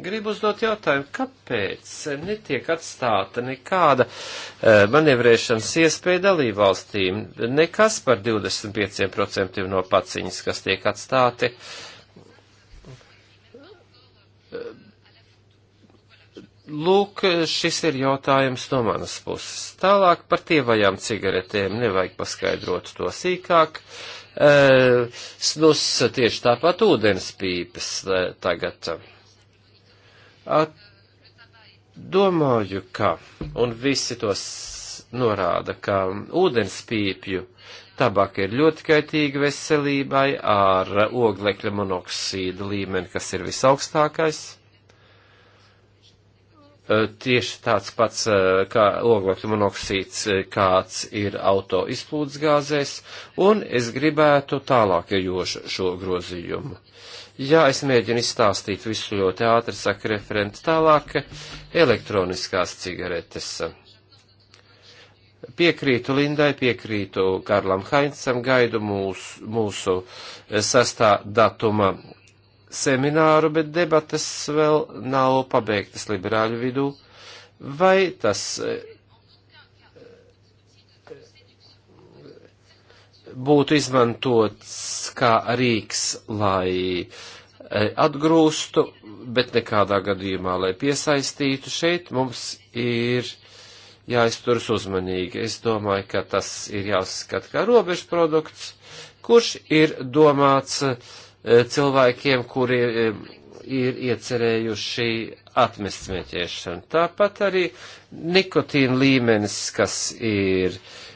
Speaker 4: gribu uzdot jautājumu, kāpēc netiek atstāta nekāda eh, manevrēšanas iespēja dalībvalstīm? Nekas par 25% no paciņas, kas tiek atstāti uh, Lūk, šis ir jautājums no manas puses. Tālāk par tievajām cigaretēm nevajag paskaidrot to sīkāk. E, snus tieši tāpat ūdens pīpes e, tagad. At, domāju, ka, un visi tos norāda, ka ūdens pīpju Tabaka ir ļoti kaitīga veselībai ar oglekļa monoksīda līmeni, kas ir visaugstākais. Eh, tieši tāds pats eh, kā oglekļa monoksīds, eh, kāds ir auto izplūdes gāzēs, un es gribētu tālāk jošu šo grozījumu. Jā, es mēģinu izstāstīt visu ļoti ātri, saka referenti tālāk, elektroniskās cigaretes. Piekrītu Lindai, piekrītu Karlam Haincam, gaidu mūsu, mūsu sastā datuma semināru, bet debatas vēl nav pabeigtas liberāļu vidū. Vai tas eh, būtu izmantots kā rīks, lai eh, atgrūstu, bet nekādā gadījumā, lai piesaistītu šeit, mums ir jāizturas uzmanīgi. Es domāju, ka tas ir jāuzskata kā robežu produkts, kurš ir domāts uh, E, cilvēkiem, kuri e, ir iecerējuši atmest smēķēšanu. Tāpat arī nikotīna līmenis, kas ir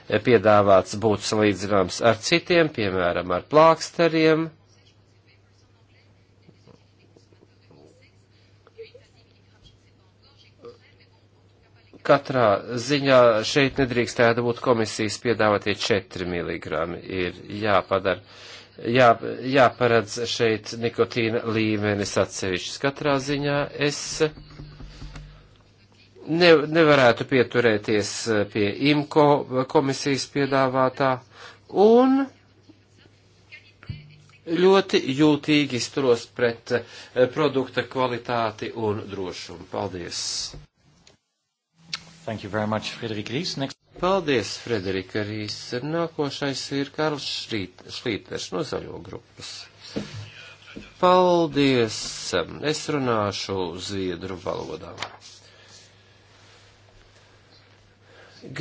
Speaker 4: e, piedāvāts būt salīdzināms ar citiem, piemēram, ar plāksteriem. Katrā ziņā šeit nedrīkstētu būt komisijas piedāvātie 4 mg ir jāpadara jā, jāparedz šeit nikotīna līmenis atsevišķs. Katrā ziņā es ne, nevarētu pieturēties pie IMCO komisijas piedāvātā un ļoti jūtīgi izturos pret eh, produkta kvalitāti un drošumu. Paldies! Thank you very much, Frederik Ries. Next. Paldies, Frederika Rīs. Nākošais ir Karls Šlīters no Zaļo grupas. Paldies! Es runāšu zviedru valodā.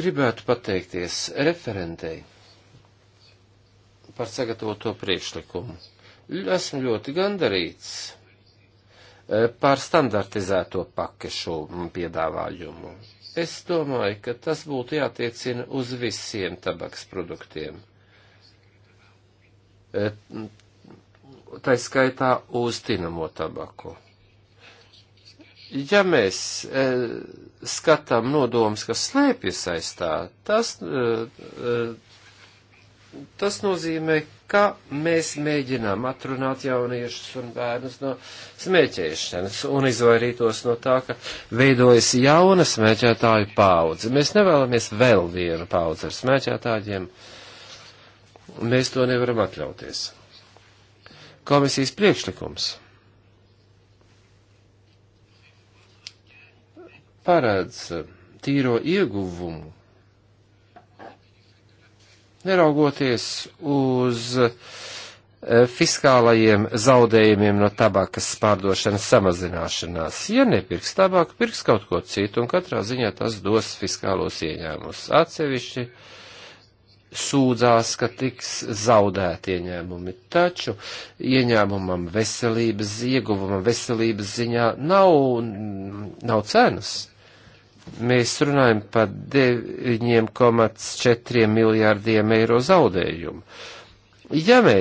Speaker 4: Gribētu pateikties referentei par sagatavoto priekšlikumu. Esmu ļoti gandarīts eh, par standartizēto pakešu piedāvājumu. Es domāju, ka tas būtu jātiecina uz visiem tabaks produktiem. Tā skaitā uz tinamo tabaku. Ja mēs e, skatām nodomus, kas slēpjas aiz tā, tas e, e Tas nozīmē, ka mēs mēģinām atrunāt jauniešus un bērnus no smēķēšanas un izvairītos no tā, ka veidojas jauna smēķētāju paudze. Mēs nevēlamies vēl vienu paudzi ar smēķētājiem. Mēs to nevaram atļauties. Komisijas priekšlikums paredz tīro ieguvumu Neraugoties uz e, fiskālajiem zaudējumiem no tabakas pārdošanas samazināšanās. Ja nepirks tabaku, pirks kaut ko citu, un katrā ziņā tas dos fiskālos ieņēmumus. Atsevišķi sūdzās, ka tiks zaudēti ieņēmumi, taču ieņēmumam veselības, ieguvumam veselības ziņā nav, nav cenas mēs runājam par 9,4 miljārdiem eiro zaudējumu. Ja mē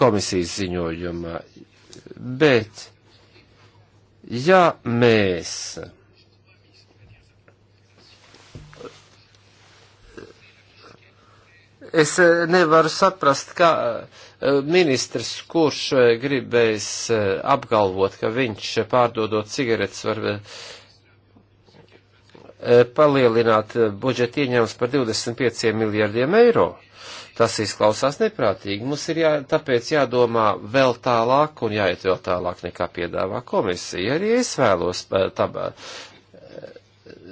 Speaker 4: komisijas ziņojumā, bet ja mēs es eh, nevaru saprast, kā eh, ministrs, kurš eh, gribēs apgalvot, ka viņš pārdodot cigaretes var E, palielināt e, budžeta ieņēmums par 25 miljardiem eiro. Tas izklausās neprātīgi. Mums ir jā, tāpēc jādomā vēl tālāk un jāiet vēl tālāk nekā piedāvā komisija. Arī es vēlos e, tabā,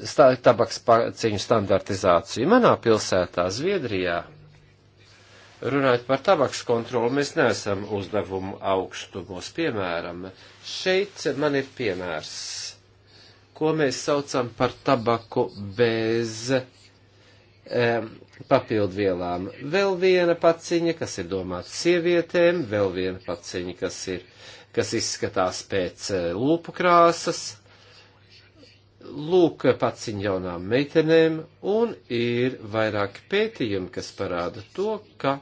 Speaker 4: stā, tabaks paciņu standartizāciju. Manā pilsētā, Zviedrijā, runājot par tabaks kontroli, mēs neesam uzdevumu augstumos. Piemēram, šeit man ir piemērs ko mēs saucam par tabaku bez um, papildvielām. Vēl viena paciņa, kas ir domāta sievietēm, vēl viena paciņa, kas, ir, kas izskatās pēc eh, lūpu krāsas, lūk paciņa jaunām meitenēm, un ir vairāki pētījumi, kas parāda to, ka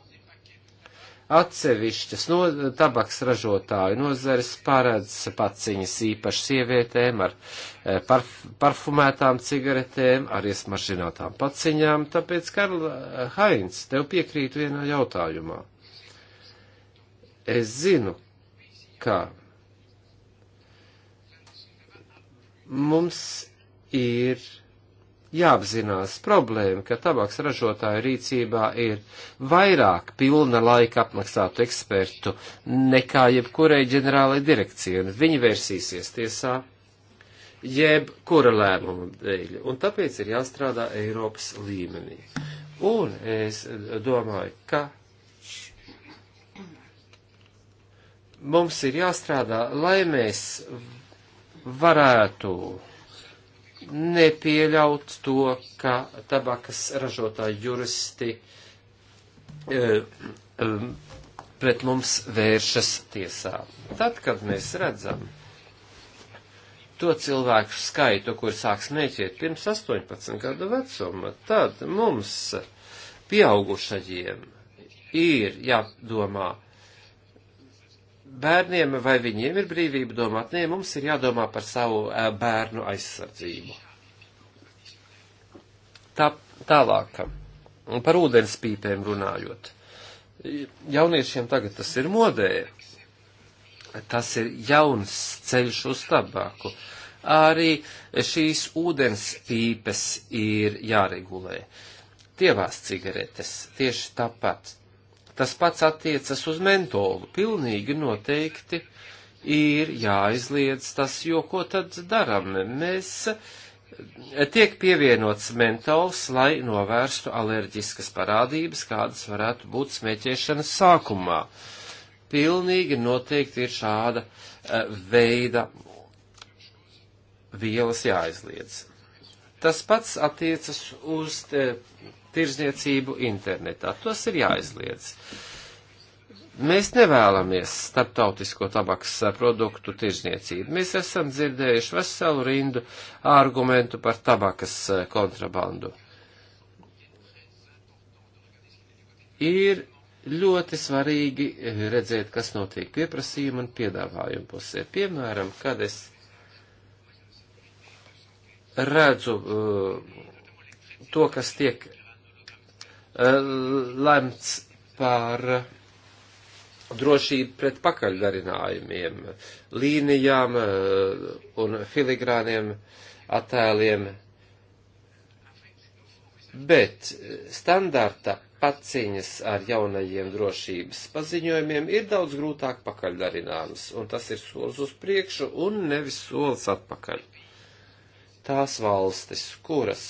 Speaker 4: Atsevišķas no tabaks ražotāju nozares paredz paciņas īpaši sievietēm ar e, parf parfumētām cigaretēm, ar iesmažinātām paciņām, tāpēc, Karl Hainz, tev piekrītu vienā jautājumā. Es zinu, ka mums ir jāapzinās problēma, ka tabaks ražotāju rīcībā ir vairāk pilna laika apmaksātu ekspertu nekā jebkurai ģenerālai direkcijai, un viņi vērsīsies tiesā jebkura lēmuma dēļ, un tāpēc ir jāstrādā Eiropas līmenī. Un es domāju, ka mums ir jāstrādā, lai mēs varētu nepieļaut to, ka tabakas ražotāji juristi e, e, pret mums vēršas tiesā. Tad, kad mēs redzam to cilvēku skaitu, kur sāks mēķēt pirms 18 gadu vecuma, tad mums pieaugušajiem ir jādomā bērniem, vai viņiem ir brīvība domāt? Nē, mums ir jādomā par savu bērnu aizsardzību. Tā, tālāk, par ūdens pīpēm runājot. Jauniešiem tagad tas ir modē. Tas ir jauns ceļš uz tabāku. Arī šīs ūdens pīpes ir jāregulē. Tievās cigaretes tieši tāpat Tas pats attiecas uz mentolu. Pilnīgi noteikti ir jāizliedz tas, jo ko tad daram? Mēs tiek pievienots mentols, lai novērstu alerģiskas parādības, kādas varētu būt smēķēšanas sākumā. Pilnīgi noteikti ir šāda eh, veida vielas jāizliedz. Tas pats attiecas uz eh, tirzniecību internetā. Tos ir jāizliedz. Mēs nevēlamies starptautisko tabaks produktu tirzniecību. Mēs esam dzirdējuši veselu rindu argumentu par tabakas kontrabandu. Ir ļoti svarīgi redzēt, kas notiek pieprasījuma un piedāvājuma pusē. Piemēram, kad es redzu uh, to, kas tiek Eh, lemts par drošību pret pakaļdarinājumiem, līnijām eh, un filigrāniem attēliem, bet standarta paciņas ar jaunajiem drošības paziņojumiem ir daudz grūtāk pakaļdarināmas, un tas ir solis uz priekšu un nevis solis atpakaļ. Tās valstis, kuras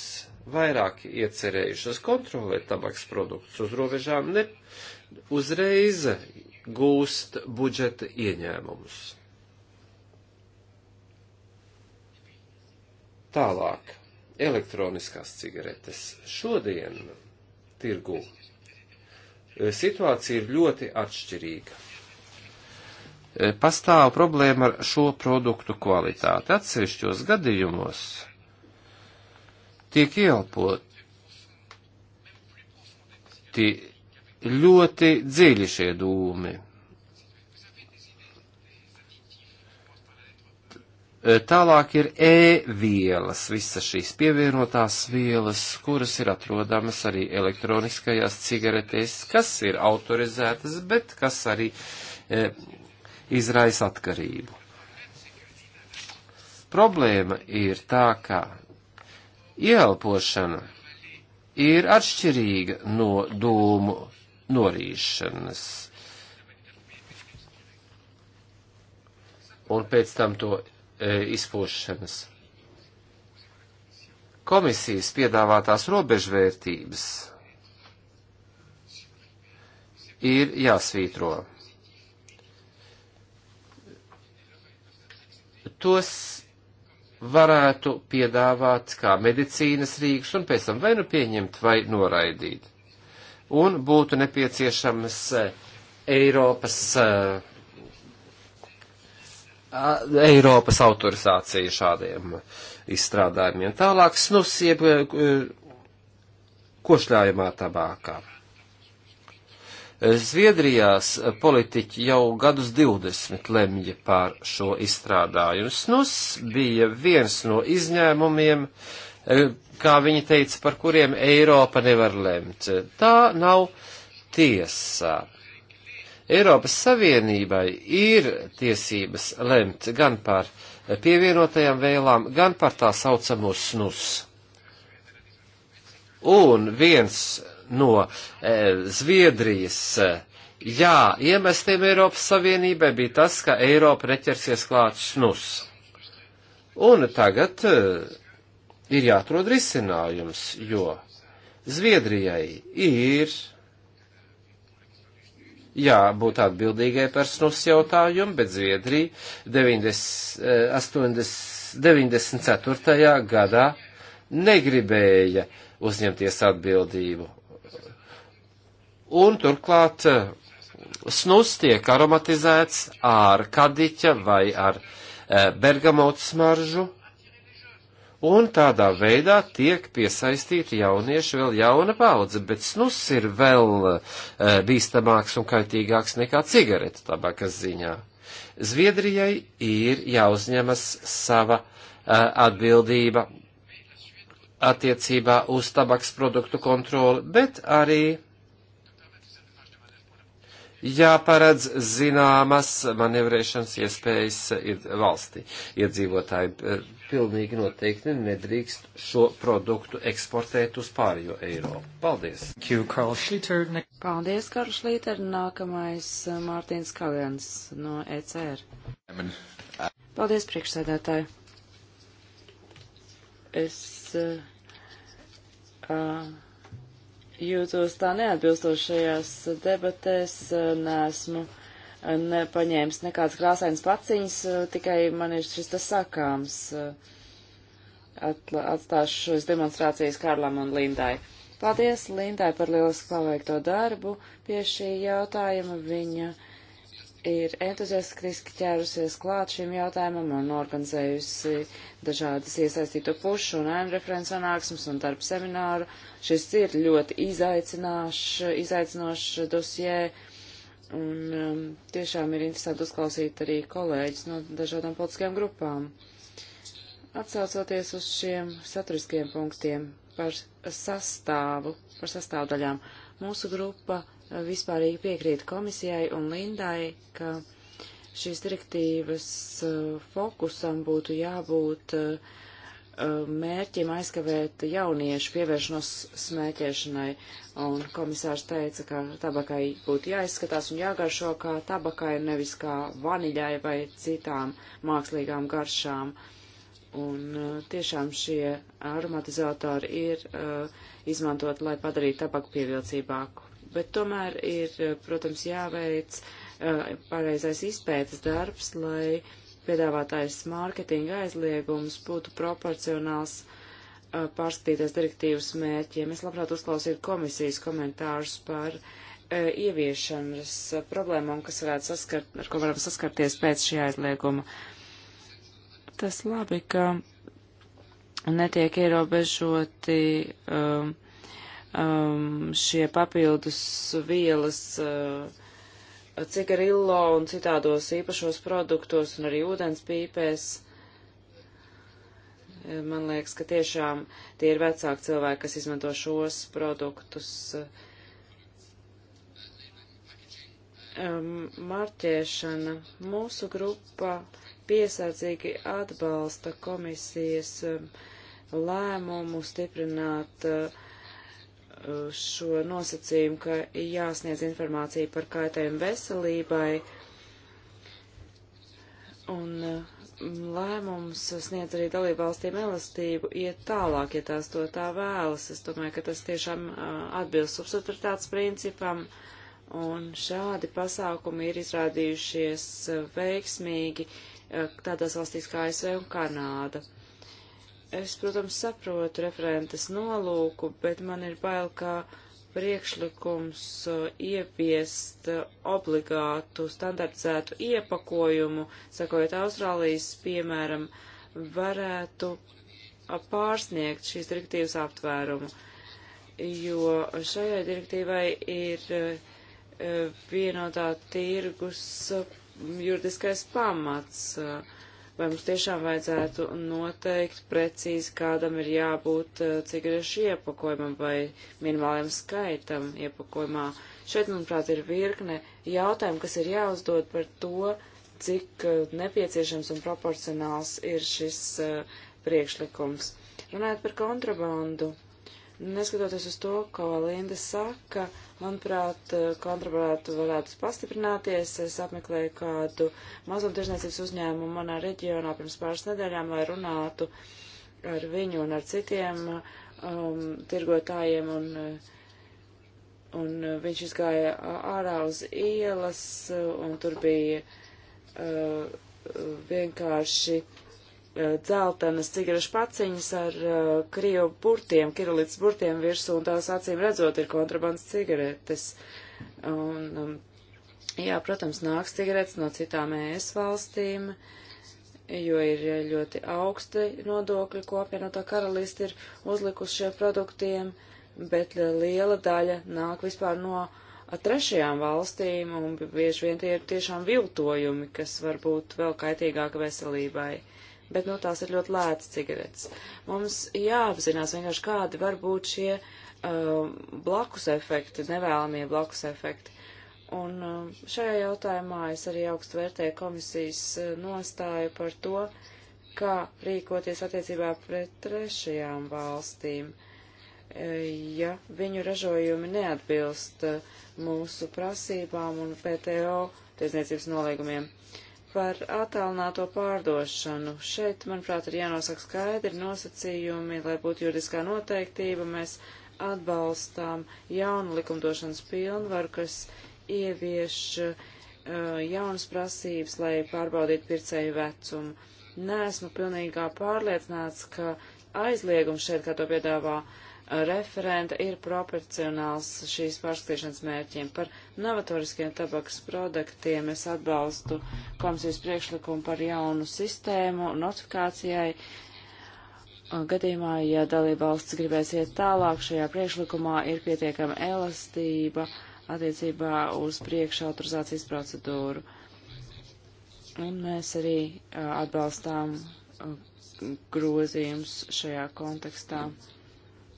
Speaker 4: vairāk iecerējušas kontrolēt tabaks produktus uz robežām, ne uzreiz gūst budžeta ieņēmumus. Tālāk, elektroniskās cigaretes. Šodien tirgu situācija ir ļoti atšķirīga. Pastāv problēma ar šo produktu kvalitāti. Atsevišķos gadījumos tiek ieelpoti ļoti dziļi šie dūmi. Tālāk ir e-vielas, visas šīs pievienotās vielas, kuras ir atrodamas arī elektroniskajās cigaretēs, kas ir autorizētas, bet kas arī e, izraisa atkarību. Problēma ir tā, ka Ieelpošana ir atšķirīga no dūmu norīšanas. Un pēc tam to e, izpūšanas. Komisijas piedāvātās robežvērtības ir jāsvītro. Tos varētu piedāvāt kā medicīnas rīks un pēc tam vai nu pieņemt vai noraidīt. Un būtu nepieciešams e, Eiropas, e, Eiropas autorizācija šādiem izstrādājumiem. Tālāk snus jeb e, košļājumā tabākā. Zviedrijās politiķi jau gadus 20 lemja par šo izstrādājumu. Snus bija viens no izņēmumiem, eh, kā viņi teica, par kuriem Eiropa nevar lemt. Tā nav tiesa. Eiropas Savienībai ir tiesības lemt gan par pievienotajām vēlām, gan par tā saucamo snus. Un viens no e, Zviedrijas jā iemestiem Eiropas Savienībai bija tas, ka Eiropa neķersies klāt snus. Un tagad e, ir jāatrod risinājums, jo Zviedrijai ir jābūt atbildīgai par snus jautājumu, bet Zviedrija 90, 80, 94. gadā negribēja uzņemties atbildību un turklāt eh, snus tiek aromatizēts ar kadiķa vai ar eh, bergamotu smaržu, un tādā veidā tiek piesaistīti jaunieši vēl jauna paudze, bet snus ir vēl eh, bīstamāks un kaitīgāks nekā cigareta tabakas ziņā. Zviedrijai ir jāuzņemas sava atbildība attiecībā uz tabaks produktu kontroli, bet arī jāparedz zināmas manevrēšanas iespējas valstī. Iedzīvotāji e, pilnīgi noteikti nedrīkst šo produktu eksportēt uz pārējo Eiropu. Paldies!
Speaker 3: Paldies, Karls Šlīter! Nākamais e, Mārtiņš Kaljans no ECR. Paldies, priekšsēdētāji! Es uh, uh, jūtos tā neatbilstošajās debatēs, neesmu nepaņēmis nekādas krāsainas paciņas, tikai man ir šis tas sakāms. Atla, atstāšu šos demonstrācijas Karlam un Lindai. Paldies Lindai par lielisku paveikto darbu pie šī jautājuma. Viņa ir entuziastiski ķērusies klāt šim jautājumam un organizējusi dažādas iesaistīto pušu un ēnu referents sanāksmes un darba semināru. Šis ir ļoti izaicinošs dosjē un um, tiešām ir interesanti uzklausīt arī kolēģis no dažādām politiskajām grupām. Atsaucoties uz šiem saturiskiem punktiem par sastāvu, par sastāvdaļām, mūsu grupa vispārīgi piekrītu komisijai un Lindai, ka šīs direktīvas uh, fokusam būtu jābūt uh, uh, mērķim aizkavēt jauniešu pievēršanos smēķēšanai, un komisārs teica, ka tabakai būtu jāizskatās un jāgaršo kā tabakai, nevis kā vaniļai vai citām mākslīgām garšām. Un tiešām šie aromatizatori ir uh, izmantot, lai padarītu tabaku pievilcīgāku bet tomēr ir, protams, jāveic uh, pareizais izpētes darbs, lai piedāvātais mārketinga aizliegums būtu proporcionāls uh, eh, pārskatīties direktīvas mērķiem. Es labprāt uzklausītu komisijas komentārus par uh, ieviešanas problēmām, kas varētu saskart, ar ko varam saskarties pēc šī aizlieguma. Tas labi, ka netiek ierobežoti uh, um, šie papildus vielas uh, cigarillo un citādos īpašos produktos un arī ūdens pīpēs. Uh, man liekas, ka tiešām tie ir vecāki cilvēki, kas izmanto šos produktus. Um, marķēšana. Mūsu grupa piesardzīgi atbalsta komisijas um, lēmumu stiprināt uh, šo nosacījumu, ka jāsniedz informācija par kaitējumu veselībai, un mm, lēmums sniedz arī dalībvalstīm elastību iet tālāk, ja tās to tā vēlas. Es domāju, ka tas tiešām atbilst subsidiaritātes principam, un šādi pasākumi ir izrādījušies veiksmīgi tādās valstīs kā ASV un Kanāda. Es, protams, saprotu referentes nolūku, bet man ir bail, ka priekšlikums uh, ieviest uh, obligātu standartizētu iepakojumu, sakojot Austrālijas piemēram, varētu uh, pārsniegt šīs direktīvas aptvērumu, jo šajai direktīvai ir vienotā tirgus juridiskais pamats. Uh, vai mums tiešām vajadzētu noteikt precīzi, kādam ir jābūt eh, cigarešu iepakojumam vai minimālajam skaitam iepakojumā. Šeit, manuprāt, ir virkne jautājumu, kas ir jāuzdod par to, cik eh, nepieciešams un proporcionāls ir šis eh, priekšlikums. Runājot par kontrabandu, Neskatoties uz to, ko Linda saka, manuprāt, eh, kontrabandu varētu pastiprināties. Es apmeklēju kādu mazumtirdzniecības uzņēmumu manā reģionā pirms pāris nedēļām, lai runātu ar viņu un ar citiem um, tirgotājiem. Un, eh, un eh, viņš izgāja ārā uz ielas, un tur bija uh, vienkārši Eh, dzeltenas cigarešu paciņas ar uh, krievu burtiem, kirilītas burtiem virsū, un tās acīm redzot ir kontrabandas cigaretes. Un, um, jā, protams, nāks cigaretes no citām ES valstīm, jo ir eh, ļoti augsti nodokļi, ko apvienotā karalisti ir uzlikusi šiem produktiem, bet liela daļa nāk vispār no trešajām valstīm, un bieži vien tie ir tiešām viltojumi, kas var būt vēl kaitīgāka veselībai. Uh, bet, nu, tās ir ļoti lētas cigaretes. Mums jāapzinās vienkārši, kādi var būt šie uh, blakus efekti, nevēlamie blakus efekti. Un uh, šajā jautājumā es arī augstu vērtēju komisijas uh, nostāju par to, kā rīkoties attiecībā pret trešajām valstīm. Uh, ja viņu ražojumi neatbilst uh, mūsu prasībām un PTO tiesniecības nolīgumiem par attālināto pārdošanu. Šeit, manuprāt, ir jānosaka skaidri nosacījumi, lai būtu juridiskā noteiktība. Mēs atbalstām jaunu likumdošanas pilnvaru, kas ievieš uh, jaunas prasības, lai pārbaudītu pircēju vecumu. Nesmu pilnīgā pārliecināts, ka aizliegums šeit, kā to piedāvā uh, referenta ir proporcionāls šīs pārskatīšanas mērķiem. Par novatoriskiem tabakas produktiem es atbalstu komisijas priekšlikumu par jaunu sistēmu notifikācijai. Gadījumā, ja dalībvalsts gribēs iet tālāk, šajā priekšlikumā ir pietiekama elastība attiecībā uz priekšautorizācijas procedūru. Un mēs arī atbalstām grozījums šajā kontekstā. Mm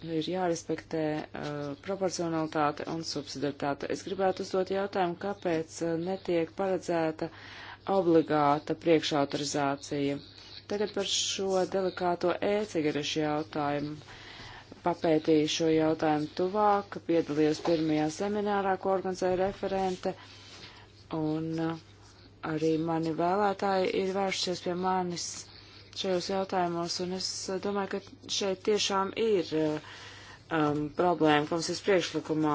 Speaker 3: ir jārespektē uh, proporcionalitāte un subsidaritāte. Es gribētu uzdot jautājumu, kāpēc uh, netiek paredzēta obligāta priekšautorizācija. Tagad par šo delikāto e-cigarešu jautājumu. Papētīju šo jautājumu tuvāk, piedalījos pirmajā seminārā, ko organizēja referente, un uh, arī mani vēlētāji ir vēršies pie manis šajos jautājumos, un es eh, domāju, ka šeit tiešām ir eh, um, problēma komisijas priekšlikumā.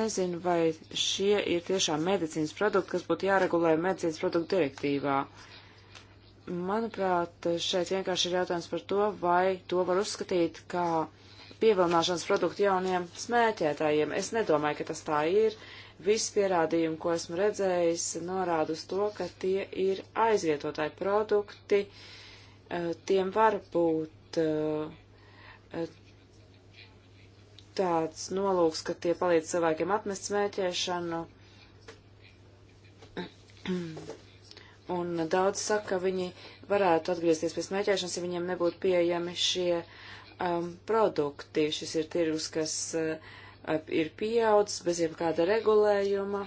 Speaker 3: Nezinu, vai šie ir tiešām medicīnas produkti, kas būtu jāregulē medicīnas produktu direktīvā. Manuprāt, šeit vienkārši ir jautājums par to, vai to var uzskatīt kā pievilināšanas produktu jauniem smēķētājiem. Es nedomāju, ka tas tā ir. Viss pierādījumi, ko esmu redzējis, norāda uz to, ka tie ir aizvietotāji produkti, uh, Eh, tiem var būt eh, eh, tāds nolūks, ka tie palīdz cilvēkiem atmest smēķēšanu. Un daudz saka, ka viņi varētu atgriezties pie smēķēšanas, ja viņiem nebūtu pieejami šie um, produkti. Šis ir tirgus, kas uh, ir pieaudzis bez jebkāda regulējuma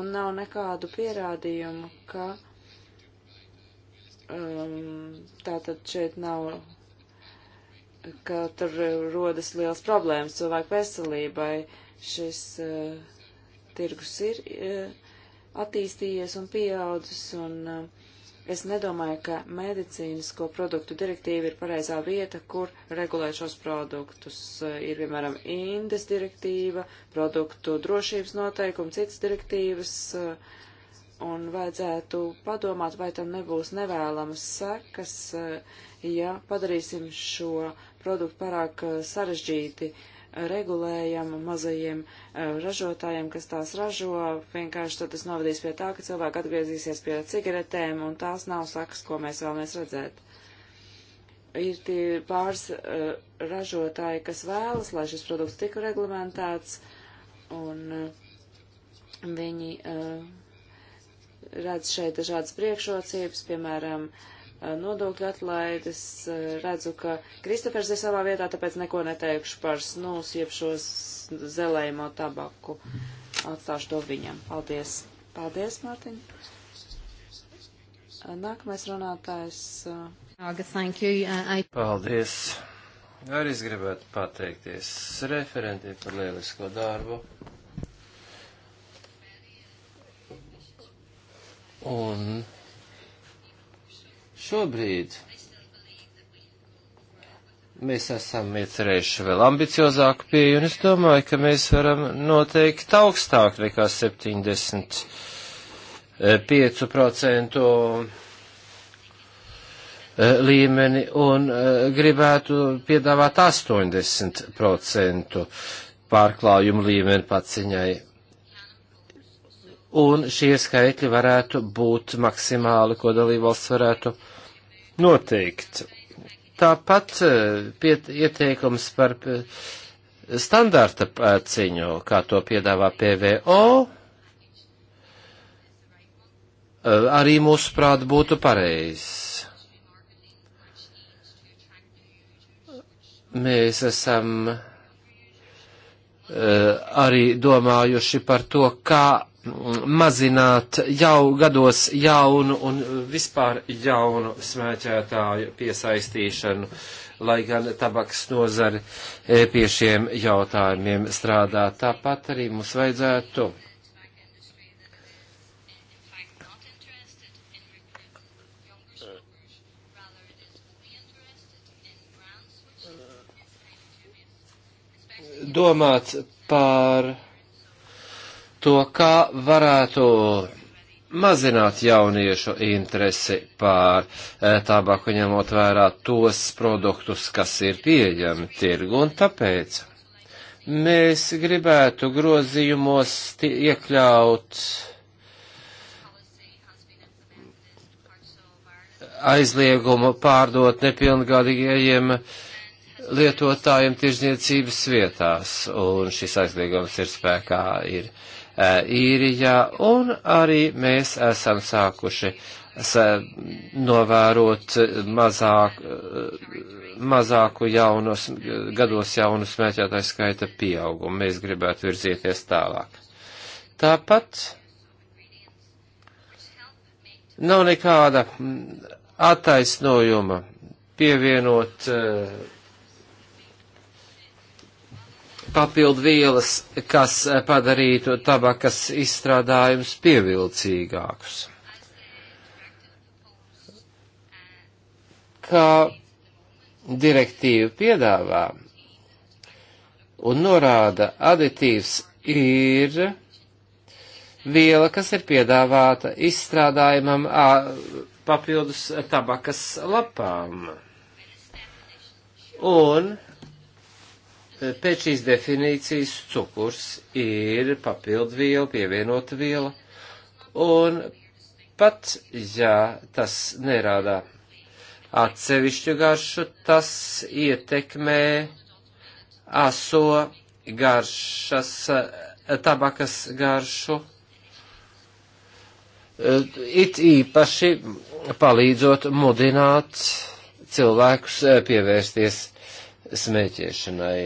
Speaker 3: un nav nekādu pierādījumu, ka uh, Um, tātad šeit nav, ka tur rodas liels problēmas cilvēku veselībai. Šis uh, tirgus ir uh, attīstījies un pieaudzis, un uh, es nedomāju, ka medicīnisko produktu direktīva ir pareizā vieta, kur regulēt šos produktus. Uh, ir, piemēram, Indes direktīva, produktu drošības noteikumi, citas direktīvas. Uh, un vajadzētu padomāt, vai tam nebūs nevēlamas sekas, eh, ja padarīsim šo produktu pārāk eh, sarežģīti eh, regulējamu mazajiem ražotājiem, kas tās ražo. Vienkārši tad tas novadīs pie tā, ka cilvēki atgriezīsies pie cigaretēm, un tās nav sakas, ko mēs vēlamies redzēt. Ir tie pāris uh, ražotāji, kas vēlas, lai šis produkts tiku reglamentēts, un uh, viņi uh, redz šeit dažādas priekšrocības, piemēram, eh, nodokļu atlaides. Eh, redzu, ka Kristofers ir savā vietā, tāpēc neko neteikšu par snus, jeb šo zelējumu tabaku. Atstāšu to viņam. Paldies. Paldies, Mārtiņ. Eh, nākamais runātājs.
Speaker 4: Uh, Paldies. Arī es gribētu pateikties referentiem par lielisko darbu. Un šobrīd mēs esam iecerējuši vēl ambiciozāku pieeju, un es domāju, ka mēs varam noteikt augstāk nekā 75% eh, līmeni un eh, gribētu piedāvāt 80% pārklājumu līmeni paciņai un šie skaitļi varētu būt maksimāli, ko dalībvalsts varētu noteikt. Tāpat e, piet, ieteikums par e, standarta pēciņu, kā to piedāvā PVO, e, arī mūsuprāt būtu pareizs. Mēs esam arī domājuši par to, kā mazināt jau gados jaunu un uh, vispār jaunu smēķētāju piesaistīšanu, lai gan tabaks nozari eh, pie šiem jautājumiem strādā. Tāpat arī mums vajadzētu domāt par to, kā varētu mazināt jauniešu interesi pār eh, tābaku, ņemot vērā tos produktus, kas ir pieejami tirgu, un tāpēc mēs gribētu grozījumos iekļaut aizliegumu pārdot nepilngadīgajiem lietotājiem tirzniecības vietās, un šis aizliegums ir spēkā ir Eh, īrijā, un arī mēs esam sākuši novērot mazāk, eh, mazāku jaunus, gados jaunus smēķētāju skaita pieaugumu. Mēs gribētu virzīties tālāk. Tāpat nav nekāda attaisnojuma pievienot uh, papildu vielas, kas eh, padarītu tabakas izstrādājumus pievilcīgākus. Kā direktīva piedāvā un norāda aditīvs ir viela, kas ir piedāvāta izstrādājumam a, papildus tabakas lapām. Un Pēc šīs definīcijas cukurs ir papildviela, pievienota viela, un pat, ja tas nerādā atsevišķu garšu, tas ietekmē aso garšas, tabakas garšu, it īpaši palīdzot mudināt cilvēkus eh, pievērsties smēķēšanai.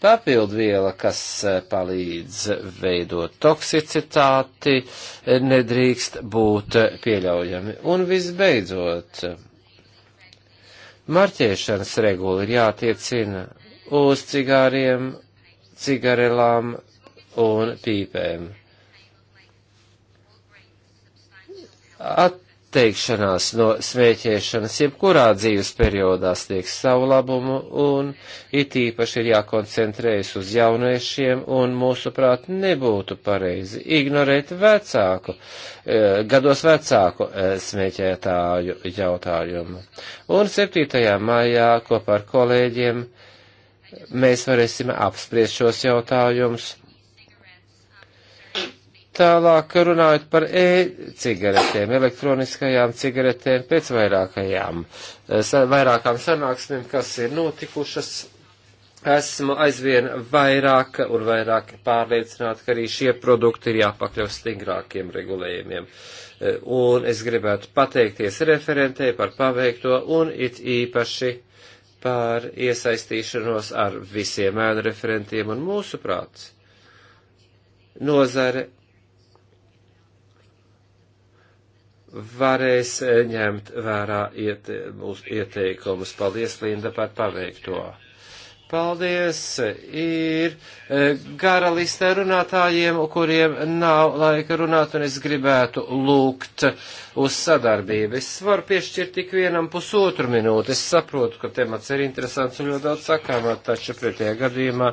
Speaker 4: Papildviela, kas eh, palīdz veidot toksicitāti, eh, nedrīkst būt eh, pieļaujami. Un visbeidzot, marķēšanas regula ir jātiecina uz cigāriem, cigarelām un pīpēm. At atteikšanās no smēķēšanas jebkurā dzīves periodā sniegs savu labumu, un it īpaši ir jākoncentrējas uz jauniešiem, un mūsuprāt nebūtu pareizi ignorēt vecāku, eh, gados vecāku eh, smēķētāju jautājumu. Un 7. maijā kopā ar kolēģiem mēs varēsim apspriest šos jautājumus tālāk runājot par e-cigaretēm, elektroniskajām cigaretēm pēc vairākajām, eh, vairākām sanāksmēm, kas ir notikušas. Esmu aizvien vairāk un vairāk pārliecināta, ka arī šie produkti ir jāpakļaus stingrākiem regulējumiem. Eh, un es gribētu pateikties referentei par paveikto un it īpaši par iesaistīšanos ar visiem ēnu referentiem un mūsu prāts nozare varēs eh, ņemt vērā iete, mūsu ieteikumus. Paldies, Linda, par paveikto. Paldies! Ir eh, gara liste runātājiem, kuriem nav laika runāt, un es gribētu lūgt uz sadarbību. Es varu piešķirt tik vienam pusotru minūti. Es saprotu, ka temats ir interesants un ļoti daudz sakāmā, taču pretējā gadījumā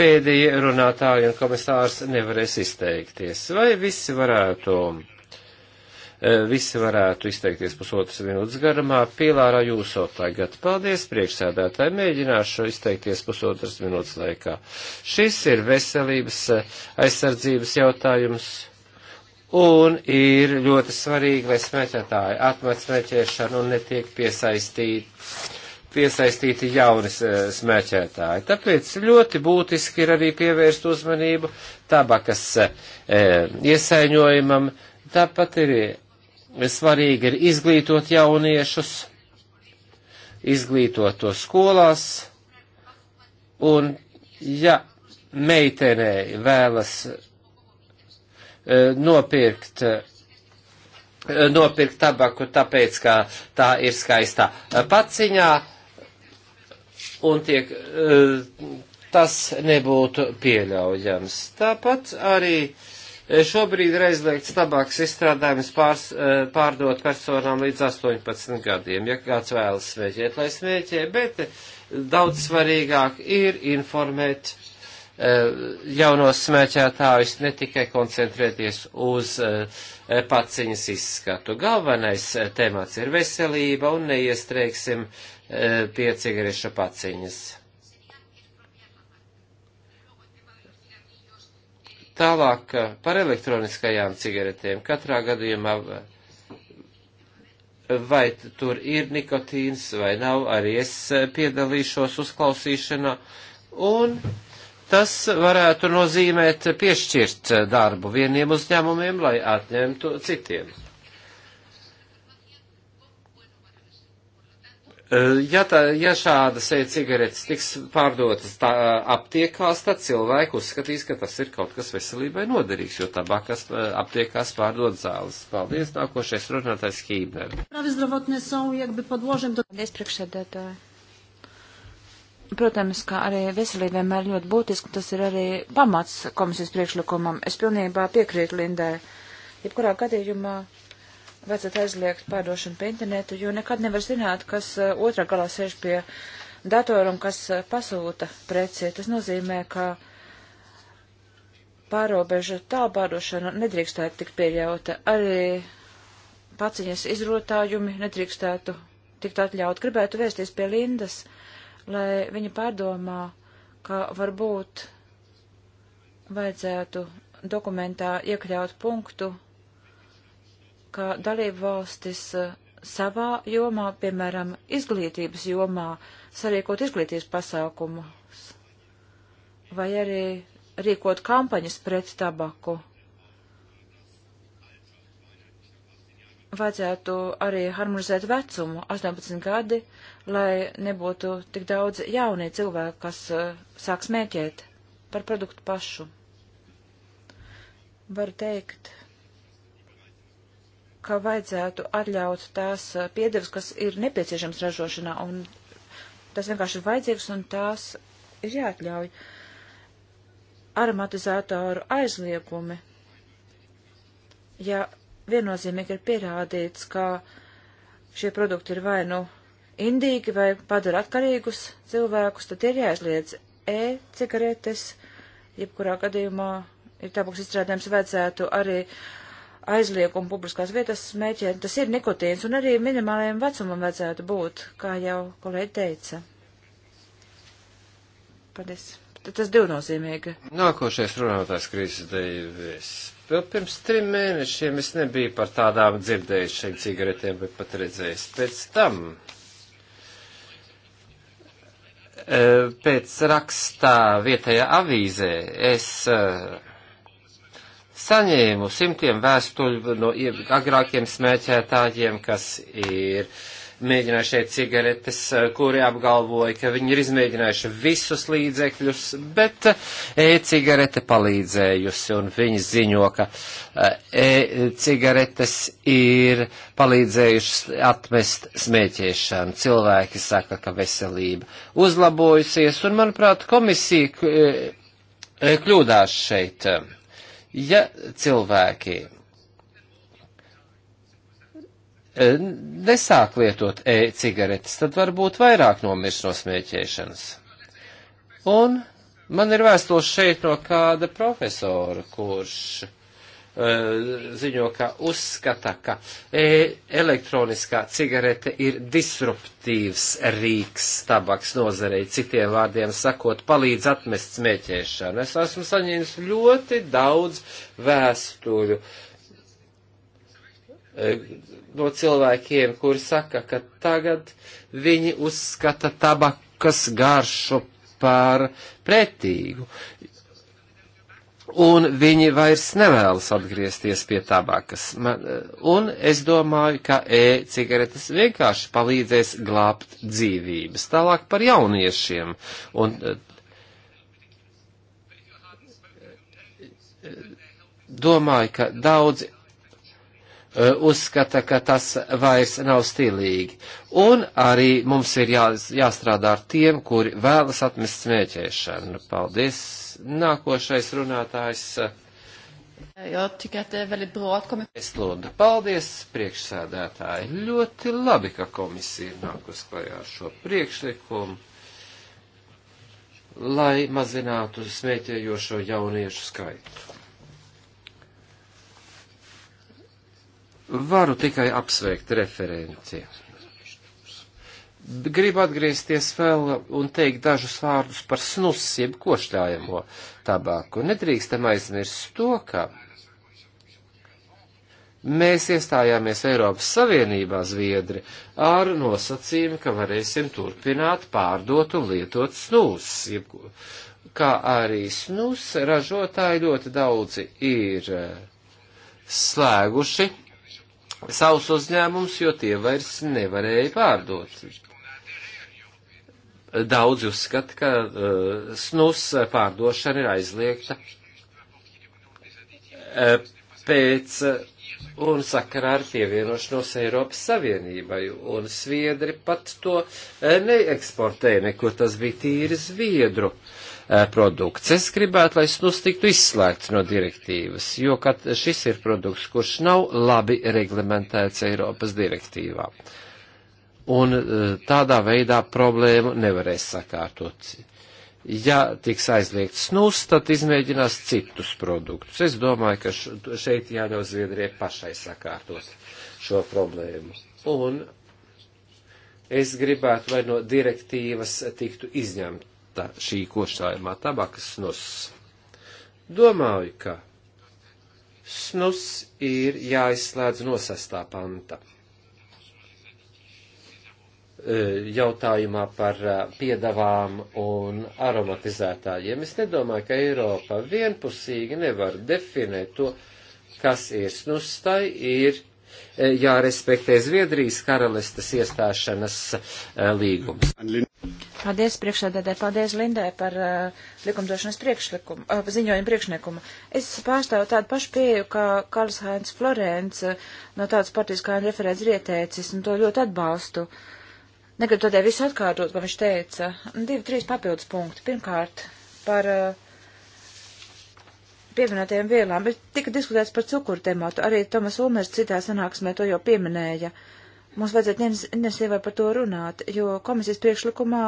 Speaker 4: pēdējie runātāji un komisārs nevarēs izteikties. Vai visi varētu? E, visi varētu izteikties pusotras minūtes garumā. Pilārā jūso tagad. Paldies, priekšsēdētāji, mēģināšu izteikties pusotras minūtes laikā. Šis ir veselības e, aizsardzības jautājums. Un ir ļoti svarīgi, lai smēķētāji atmet smēķēšanu un netiek piesaistīti piesaistīti jauni e, smēķētāji. Tāpēc ļoti būtiski ir arī pievērst uzmanību tabakas e, iesaiņojumam. Tāpat ir svarīgi ir izglītot jauniešus, izglītot to skolās, un ja meitenei vēlas e, nopirkt, e, nopirkt tabaku, tāpēc, ka tā ir skaistā paciņā, un tiek, e, tas nebūtu pieļaujams. Tāpat arī uh, E, šobrīd ir aizliegts tabaks izstrādājums pārs, e, pārdot personām līdz 18 gadiem, ja kāds vēlas smēķēt, lai smēķē, bet daudz svarīgāk ir informēt e, jaunos smēķētājus, ne tikai koncentrēties uz paciņas izskatu. Galvenais temats ir veselība un neiestrēgsim pie cigarešu paciņas. Tālāk eh, par elektroniskajām cigaretēm. Katrā gadījumā eh, vai tur ir nikotīns vai nav, arī es eh, piedalīšos uzklausīšanā. Un tas varētu nozīmēt piešķirt darbu vieniem uzņēmumiem, lai atņemtu citiem. Eh, ja, tā, ja šādas e-cigaretes tiks pārdotas tā, eh, aptiekās, tad cilvēki uzskatīs, ka tas ir kaut kas veselībai noderīgs, jo tabakas eh, aptiekās pārdod zāles. Paldies, nākošais runātais Hībner.
Speaker 1: Paldies, priekšsēdētāji. Protams, ka arī veselība vienmēr ļoti būtiska, tas ir arī pamats komisijas priekšlikumam. Es pilnībā piekrītu Lindai. Jebkurā gadījumā vajadzētu aizliegt pārdošanu pa internetu, jo nekad nevar zināt, kas eh, otrā galā sēž pie datoru un kas eh, pasūta preci. Tas nozīmē, ka pārobežu tālbārošana nedrīkstētu tik pieļauta. Arī paciņas izrotājumi nedrīkstētu tikt atļaut. Gribētu vēsties pie Lindas, lai viņa pārdomā, ka varbūt vajadzētu dokumentā iekļaut punktu ka dalību valstis eh, savā jomā, piemēram, izglītības jomā, sarīkot izglītības pasākumus vai arī rīkot kampaņas pret tabaku. Vajadzētu arī harmonizēt vecumu 18 gadi, lai nebūtu tik daudz jaunie cilvēki, kas uh, eh, sāk smēķēt par produktu pašu. Var teikt, ka vajadzētu atļaut tās eh, piedevas, kas ir nepieciešams ražošanā, un tas vienkārši ir vajadzīgs, un tās ir jāatļauj. Aromatizātoru aizliegumi. Ja viennozīmīgi ir pierādīts, ka šie produkti ir vai nu indīgi vai padara atkarīgus cilvēkus, tad ir jāizliedz e-cigaretes, jebkurā gadījumā ir tāpēc izstrādājums vajadzētu arī uh, aizliegumu publiskās vietās smēķēt, tas ir nikotīns, un arī minimālajiem vecumam vajadzētu būt, kā jau kolēģi teica. Paldies. Tad tas divnozīmīgi.
Speaker 4: Nākošais runātājs krīzes dēļ. Vēl pirms trim mēnešiem es nebiju par tādām dzirdējušiem cigaretēm, bet pat redzējis pēc tam e, pēc rakstā vietējā avīzē es uh, saņēmu simtiem vēstuļu no agrākiem smēķētājiem, kas ir mēģinājuši iet cigaretes, eh, kuri apgalvoja, ka viņi ir izmēģinājuši visus līdzekļus, bet eh, e-cigarete palīdzējusi, un viņi ziņo, ka eh, e-cigaretes ir palīdzējušas atmest smēķēšanu. Cilvēki saka, ka veselība uzlabojusies, un, manuprāt, komisija kļūdās šeit. Ja cilvēki e, nesāk lietot e-cigaretes, tad varbūt vairāk nomirst no smēķēšanas. Un man ir vēstules šeit no kāda profesora, kurš Eh, ziņo, ka uzskata, ka e, elektroniskā cigarete ir disruptīvs rīks tabaks nozarei, citiem vārdiem sakot, palīdz atmest smēķēšanu. Es esmu saņēmis ļoti daudz vēstuļu e, no cilvēkiem, kuri saka, ka tagad viņi uzskata tabakas garšu par pretīgu, un viņi vairs nevēlas atgriezties pie tabakas. Man, un es domāju, ka e-cigaretes vienkārši palīdzēs glābt dzīvības. Tālāk par jauniešiem. Un, domāju, ka daudzi e, uzskata, ka tas vairs nav stilīgi. Un arī mums ir jā, jāstrādā ar tiem, kuri vēlas atmest smēķēšanu. Paldies! Nākošais runātājs. Eh, Estlunda, paldies priekšsēdētāji. Ļoti labi, ka komisija nāk uz klajā ar šo priekšlikumu, lai mazinātu smēķējošo jauniešu skaitu. Varu tikai apsveikt referenci. Gribu atgriezties vēl un teikt dažus vārdus par snus, jeb košļājamo tabaku. Nedrīkstam aizmirst to, ka mēs iestājāmies Eiropas Savienībā zviedri ar nosacījumu, ka varēsim turpināt pārdot un lietot snus. Kā arī snus ražotāji ļoti daudzi ir eh, slēguši savus uzņēmumus, jo tie vairs nevarēja pārdot. Daudzi uzskata, ka uh, snus pārdošana ir aizliegta uh, pēc uh, un sakarā ar pievienošanos Eiropas Savienībai, un sviedri pat to uh, neeksportē, nekur tas bija tīri zviedru uh, produkts. Es gribētu, lai snus tiktu izslēgts no direktīvas, jo šis ir produkts, kurš nav labi reglamentēts Eiropas direktīvā. Uh, un eh, tādā veidā problēmu nevarēs sakārtot. Ja tiks aizliegts snus, tad izmēģinās citus produktus. Es domāju, ka šeit jāļauj Zviedrijai pašai sakārtot šo problēmu. Un es gribētu, lai no direktīvas tiktu izņemta šī košājumā tabakas snus. Domāju, ka snus ir jāizslēdz no sastā panta E, jautājumā par e, piedavām un aromatizētājiem. Es nedomāju, ka Eiropa vienpusīgi nevar definēt to, kas ir snustai, ir e, jārespektē Zviedrijas karalistas iestāšanas līgums. Paldies
Speaker 1: priekšsēdētāji, paldies Lindai par uh, likumdošanas priekšlikumu, uh, ziņojumu priekšniekumu. Es pārstāvu tādu pašu pieju, kā Karls Hainz Florence uh, no tādas partijas kā referents ir ieteicis, un to ļoti atbalstu. Uh, Negribu tādēļ visu atkārtot, ko viņš teica. Divi, trīs papildus punkti. Pirmkārt, par eh, pieminētajām vielām, bet tika diskutēts par cukuru tematu. Arī Tomas Ulmers citā sanāksmē to jau pieminēja. Mums vajadzētu nesīvai par to runāt, jo komisijas priekšlikumā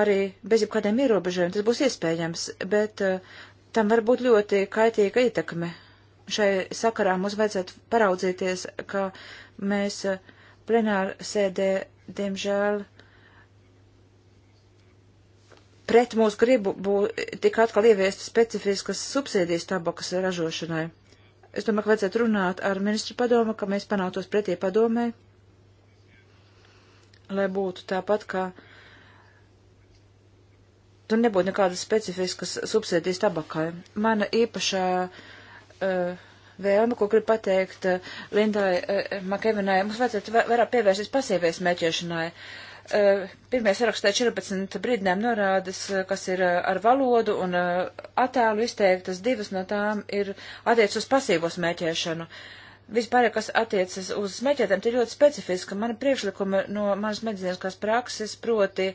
Speaker 1: arī bez jebkādiem ierobežojumiem tas būs iespējams, bet uh, tam var būt ļoti kaitīga ietekme. Šai sakarā mums vajadzētu paraudzīties, ka mēs eh, plenāru sēdē diemžēl, pret mūsu gribu bū, tika atkal ieviestas specifiskas subsīdijas tabakas ražošanai. Es domāju, ka vajadzētu runāt ar ministru padomu, ka mēs panātos pretie padomē, lai būtu tāpat, kā tur nebūtu nekādas specifiskas subsīdijas tabakai. Mana īpašā uh, vēlme, ko gribu pateikt eh, Lindai eh, eh, Makevinai. Mums vajadzētu vairāk pievērsties pasīvais meķēšanai. Pirmajā sarakstā 14 brīdinājumi norādes, kas ir ar valodu un attēlu izteiktas, divas no tām ir attiec uz pasīvo smēķēšanu. Vispār, kas attiecas uz smēķētēm, tie ļoti specifiski. Mani priekšlikumi no manas medicīniskās prakses proti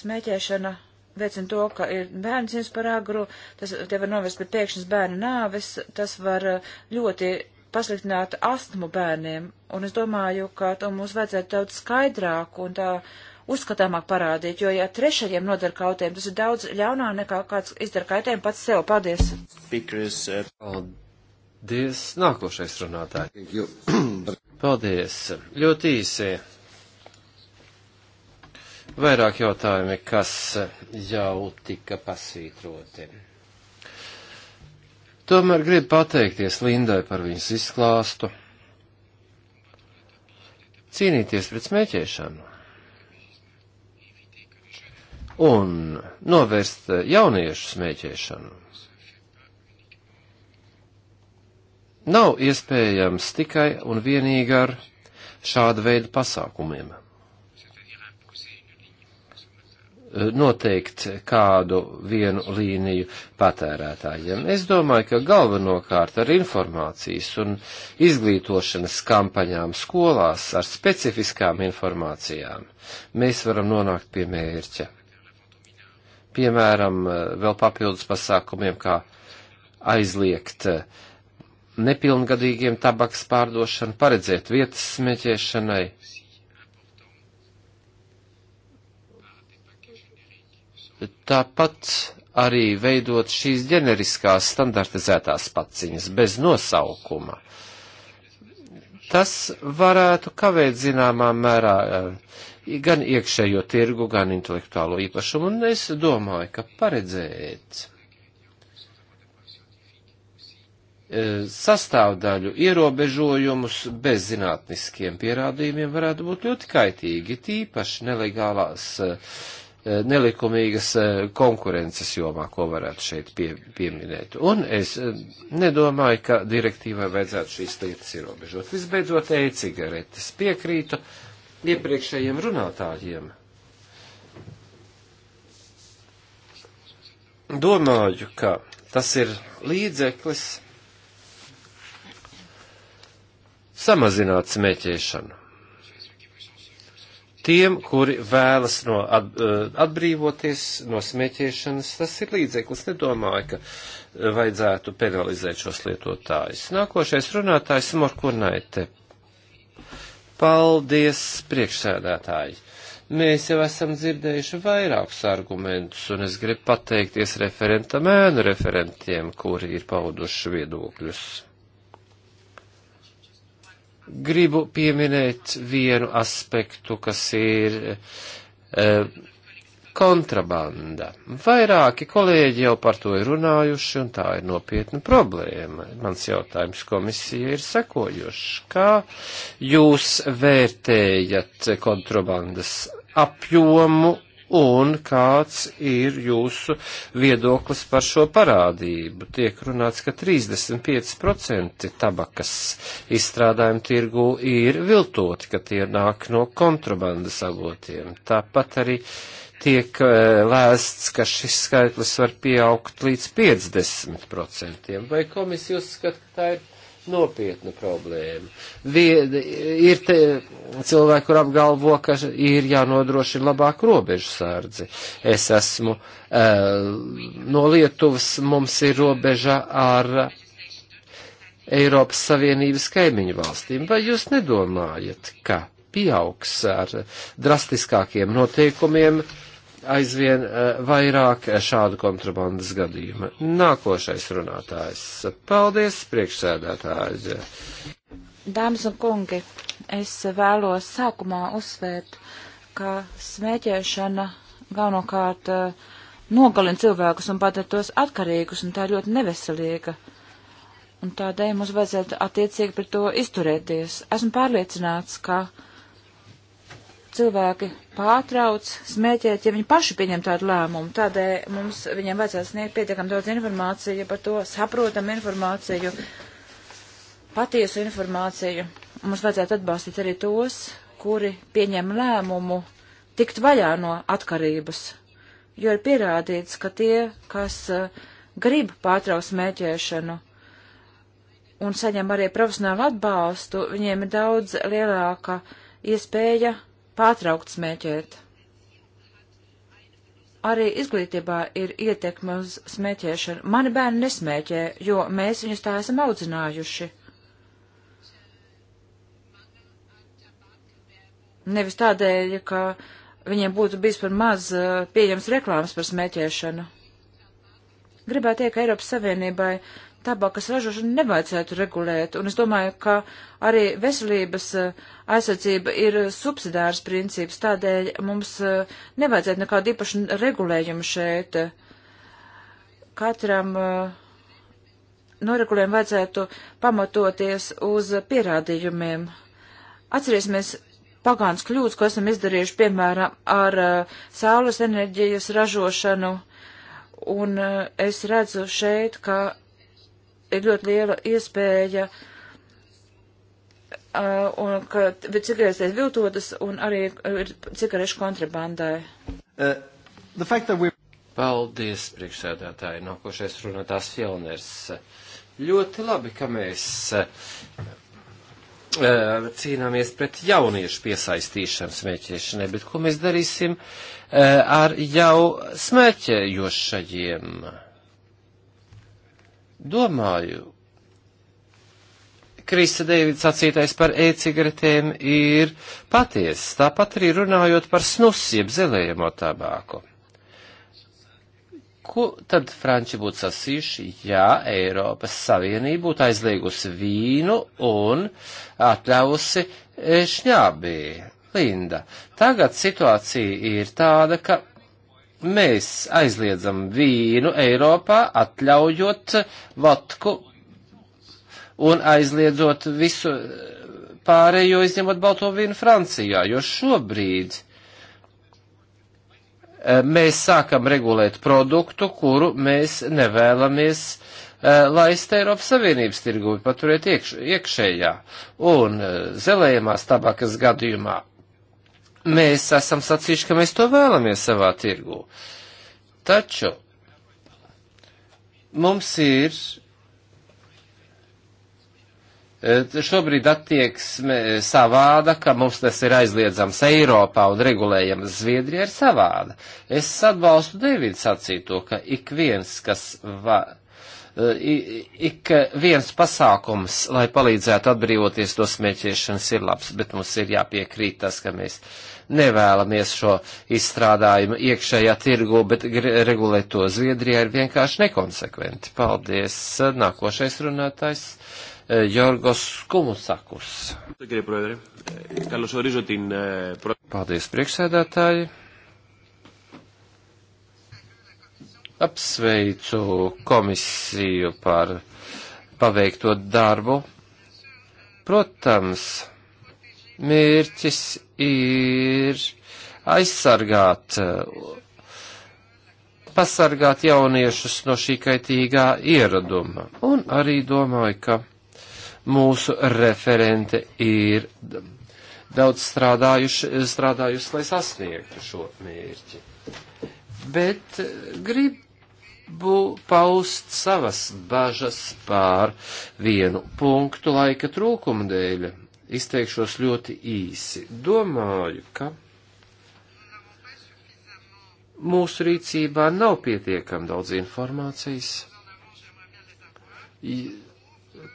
Speaker 1: smēķēšana veicina to, ka ir bērns jums par agru, tas te var novest pie pēkšņas bērna nāves, tas var eh, ļoti pasliktināt astmu bērniem, un es domāju, ka to mums vajadzētu daudz skaidrāk un tā uzskatāmāk parādīt, jo, ja trešajiem nodara kautējumu, tas ir daudz ļaunāk nekā kāds izdara kaitējumu pats sev. Paldies!
Speaker 4: Speakers, uh... Paldies! Nākošais runātājs. Paldies! Ļoti īsi! vairāk jautājumi, kas jau tika pasvītroti. Tomēr gribu pateikties Lindai par viņas izklāstu. Cīnīties pret smēķēšanu un novērst jauniešu smēķēšanu. Nav iespējams tikai un vienīgi ar šādu veidu pasākumiem. noteikt kādu vienu līniju patērētājiem. Es domāju, ka galvenokārt ar informācijas un izglītošanas kampaņām skolās, ar specifiskām informācijām, mēs varam nonākt pie mērķa. Piemēram, vēl papildus pasākumiem, kā aizliegt nepilngadīgiem tabaks pārdošanu, paredzēt vietas smēķēšanai, tāpat arī veidot šīs ģeneriskās standartizētās paciņas bez nosaukuma. Tas varētu kavēt zināmā mērā eh, gan iekšējo tirgu, gan intelektuālo īpašumu, un es domāju, ka paredzēt eh, sastāvdaļu ierobežojumus bez zinātniskiem pierādījumiem varētu būt ļoti kaitīgi, tīpaši nelegālās uh, nelikumīgas eh, konkurences jomā, ko varētu šeit pie, pieminēt. Un es eh, nedomāju, ka direktīvai vajadzētu šīs lietas ierobežot. Visbeidzot, e-cigaretes piekrītu iepriekšējiem runātājiem. Domāju, ka tas ir līdzeklis samazināt smēķēšanu tiem, kuri vēlas no eh, atbrīvoties no smēķēšanas. Tas ir līdzeklis. Nedomāju, ka eh, vajadzētu penalizēt šos lietotājus. Nākošais runātājs Morkunaite. Paldies, priekšsēdētāji! Mēs jau esam dzirdējuši vairākus argumentus, un es gribu pateikties referentam ēnu referentiem, kuri ir pauduši viedokļus gribu pieminēt vienu aspektu, kas ir e, kontrabanda. Vairāki kolēģi jau par to ir runājuši, un tā ir nopietna problēma. Mans jautājums komisija ir sekojošs. Kā jūs vērtējat kontrabandas apjomu un kāds ir jūsu viedoklis par šo parādību. Tiek runāts, ka 35% tabakas izstrādājumu tirgu ir viltoti, ka tie nāk no kontrabandas avotiem. Tāpat arī tiek eh, lēsts, ka šis skaitlis var pieaugt līdz 50%. Vai komisija uzskata, ka tā ir nopietna problēma. Vied, ir te cilvēki, kur apgalvo, ka ir jānodrošina labāk robežu sārdzi. Es esmu uh, no Lietuvas, mums ir robeža ar Eiropas Savienības kaimiņu valstīm. Vai jūs nedomājat, ka pieaugs ar drastiskākiem noteikumiem uh, aizvien eh, vairāk šādu kontrabandas gadījumu. Nākošais runātājs. Paldies, priekšsēdētāji.
Speaker 1: Dāmas un kungi, es vēlos sākumā uzsvērt, ka smēķēšana galvenokārt eh, nogalina cilvēkus un padara tos atkarīgus, un tā ir ļoti neveselīga. Un tādēļ mums vajadzētu attiecīgi pret to izturēties. Esmu pārliecināts, ka cilvēki pārtrauc smēķēt, ja viņi paši pieņem tādu lēmumu. Tādēļ mums viņiem vajadzētu sniegt pietiekam daudz informāciju par to, saprotam informāciju, patiesu informāciju. Mums vajadzētu atbalstīt arī tos, kuri pieņem lēmumu tikt vaļā no atkarības, jo ir pierādīts, ka tie, kas uh, grib pārtraukt smēķēšanu un saņem arī profesionālu atbalstu, viņiem ir daudz lielāka iespēja pārtraukt smēķēt. Arī izglītībā ir ietekme uz smēķēšanu. Mani bērni nesmēķē, jo mēs viņus tā esam audzinājuši. Nevis tādēļ, ka viņiem būtu bijis par maz uh, pieejams reklāmas par smēķēšanu. Gribētu teikt, ka Eiropas Savienībai uh, tabakas ražošanu nevajadzētu regulēt, un es domāju, ka arī veselības eh, aizsardzība ir subsidārs princips, tādēļ mums eh, nevajadzētu nekādu īpašu regulējumu šeit. Katram eh, noregulējumu vajadzētu pamatoties uz pierādījumiem. Atcerēsimies pagāns kļūdas, ko esam izdarījuši, piemēram, ar saules enerģijas ražošanu, un es redzu šeit, ka ir ļoti liela iespēja, uh, un ka cigaretes tiek viltotas, un arī ir cigarešu kontrabandai.
Speaker 4: Uh, we... Paldies, priekšsēdētāji, nākošais no runātās Fjellners. Ļoti labi, ka mēs cīnāmies pret jauniešu piesaistīšanu smēķēšanai, bet ko mēs darīsim ar jau smēķējošajiem? Domāju, Krista Deivida sacītais par e-cigaretēm ir patiesa, tāpat arī runājot par snusiem zelējamo tabāku. Ko tad Franči būtu sasījuši, ja Eiropas Savienība būtu aizliegusi vīnu un atļāvusi e, šņābī? Linda, tagad situācija ir tāda, ka mēs aizliedzam vīnu Eiropā, atļaujot vatku un aizliedzot visu pārējo, izņemot balto vīnu Francijā, jo šobrīd e, mēs sākam regulēt produktu, kuru mēs nevēlamies e, laist Eiropas Savienības tirgu, paturiet iekš, iekšējā. Un e, zelējumās tabakas gadījumā mēs esam sacījuši, ka mēs to vēlamies savā tirgū. Taču mums ir e, šobrīd attieksme savāda, ka mums tas ir aizliedzams Eiropā un regulējams Zviedrija ir savāda. Es atbalstu Deivīdu sacīto, ka ik viens, kas va, e, ik viens pasākums, lai palīdzētu atbrīvoties no smēķēšanas, ir labs, bet mums ir jāpiekrīt tas, ka mēs. Uh, nevēlamies šo izstrādājumu iekšējā tirgu, bet regulēt to Zviedrijā ir vienkārši nekonsekventi. Paldies. Nākošais runātājs. Γιώργος Κουμουσάκος. Καλωσορίζω την Paldies, priekšsēdētāji. Apsveicu komisiju par paveikto darbu. Protams, mērķis ir aizsargāt, pasargāt jauniešus no šī kaitīgā ieraduma. Un arī domāju, ka mūsu referente ir daudz strādājuši, strādājusi, lai sasniegtu šo mērķi. Bet gribu paust savas bažas pār vienu punktu laika trūkuma dēļ izteikšos ļoti īsi. Domāju, ka mūsu rīcībā nav pietiekam daudz informācijas,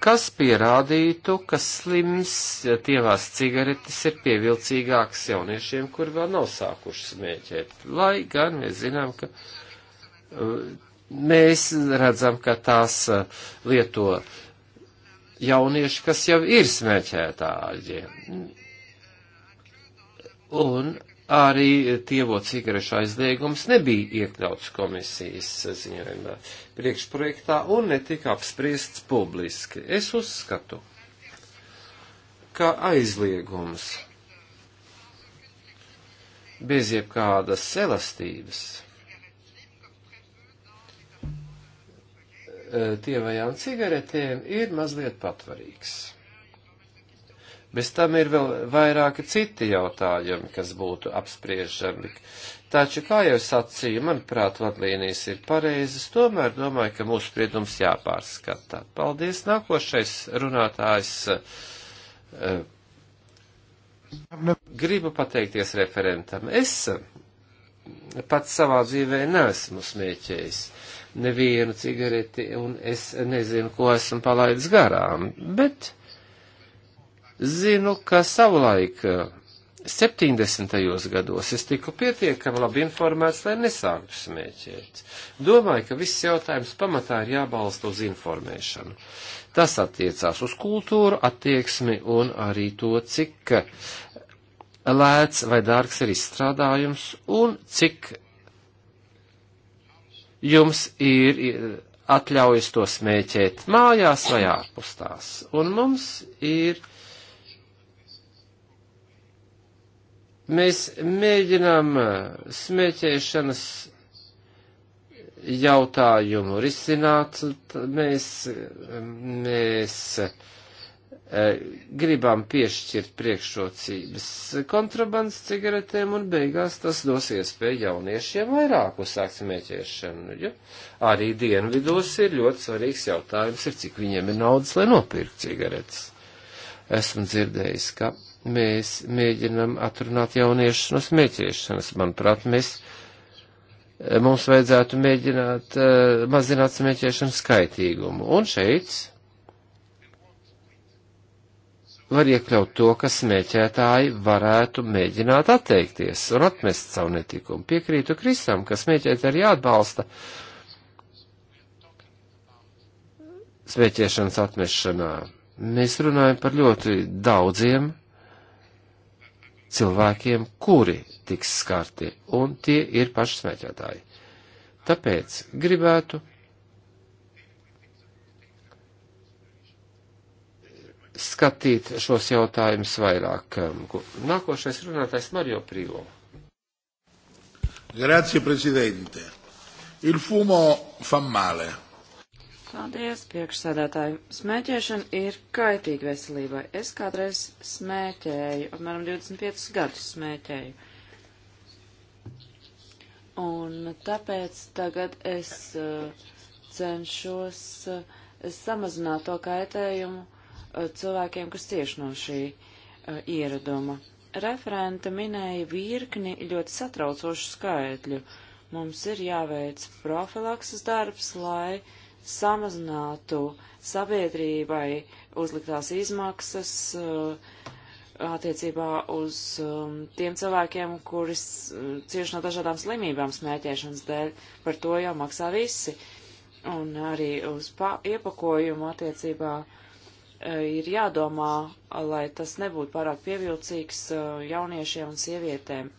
Speaker 4: kas pierādītu, ka slims tievās cigaretes ir pievilcīgāks jauniešiem, kur vēl nav sākuši smēķēt. Lai gan mēs zinām, ka uh, mēs redzam, ka tās uh, lieto jaunieši, kas jau ir smēķētāji. Un arī tievo cigarešu aizliegums nebija iekļauts komisijas ziņojumā priekšprojektā un netika apspriests publiski. Es uzskatu, ka aizliegums bez jebkādas elastības Eh, tievajām cigaretēm ir mazliet patvarīgs. Bez tam ir vēl vairāki citi jautājumi, kas būtu apspriežami. Taču, kā jau sacīju, manuprāt, vadlīnijas ir pareizas, tomēr domāju, ka mūsu spriedums jāpārskatā. Paldies, nākošais runātājs. Eh, gribu pateikties referentam. Es pats savā dzīvē neesmu smieķējis nevienu cigareti, un es nezinu, ko esmu palaidis garām, bet zinu, ka savulaik 70. Eh, gados es tiku pietiekami labi informēts, lai nesāktu smēķēt. Domāju, ka viss jautājums pamatā ir jābalsta uz informēšanu. Tas attiecās uz kultūru, attieksmi un arī to, cik eh, lēts vai dārgs ir izstrādājums un cik jums ir atļaujas to smēķēt mājās vai ārpus tās. Un mums ir. Mēs mēģinām e, smēķēšanas jautājumu risināt, mēs, e, mēs Eh, gribam piešķirt priekšrocības kontrabandas cigaretēm un beigās tas dos iespēju jauniešiem vairāk uzsākt smēķēšanu. Jo arī dienvidos ir ļoti svarīgs jautājums, ir cik viņiem ir naudas, lai nopirkt cigaretes. Esmu dzirdējis, ka mēs mēģinam atrunāt jauniešus no smēķēšanas. Manuprāt, mēs eh, mums vajadzētu mēģināt uh, mazināt smēķēšanas skaitīgumu. Un šeit var iekļaut to, ka smēķētāji varētu mēģināt atteikties un atmest savu netikumu. Piekrītu Kristam, ka smēķēt arī atbalsta smēķēšanas atmešanā. Mēs runājam par ļoti daudziem cilvēkiem, kuri tiks skarti, un tie ir paši smēķētāji. Tāpēc gribētu skatīt šos jautājumus vairāk. Um, nākošais runātājs Mario Prīlo. Grazie, prezidente. Il fumo fa male.
Speaker 3: Paldies, priekšsēdētāji. Smēķēšana ir kaitīga veselībai. Es kādreiz smēķēju, apmēram 25 gadus smēķēju. Un tāpēc tagad es uh, cenšos uh, samazināt to kaitējumu, uh, Eh, cilvēkiem, kas cieši no šī eh, ieraduma. Referenta minēja virkni ļoti satraucošu skaitļu. Mums ir jāveic profilakses darbs, lai samazinātu sabiedrībai uzliktās izmaksas eh, attiecībā uz um, tiem cilvēkiem, kuris cieši no dažādām slimībām smēķēšanas dēļ. Par to jau maksā visi. Un arī uz iepakojumu attiecībā uh, ir jādomā, lai tas nebūtu pārāk pievilcīgs uh, jauniešiem un sievietēm.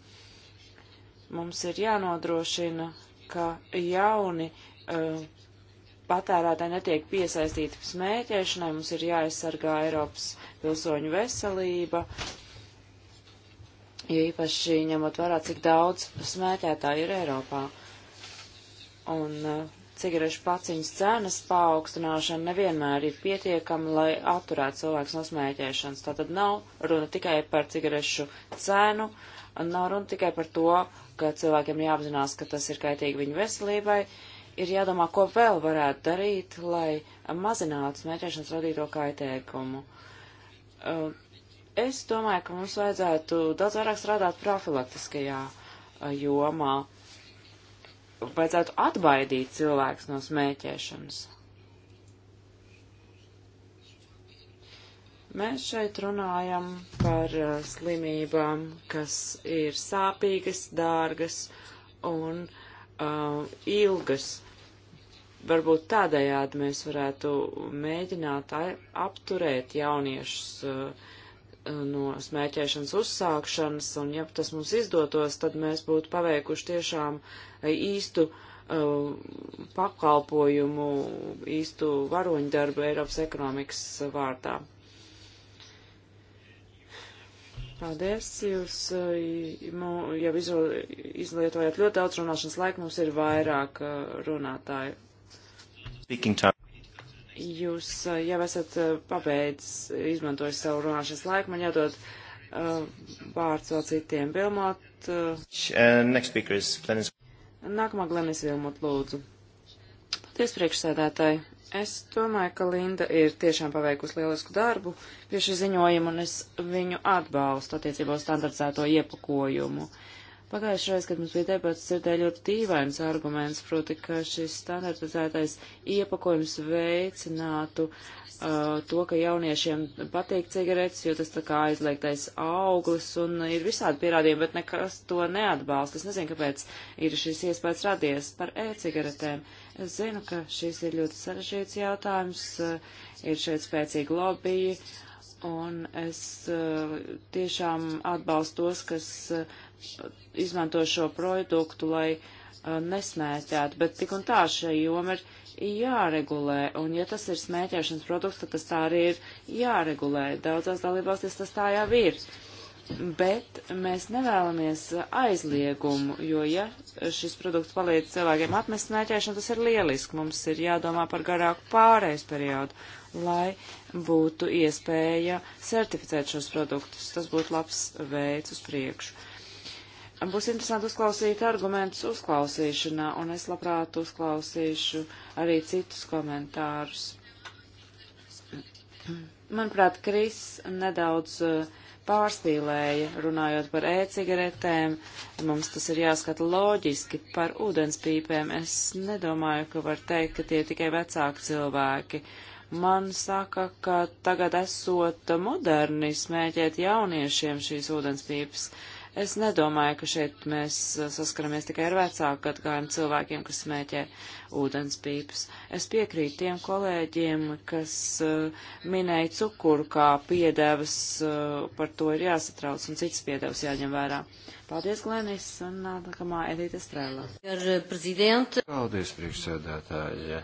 Speaker 3: Mums ir jānodrošina, ka jauni uh, patērētāji netiek piesaistīti smēķēšanai, mums ir jāaizsargā Eiropas pilsoņu veselība, jo īpaši ņemot vērā, cik daudz smēķētāju ir Eiropā. Un uh, cigarešu paciņas cenas paaugstināšana nevienmēr ir pietiekama, lai atturētu cilvēks no smēķēšanas. Tātad nav runa tikai par cigarešu cenu, nav runa tikai par to, ka cilvēkiem jāapzinās, ka tas ir kaitīgi viņu veselībai. Ir jādomā, ko vēl varētu darīt, lai mazinātu smēķēšanas radīto kaitēkumu. Uh, es domāju, ka mums vajadzētu daudz vairāk strādāt profilaktiskajā uh, jomā. Uh, vajadzētu atbaidīt cilvēkus no smēķēšanas. Mēs šeit runājam par uh, slimībām, kas ir sāpīgas, dārgas un uh, ilgas. Varbūt tādējādi mēs varētu mēģināt apturēt jauniešus uh, no smēķēšanas uzsākšanas, un ja tas mums izdotos, tad mēs būtu paveikuši tiešām īstu uh, pakalpojumu, īstu varoņdarbu Eiropas ekonomikas vārdā. Paldies, jūs uh, jau izlietojat ļoti daudz runāšanas laika, mums ir vairāk uh, runātāju. Jūs eh, jau esat eh, pabeidzis, izmantojis savu runāšanas laiku, man jādod eh, vārds uh, vēl citiem. Vilmot. Uh,
Speaker 1: uh,
Speaker 3: Nākamā Glenis Vilmot, lūdzu. Paldies, priekšsēdētāji. Es domāju, ka Linda ir tiešām paveikusi lielisku darbu pie šī ziņojuma, un es viņu atbalstu attiecībā uz standartizēto iepakojumu. Uh, Pagājušais, kad mums bija debats, dzirdēja ļoti dīvains arguments, proti, ka šis standartizētais iepakojums veicinātu uh, to, ka jauniešiem patīk cigaretes, jo tas tā kā aizliegtais auglis un ir visādi pierādījumi, bet nekas to neatbalsta. Es nezinu, kāpēc ir šis iespējas radies par e-cigaretēm. Es zinu, ka šis ir ļoti sarežģīts jautājums, uh, ir šeit spēcīgi lobby un es uh, tiešām atbalstu tos, kas uh, izmanto šo produktu, lai uh, nesmēķētu, bet tik un tā šai joma ir jāregulē, un ja tas ir smēķēšanas produkts, tad tas tā arī ir jāregulē. Daudzās dalībvalstīs tas tā jau ir. Uh, bet mēs nevēlamies aizliegumu, jo ja šis produkts palīdz cilvēkiem atmest smēķēšanu, tas ir lieliski. Mums ir jādomā par garāku pārējais periodu, lai būtu iespēja certificēt šos produktus. Tas būtu labs veids uz priekšu. Būs interesanti uzklausīt argumentus uzklausīšanā, un es labprāt uzklausīšu arī citus komentārus. Manuprāt, Kris nedaudz uh, pārspīlēja, runājot par e-cigaretēm. Mums tas ir jāskata loģiski par ūdenspīpēm. Es nedomāju, ka var teikt, ka tie ir tikai vecāki cilvēki. Man saka, ka tagad esot moderni smēķēt jauniešiem šīs ūdenspīpes. Uh, Es nedomāju, ka šeit mēs uh, saskaramies tikai ar vecāku gadgājumu cilvēkiem, kas smēķē ūdenspīpas. Es piekrītu tiem kolēģiem, kas uh, minēja cukuru kā piedevas, uh, par to ir jāsatrauc un citas piedevas jāņem vērā. Paldies, Glenis, un uh, nākamā Edita Strēlā. Uh,
Speaker 4: Paldies, priekšsēdētāji.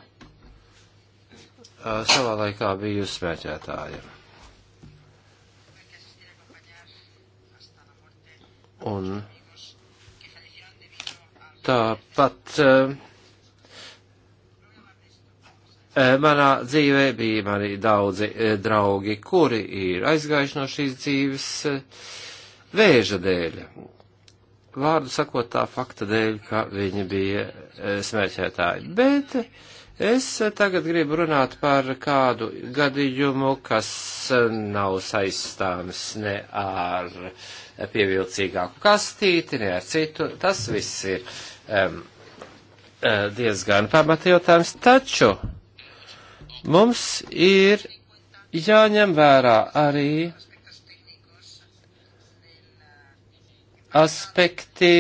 Speaker 4: Savā laikā biju smēķētāja Un tāpat eh, eh, manā dzīvē bija arī daudzi eh, draugi, kuri ir aizgājuši no šīs dzīves vēža dēļ. Vārdu sakot tā fakta dēļ, ka viņi bija smērķētāji. Bet Es tagad gribu runāt par kādu gadījumu, kas nav saistāms ne ar pievilcīgāku kastīti, ne ar citu. Tas viss ir um, diezgan pamatījotājums, taču mums ir jāņem vērā arī aspekti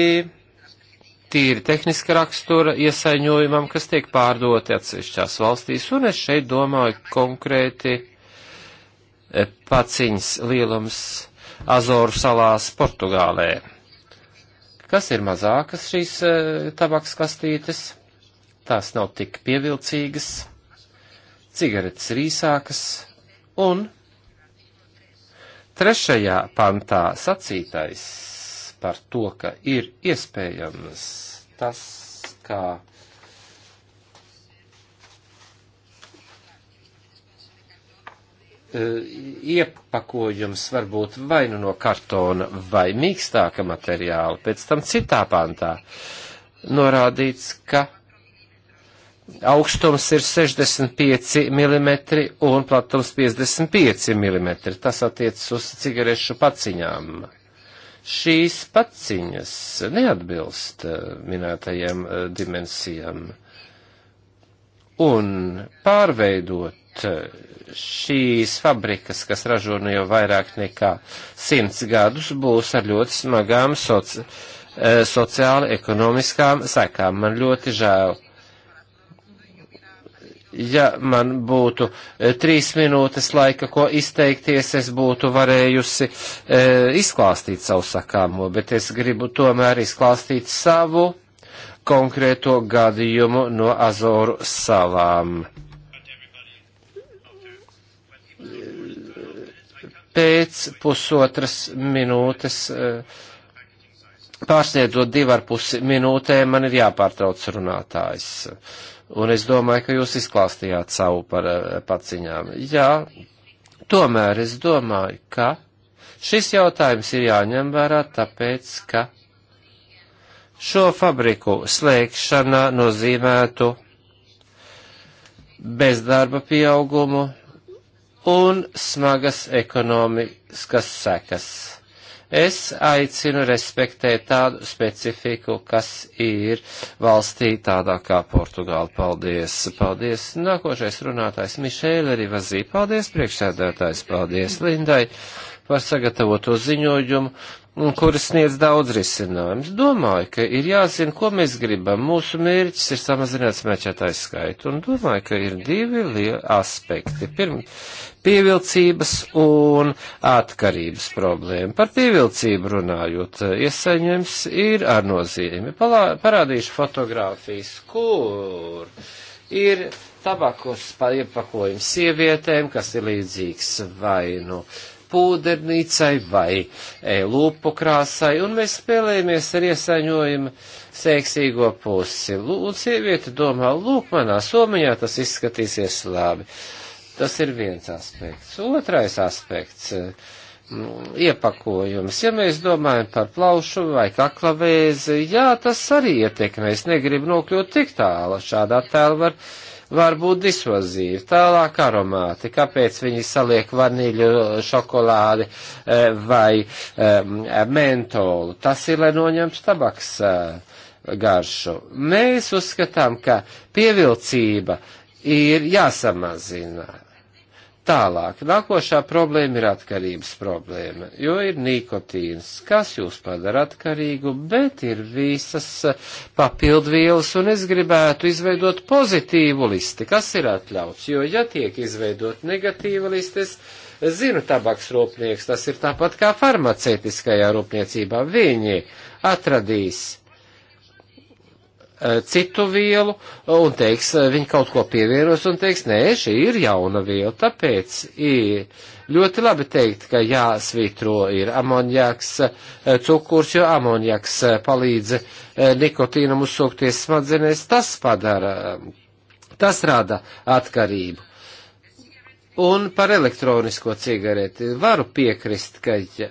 Speaker 4: tīri tehniska rakstura iesaiņojumam, kas tiek pārdoti atsevišķās valstīs, un es šeit domāju konkrēti e, paciņas lielums Azoru salās Portugālē. Kas ir mazākas šīs e, tabaks kastītes? Tās nav tik pievilcīgas, cigaretes ir īsākas, un trešajā pantā sacītais par to, ka ir iespējams tas, kā e, iepakojums var būt vai nu no kartona vai mīkstāka materiāla, pēc tam citā pantā norādīts, ka augstums ir 65 mm un platums 55 mm. Tas attiecas uz cigarešu paciņām šīs paciņas neatbilst eh, minētajiem eh, dimensijām. Un pārveidot eh, šīs fabrikas, kas ražo nu jau vairāk nekā simts gadus, būs ar ļoti smagām soci, sociāli ekonomiskām sekām. Man ļoti žēl ja man būtu eh, trīs minūtes laika, ko izteikties, es būtu varējusi e, izklāstīt savu sakāmo, bet es gribu tomēr izklāstīt savu konkrēto gadījumu no Azoru salām. Pēc pusotras minūtes. E, Pārsniedzot divu ar pusi minūtēm, man ir jāpārtrauc runātājs. Uh, Un es domāju, ka jūs izklāstījāt savu par paciņām. Jā, tomēr es domāju, ka šis jautājums ir jāņem vērā, tāpēc, ka šo fabriku slēgšana nozīmētu bezdarba pieaugumu un smagas ekonomiskas sekas Es aicinu respektēt tādu specifiku, kas ir valstī tādā kā Portugāla. Paldies, paldies. Nākošais runātājs Mišēla arī vazī. Paldies, priekšsēdētājs. Paldies, Lindai par sagatavoto ziņojumu, kuras sniedz daudz risinājums. Domāju, ka ir jāzina, ko mēs gribam. Mūsu mērķis ir samazināt smēķētājs skaitu, un domāju, ka ir divi aspekti. Pirm, pievilcības un atkarības problēmu. Par pievilcību runājot, iesaņojums ir ar nozīmi. Palā, parādīšu fotogrāfijas, kur ir tabakos iepakojums sievietēm, kas ir līdzīgs vai nu. No pūdernīcai vai e, lūpu krāsai, un mēs spēlējamies ar iesaņojumu sēksīgo pusi. Un sieviete domā, lūk, manā somiņā tas izskatīsies labi. Tas ir viens aspekts. Otrais aspekts eh, - iepakojums. Ja mēs domājam par plaušu vai kaklavēzi, jā, tas arī ietekmē. Es negribu nokļūt tik tālu. Šādā tēla var, var būt disvazīva. Tālāk aromāti. Kāpēc viņi saliek vaniļu, eh, šokolādi eh, vai mentolu? Tas ir, lai noņemtu tabaks garšu. Mēs uzskatām, ka pievilcība ir jāsamazina. Tālāk, nākošā problēma ir atkarības problēma, jo ir nikotīns, kas jūs padara atkarīgu, bet ir visas papildvielas, un es gribētu izveidot pozitīvu listi, kas ir atļauts, jo ja tiek izveidot negatīva listes, zinu tabaks rūpnieks, tas ir tāpat kā farmaceitiskajā rūpniecībā, viņi atradīs Eh, citu vielu eh, un teiks, eh, viņi kaut ko pievienos un teiks, nē, šī ir jauna viela, tāpēc ir ļoti labi teikt, ka jāsvitro ir amonjaks, cukurs, jo amonjaks palīdz nikotīnam uzsūkties smadzenēs, tas padara, tas rada atkarību. Un par elektronisko cigareti varu piekrist, ka ja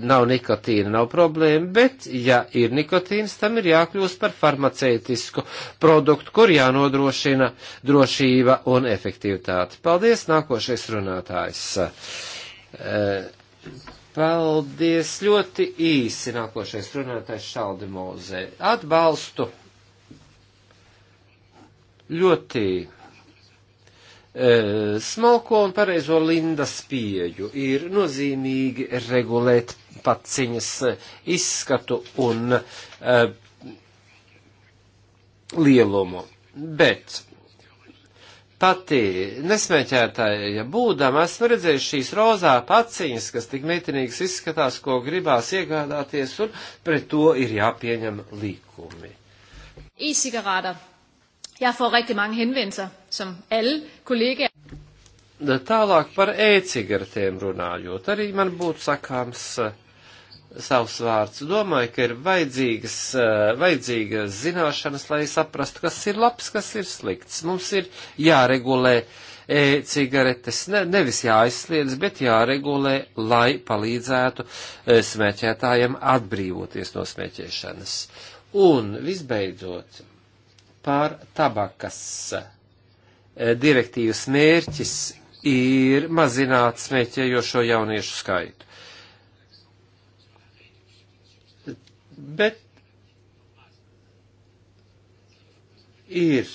Speaker 4: nav nikotīna, nav problēma, bet, ja ir nikotīns, tam ir jākļūst par farmaceitisku produktu, kur jānodrošina drošība un efektivitāte. Paldies, nākošais runātājs. Eh, paldies, ļoti īsi nākošais runātājs Šaldi Mozē. Atbalstu ļoti E, smalko un pareizo lindas pieju ir nozīmīgi regulēt paciņas izskatu un uh, lielumu. Bet pati nesmēķētāja būdama esmu redzējis šīs rozā paciņas, kas tik metinīgas izskatās, ko gribās iegādāties, un pret to ir jāpieņem līkumi.
Speaker 3: Īsigarāda. Jeg får rigtig mange henvendelser, som alle kollegaer.
Speaker 4: Tālāk par e-cigaretēm runājot, arī man būtu sakāms eh, savs vārds. Domāju, ka ir vajadzīgas, eh, vajadzīgas zināšanas, lai saprastu, kas ir labs, kas ir slikts. Mums ir jāregulē e-cigaretes, ne, nevis jāaizsliedz, bet jāregulē, lai palīdzētu eh, smēķētājiem atbrīvoties no smēķēšanas. Un visbeidzot, pār tabakas. E, direktīvas mērķis ir mazināt smēķējošo jauniešu skaitu. Bet ir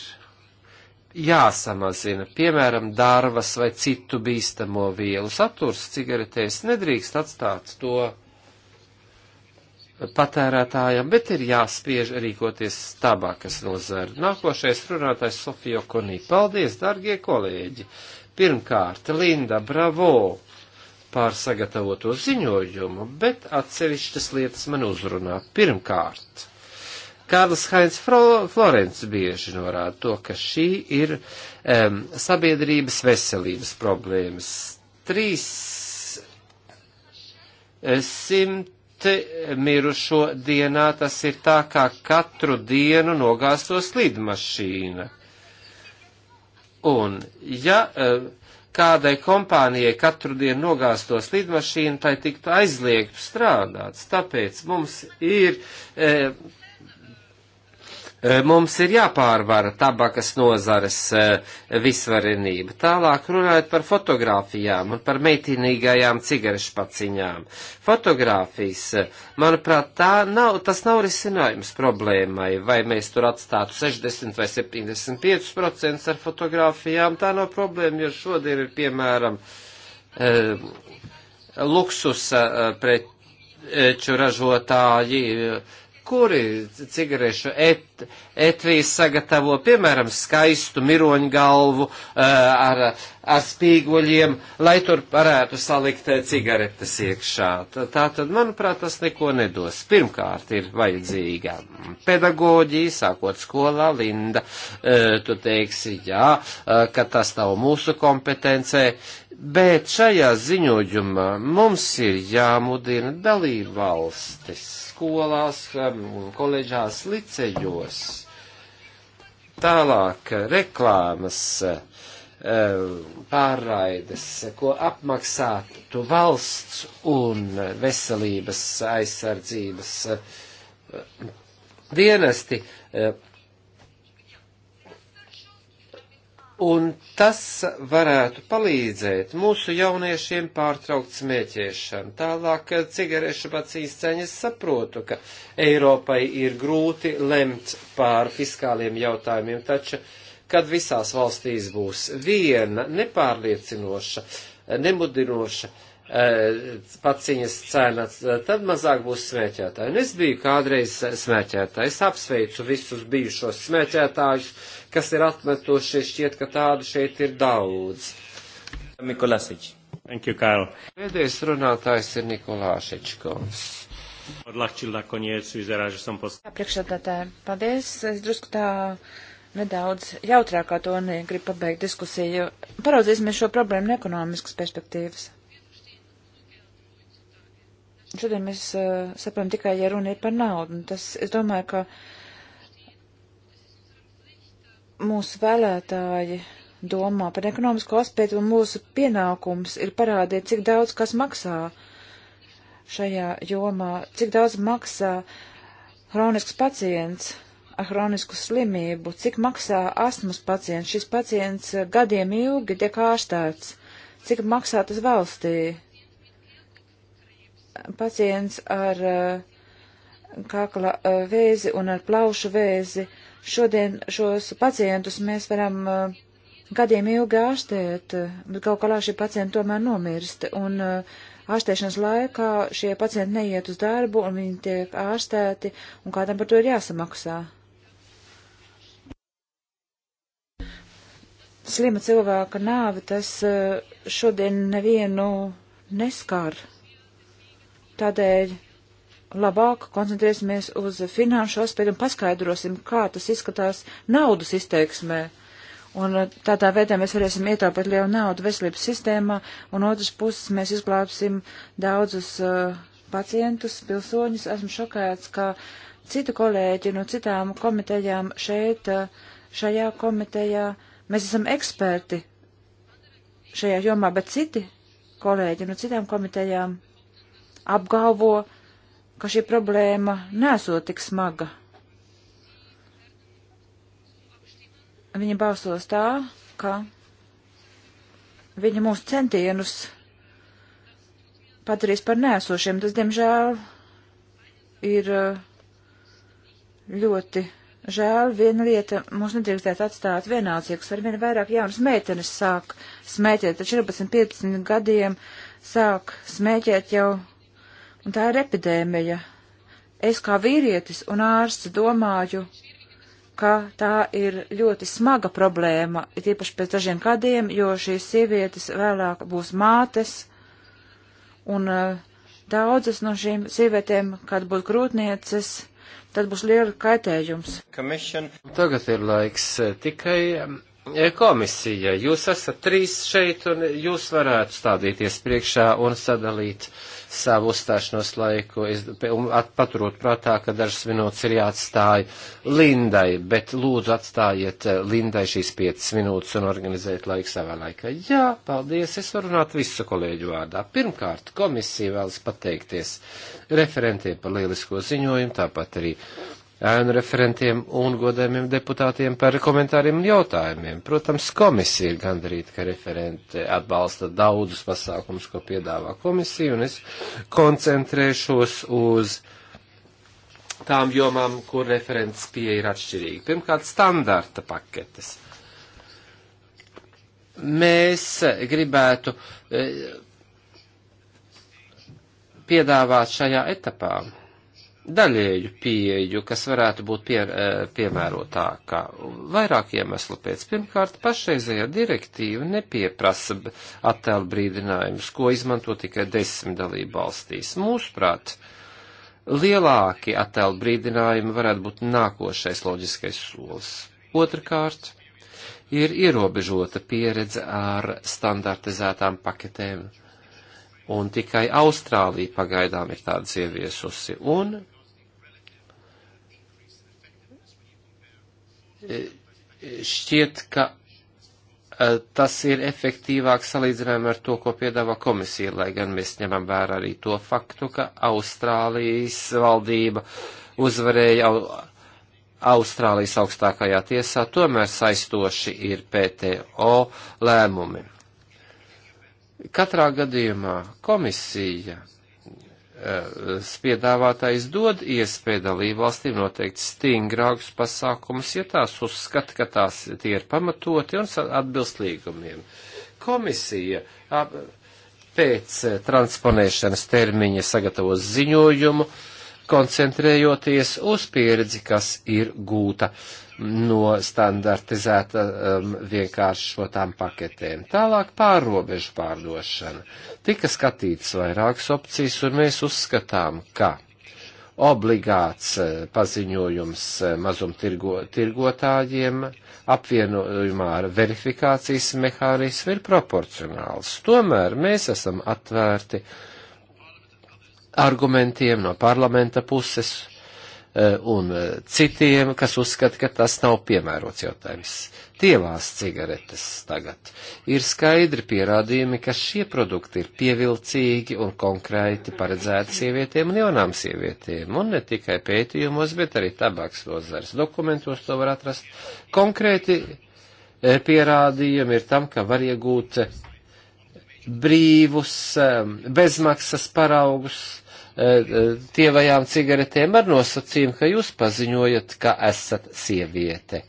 Speaker 4: jāsamazina, piemēram, dārvas vai citu bīstamo vielu saturs cigaretēs, nedrīkst atstāt to patērētājam, bet ir jāspiež rīkoties tabakas nozara. Nākošais runātājs Sofija Konī. Paldies, dargie kolēģi! Pirmkārt, Linda, bravo! Pār sagatavoto ziņojumu, bet atsevišķas lietas man uzrunā. Pirmkārt, Kārlis Hainz Florence bieži norāda to, ka šī ir um, sabiedrības veselības problēmas. Trīs eh, simt mirušo dienā tas ir tā, kā katru dienu nogāstos lidmašīna. Un, ja eh, kādai kompānijai katru dienu nogāstos lidmašīna, tai tiktu aizliegtu strādāt. Tāpēc mums ir e, E, mums ir jāpārvara tabakas nozares e, visvarenība. Tālāk runājot par fotografijām un par meitinīgajām cigarešu paciņām. Fotografijas, e, manuprāt, tā nav, tas nav risinājums problēmai, vai mēs tur atstātu 60 vai 75% ar fotografijām. Tā nav problēma, jo šodien ir, piemēram, luksusa preču ražotāji kuri cigarešu et, etvijas sagatavo, piemēram, skaistu miroņu galvu eh, ar, ar spīguļiem, lai tur varētu salikt eh, cigaretes iekšā. Tā tad, manuprāt, tas neko nedos. Pirmkārt, ir vajadzīga pedagoģija, sākot skolā, Linda, eh, tu teiksi, jā, ka tas nav mūsu kompetencē, bet šajā ziņojumā mums ir jāmudina dalībvalstis skolās, koledžās, licejos. Tālāk reklāmas pārraides, ko apmaksātu valsts un veselības aizsardzības dienesti Un tas varētu palīdzēt mūsu jauniešiem pārtraukt smēķēšanu. Tālāk eh, cigarešu acīs ceņas saprotu, ka Eiropai ir grūti lemt pār fiskāliem jautājumiem, taču, kad visās valstīs būs viena nepārliecinoša, nemudinoša Eh, paciņas cenas, eh, tad mazāk būs smēķētāji. Un es biju kādreiz smēķētājs. Apsveicu visus bijušos smēķētājus, kas ir atmetuši. Šķiet, ka tādu šeit ir daudz. Mikulasič. Thank you, Kail. Pēdējais runātājs ir Nikolāšičkovs. Priekšsēdētāji,
Speaker 1: paldies. Es drusku tā nedaudz jautrākā tonī gribu pabeigt diskusiju. Paraudzīsimies šo problēmu no ekonomiskas perspektīvas. Šodien mēs uh, saprotam tikai, ja runa ir par naudu. Un tas, es domāju, ka mūsu vēlētāji domā par ekonomisko aspektu, un mūsu pienākums ir parādīt, cik daudz kas maksā šajā jomā, cik daudz maksā hronisks pacients ar hronisku slimību, cik maksā astmas pacients. Šis pacients gadiem ilgi tiek ārstēts, cik maksā tas valstī pacients ar eh, kakla eh, vēzi un ar plaušu vēzi. Šodien šos pacientus mēs varam eh, gadiem ilgi ārstēt, bet kaut kādā šie pacienti tomēr nomirst. Un ārstēšanas laikā šie pacienti neiet uz darbu un viņi tiek ārstēti un kādam par to ir jāsamaksā. Slima cilvēka nāve tas šodien nevienu neskar. Tādēļ labāk koncentrēsimies uz finanšu aspektu un paskaidrosim, kā tas izskatās naudas izteiksmē. Un uh, tādā veidā mēs varēsim ietaupīt lielu naudu veselības sistēmā, un otrs puses mēs izglābsim daudzus uh, pacientus, pilsoņus. Esmu šokēts, ka citu kolēģi no citām komitejām šeit, uh, šajā komitejā, mēs esam eksperti šajā jomā, bet citi kolēģi no citām komitejām apgalvo, ka šī problēma nesot tik smaga. Viņa balsos tā, ka viņa mūsu centienus padarīs par nēsošiem. Tas, diemžēl, ir uh, ļoti žēl. Viena lieta mums nedrīkstētu atstāt vienaldzības. Ar vien vairāk jaunas meitenes sāk smēķēt. Ar 14-15 gadiem sāk smēķēt jau un tā ir epidēmija. Es kā vīrietis un ārsts domāju, ka tā ir ļoti smaga problēma, it īpaši pēc dažiem gadiem, jo šīs sievietes vēlāk būs mātes, un eh, daudzas no šīm sievietēm, kad būs grūtnieces, tad būs liela kaitējums.
Speaker 4: Commission. Tagad ir laiks eh, tikai mm, eh, komisijai. Jūs esat trīs šeit, un jūs varētu stādīties priekšā un sadalīt uh, savu uzstāšanos laiku, es, paturot prātā, ka dažas minūtes ir jāatstāj Lindai, bet lūdzu atstājiet eh, Lindai šīs piecas minūtes un organizēt laiku savā laikā. Jā, paldies, es varu runāt visu kolēģu vārdā. Pirmkārt, komisija vēlas pateikties referentiem par lielisko ziņojumu, tāpat arī ēnu referentiem un godējumiem deputātiem par komentāriem un jautājumiem. Protams, komisija ir gandarīta, ka referente atbalsta daudzus pasākumus, ko piedāvā komisija, un es koncentrēšos uz tām jomām, kur referents pieeja ir atšķirīga. Pirmkārt, standarta paketes. Mēs gribētu eh, piedāvāt šajā etapā daļēju pieeju, kas varētu būt pie, eh, piemērotākā. Vairāk iemeslu pēc. Pirmkārt, pašreizējā direktīva nepieprasa attēlu brīdinājumus, ko izmanto tikai desmit dalību valstīs. Mūsuprāt, lielāki attēlu brīdinājumi varētu būt nākošais loģiskais solis. Otrkārt, ir ierobežota pieredze ar standartizētām paketēm. Un tikai Austrālija pagaidām ir tādas ieviesusi. Un šķiet, ka e, tas ir efektīvāk salīdzinājumā ar to, ko piedāvā komisija, lai gan mēs ņemam vērā arī to faktu, ka Austrālijas valdība uzvarēja Austrālijas augstākajā tiesā, tomēr saistoši ir PTO lēmumi. Katrā gadījumā komisija Eh, spiedāvātais dod iespēju dalībvalstīm noteikt stingrākus pasākumus, ja tās uzskata, ka tās tie ir pamatoti un atbilst līgumiem. Komisija ap, pēc eh, transponēšanas termiņa sagatavos ziņojumu, koncentrējoties uz pieredzi, kas ir gūta uh, no standartizētām um, vienkāršotām paketēm. Tālāk pārrobežu pārdošana. Tika skatīts vairākas opcijas, un mēs uzskatām, ka obligāts uh, paziņojums uh, mazumtirgotājiem apvienojumā ar verifikācijas mehānismu ir proporcionāls. Tomēr mēs esam atvērti argumentiem no parlamenta puses Eh, un eh, citiem, kas uzskata, ka tas nav piemērots jautājums. Tievās cigaretes tagad ir skaidri pierādījumi, ka šie produkti ir pievilcīgi un konkrēti paredzēti sievietēm un jaunām sievietēm, un ne tikai pētījumos, bet arī tabaks nozares dokumentos to var atrast. Konkrēti eh, pierādījumi ir tam, ka var iegūt brīvus, bezmaksas paraugus, Eh, eh, tievajām cigaretēm ar nosacījumu, ka jūs paziņojat, ka esat sieviete.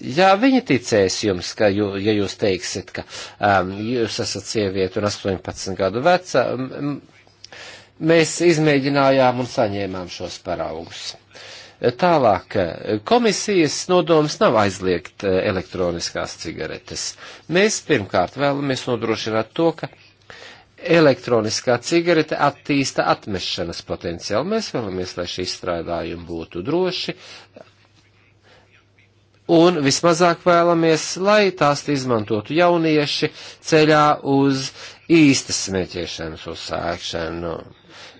Speaker 4: Jā, viņi ticēs jums, ka, jū, ja jūs teiksiet, ka um, jūs esat sieviete un 18 gadu veca, um, mēs izmēģinājām un saņēmām šos paraugus. Eh, tālāk, komisijas nodoms nav aizliegt elektroniskās cigaretes. Mēs pirmkārt vēlamies nodrošināt to, ka elektroniskā cigarete attīsta atmešanas potenciālu. Mēs vēlamies, lai šī izstrādājuma būtu droši, un vismazāk vēlamies, lai tās izmantotu jaunieši ceļā uz īstas smēķēšanas uzsākšanu.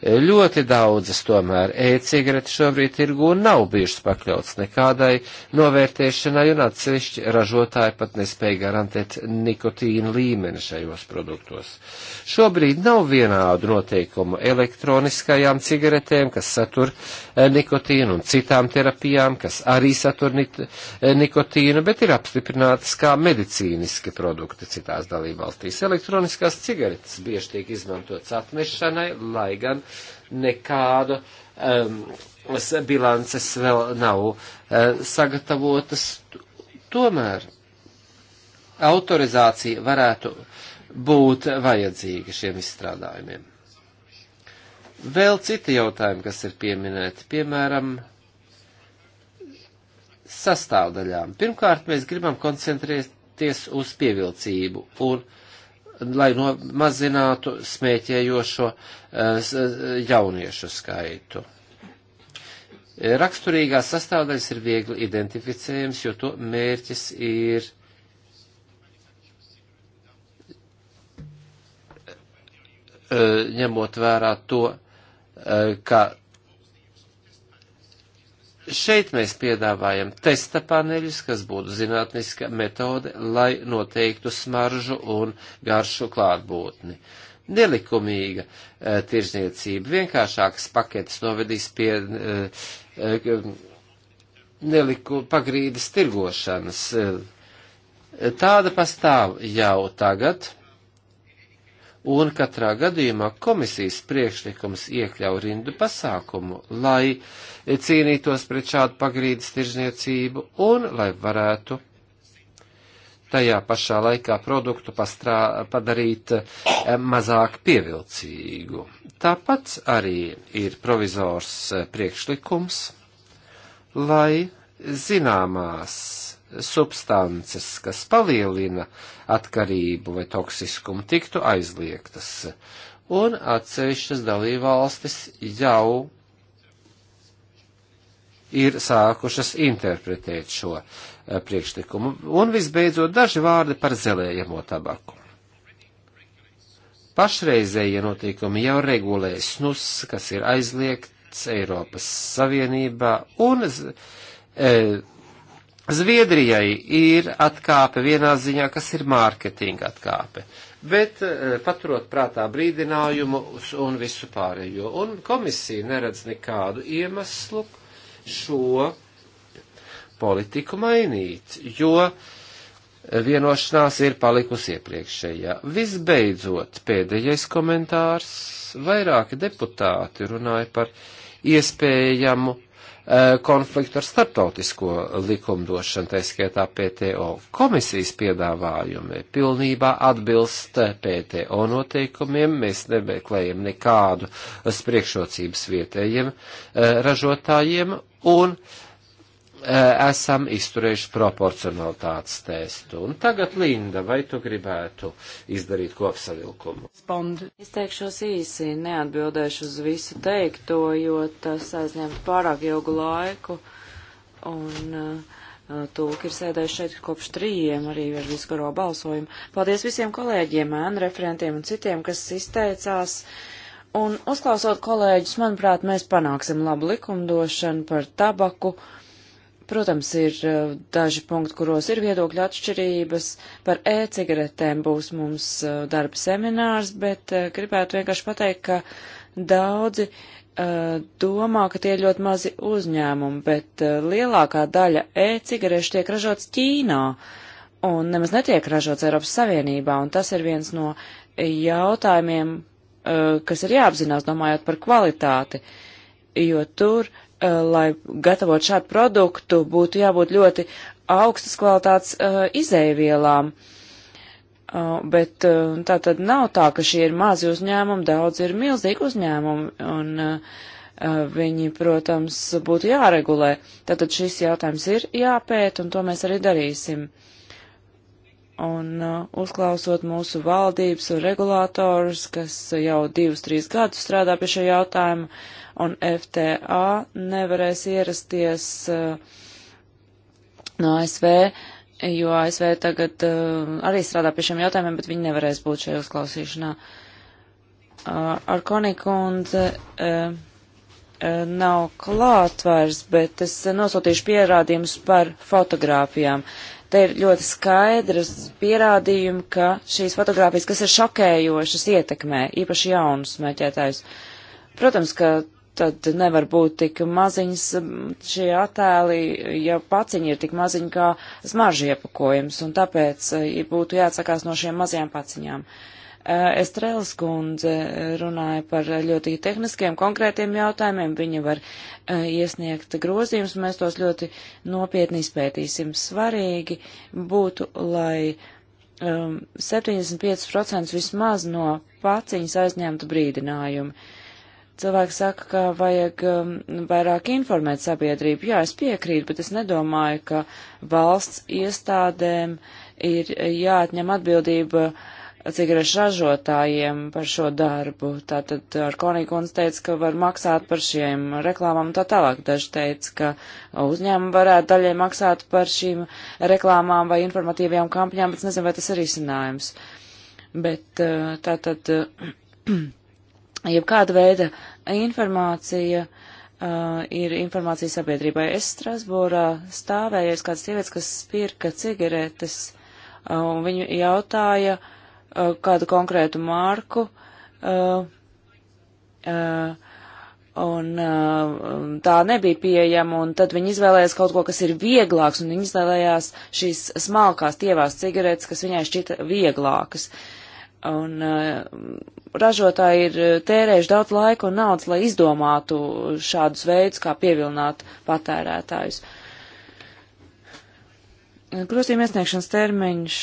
Speaker 4: Ļoti daudzas tomēr e-cigaretes šobrīd tirgū nav bijušas pakļauts nekādai novērtēšanai, un atsevišķi ražotāji pat nespēja garantēt nikotīna līmeni šajos produktos. Šobrīd nav vienādu noteikumu elektroniskajām cigaretēm, kas satur eh, nikotīnu, un citām terapijām, kas arī satur eh, nikotīnu, bet ir apstiprinātas kā medicīniski produkti citās dalībvalstīs. Elektroniskās cigaretes bieži tiek izmantotas atmešanai, lai gan nekāda um, bilances vēl nav uh, sagatavotas. Tomēr autorizācija varētu būt vajadzīga šiem izstrādājumiem. Vēl citi jautājumi, kas ir pieminēti, piemēram, sastāvdaļām. Pirmkārt, mēs gribam koncentrēties uz pievilcību un uh, lai no mazinātu smēķējošo eh, eh, jauniešu skaitu. Raksturīgās sastāvdaļas ir viegli identificējams, jo to mērķis ir eh, ņemot vērā to, ka Šeit mēs piedāvājam testa paneļus, kas būtu zinātniska metode, lai noteiktu smaržu un garšu klātbūtni. Nelikumīga e, tirzniecība, vienkāršāks paketes novedīs pie e, e, neliku pagrīdes tirgošanas. E, tāda pastāv jau tagad un katrā gadījumā komisijas priekšlikums iekļauj rindu pasākumu, lai cīnītos pret šādu pagrīdes tirzniecību un lai varētu tajā pašā laikā produktu pastrā, padarīt eh, mazāk pievilcīgu. Tāpat arī ir provizors eh, priekšlikums, lai zināmās substances, kas palielina atkarību vai toksiskumu, tiktu aizliegtas. Un atsevišķas dalībvalstis jau ir sākušas interpretēt šo eh, priekšlikumu. Un visbeidzot daži vārdi par zelējamo tabaku. Pašreizējie notiekumi jau regulē snus, kas ir aizliegts Eiropas Savienībā, un e, Zviedrijai ir atkāpe vienā ziņā, kas ir mārketinga atkāpe, bet eh, paturot prātā brīdinājumu un visu pārējo. Un komisija neredz nekādu iemeslu šo politiku mainīt, jo vienošanās ir palikusi iepriekšējā. Visbeidzot, pēdējais komentārs. Vairāki deputāti runāja par iespējamu Uh, konfliktu ar starptautisko likumdošanu, tā skaitā PTO. Komisijas piedāvājumi pilnībā atbilst PTO noteikumiem, mēs nemeklējam nekādu priekšrocības vietējiem uh, ražotājiem un uh, Eh, esam izturējuši proporcionalitātes testu. Un tagad, Linda, vai tu gribētu izdarīt kopsavilkumu? Es
Speaker 3: teikšos īsi, neatbildēšu uz visu teikto, jo tas aizņemtu pārāk ilgu laiku. Un uh, eh, tūki ir sēdējuši šeit kopš trījiem arī ar viskaro balsojumu. Paldies visiem kolēģiem, ēnu referentiem un citiem, kas izteicās. Un uzklausot kolēģus, manuprāt, mēs panāksim labu likumdošanu par tabaku. Uh, Protams, ir eh, daži punkti, kuros ir viedokļu atšķirības. Par e-cigaretēm būs mums eh, darba seminārs, bet eh, gribētu vienkārši pateikt, ka daudzi domā, ka tie ir ļoti mazi uzņēmumi, bet lielākā daļa e-cigarešu tiek ražots Ķīnā un nemaz netiek ražots Eiropas Savienībā, un tas ir viens no jautājumiem, kas ir jāapzinās, domājot par kvalitāti, jo tur Eh, lai gatavot šādu produktu, būtu jābūt ļoti augstas kvalitātes uh, izēvielām. Uh, bet uh, tā tad nav tā, ka šie ir mazi uzņēmumi, daudz ir milzīgi uzņēmumi, un viņi, protams, būtu jāregulē. Tātad šis jautājums ir jāpēt, un to mēs arī darīsim. Un uzklausot mūsu valdības un regulātorus, kas jau divus, trīs gadus strādā pie šī jautājuma, un FTA nevarēs ierasties uh, no ASV, jo ASV tagad uh, arī strādā pie šiem jautājumiem, bet viņi nevarēs būt šajā uzklausīšanā. Uh, Ar Konikundze nav klāt vairs, bet es nosūtīšu pierādījumus par fotogrāfijām. Te ir ļoti skaidrs pierādījumi, ka šīs fotogrāfijas, kas ir šokējošas, ietekmē īpaši jaunus smēķētājus. Protams, ka tad nevar būt tik maziņas šie attēli, ja paciņi ir tik maziņi kā smarža iepakojums, un tāpēc e, būtu jāatsakās no šiem mazajām paciņām. E, Estrēlas kundze runāja par ļoti tehniskiem, konkrētiem jautājumiem. Viņa var e, iesniegt grozījumus, mēs tos ļoti nopietni izpētīsim. Svarīgi būtu, lai um, 75% vismaz no paciņas aizņemtu brīdinājumu. Uh, Cilvēki saka, ka vajag um, vairāk informēt sabiedrību. Jā, es piekrītu, bet es nedomāju, ka valsts iestādēm ir jāatņem atbildība cigarešu ražotājiem par šo darbu. Tātad ar Konīkons teica, ka var maksāt par šiem reklāmām un tā tālāk. Daži teica, ka uzņēmumi varētu daļai maksāt par šīm reklāmām vai informatīvajām kampaņām, bet es nezinu, vai tas ir izcinājums. Bet uh, tātad. jebkāda veida informācija uh, ir informācija sabiedrībai. Es Strasbūrā stāvēju aiz kādas sievietes, kas pirka cigaretes, uh, un viņu jautāja uh, kādu konkrētu mārku. Uh, uh, Un uh, tā nebija pieejama, un tad viņi izvēlējās kaut ko, kas ir vieglāks, un viņi izvēlējās šīs smalkās, tievās cigaretes, kas viņai šķita vieglākas. Uh, Un eh, ražotāji ir eh, tērējuši daudz laika un naudas, lai izdomātu šādus veidus, kā pievilināt patērētājus. Eh, Grūzījuma iesniegšanas termiņš,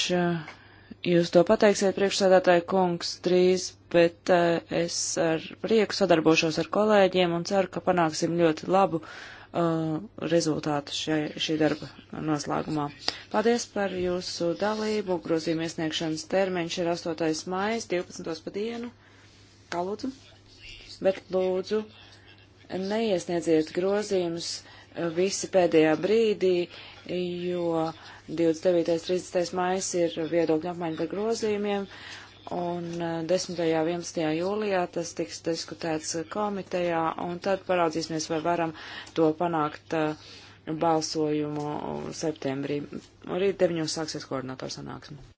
Speaker 3: jūs to pateiksiet, priekšsēdētāji kungs, drīz, bet es ar prieku sadarbošos ar kolēģiem un ceru, ka panāksim ļoti labu uh, uh, rezultātu šai, šī darba noslēgumā. Paldies par jūsu dalību. Grozījuma iesniegšanas termiņš ir 8. maijas, 12. pa dienu. Kā lūdzu? Bet lūdzu, neiesniedziet grozījumus uh, visi pēdējā brīdī, jo 29. 30. maijas ir viedokļa apmaiņa par grozījumiem un 10. un 11. jūlijā tas tiks diskutēts komitejā, un tad paraudzīsimies, vai varam to panākt eh, balsojumu septembrī. Rīt 9. sāksies koordinātors sanāksme.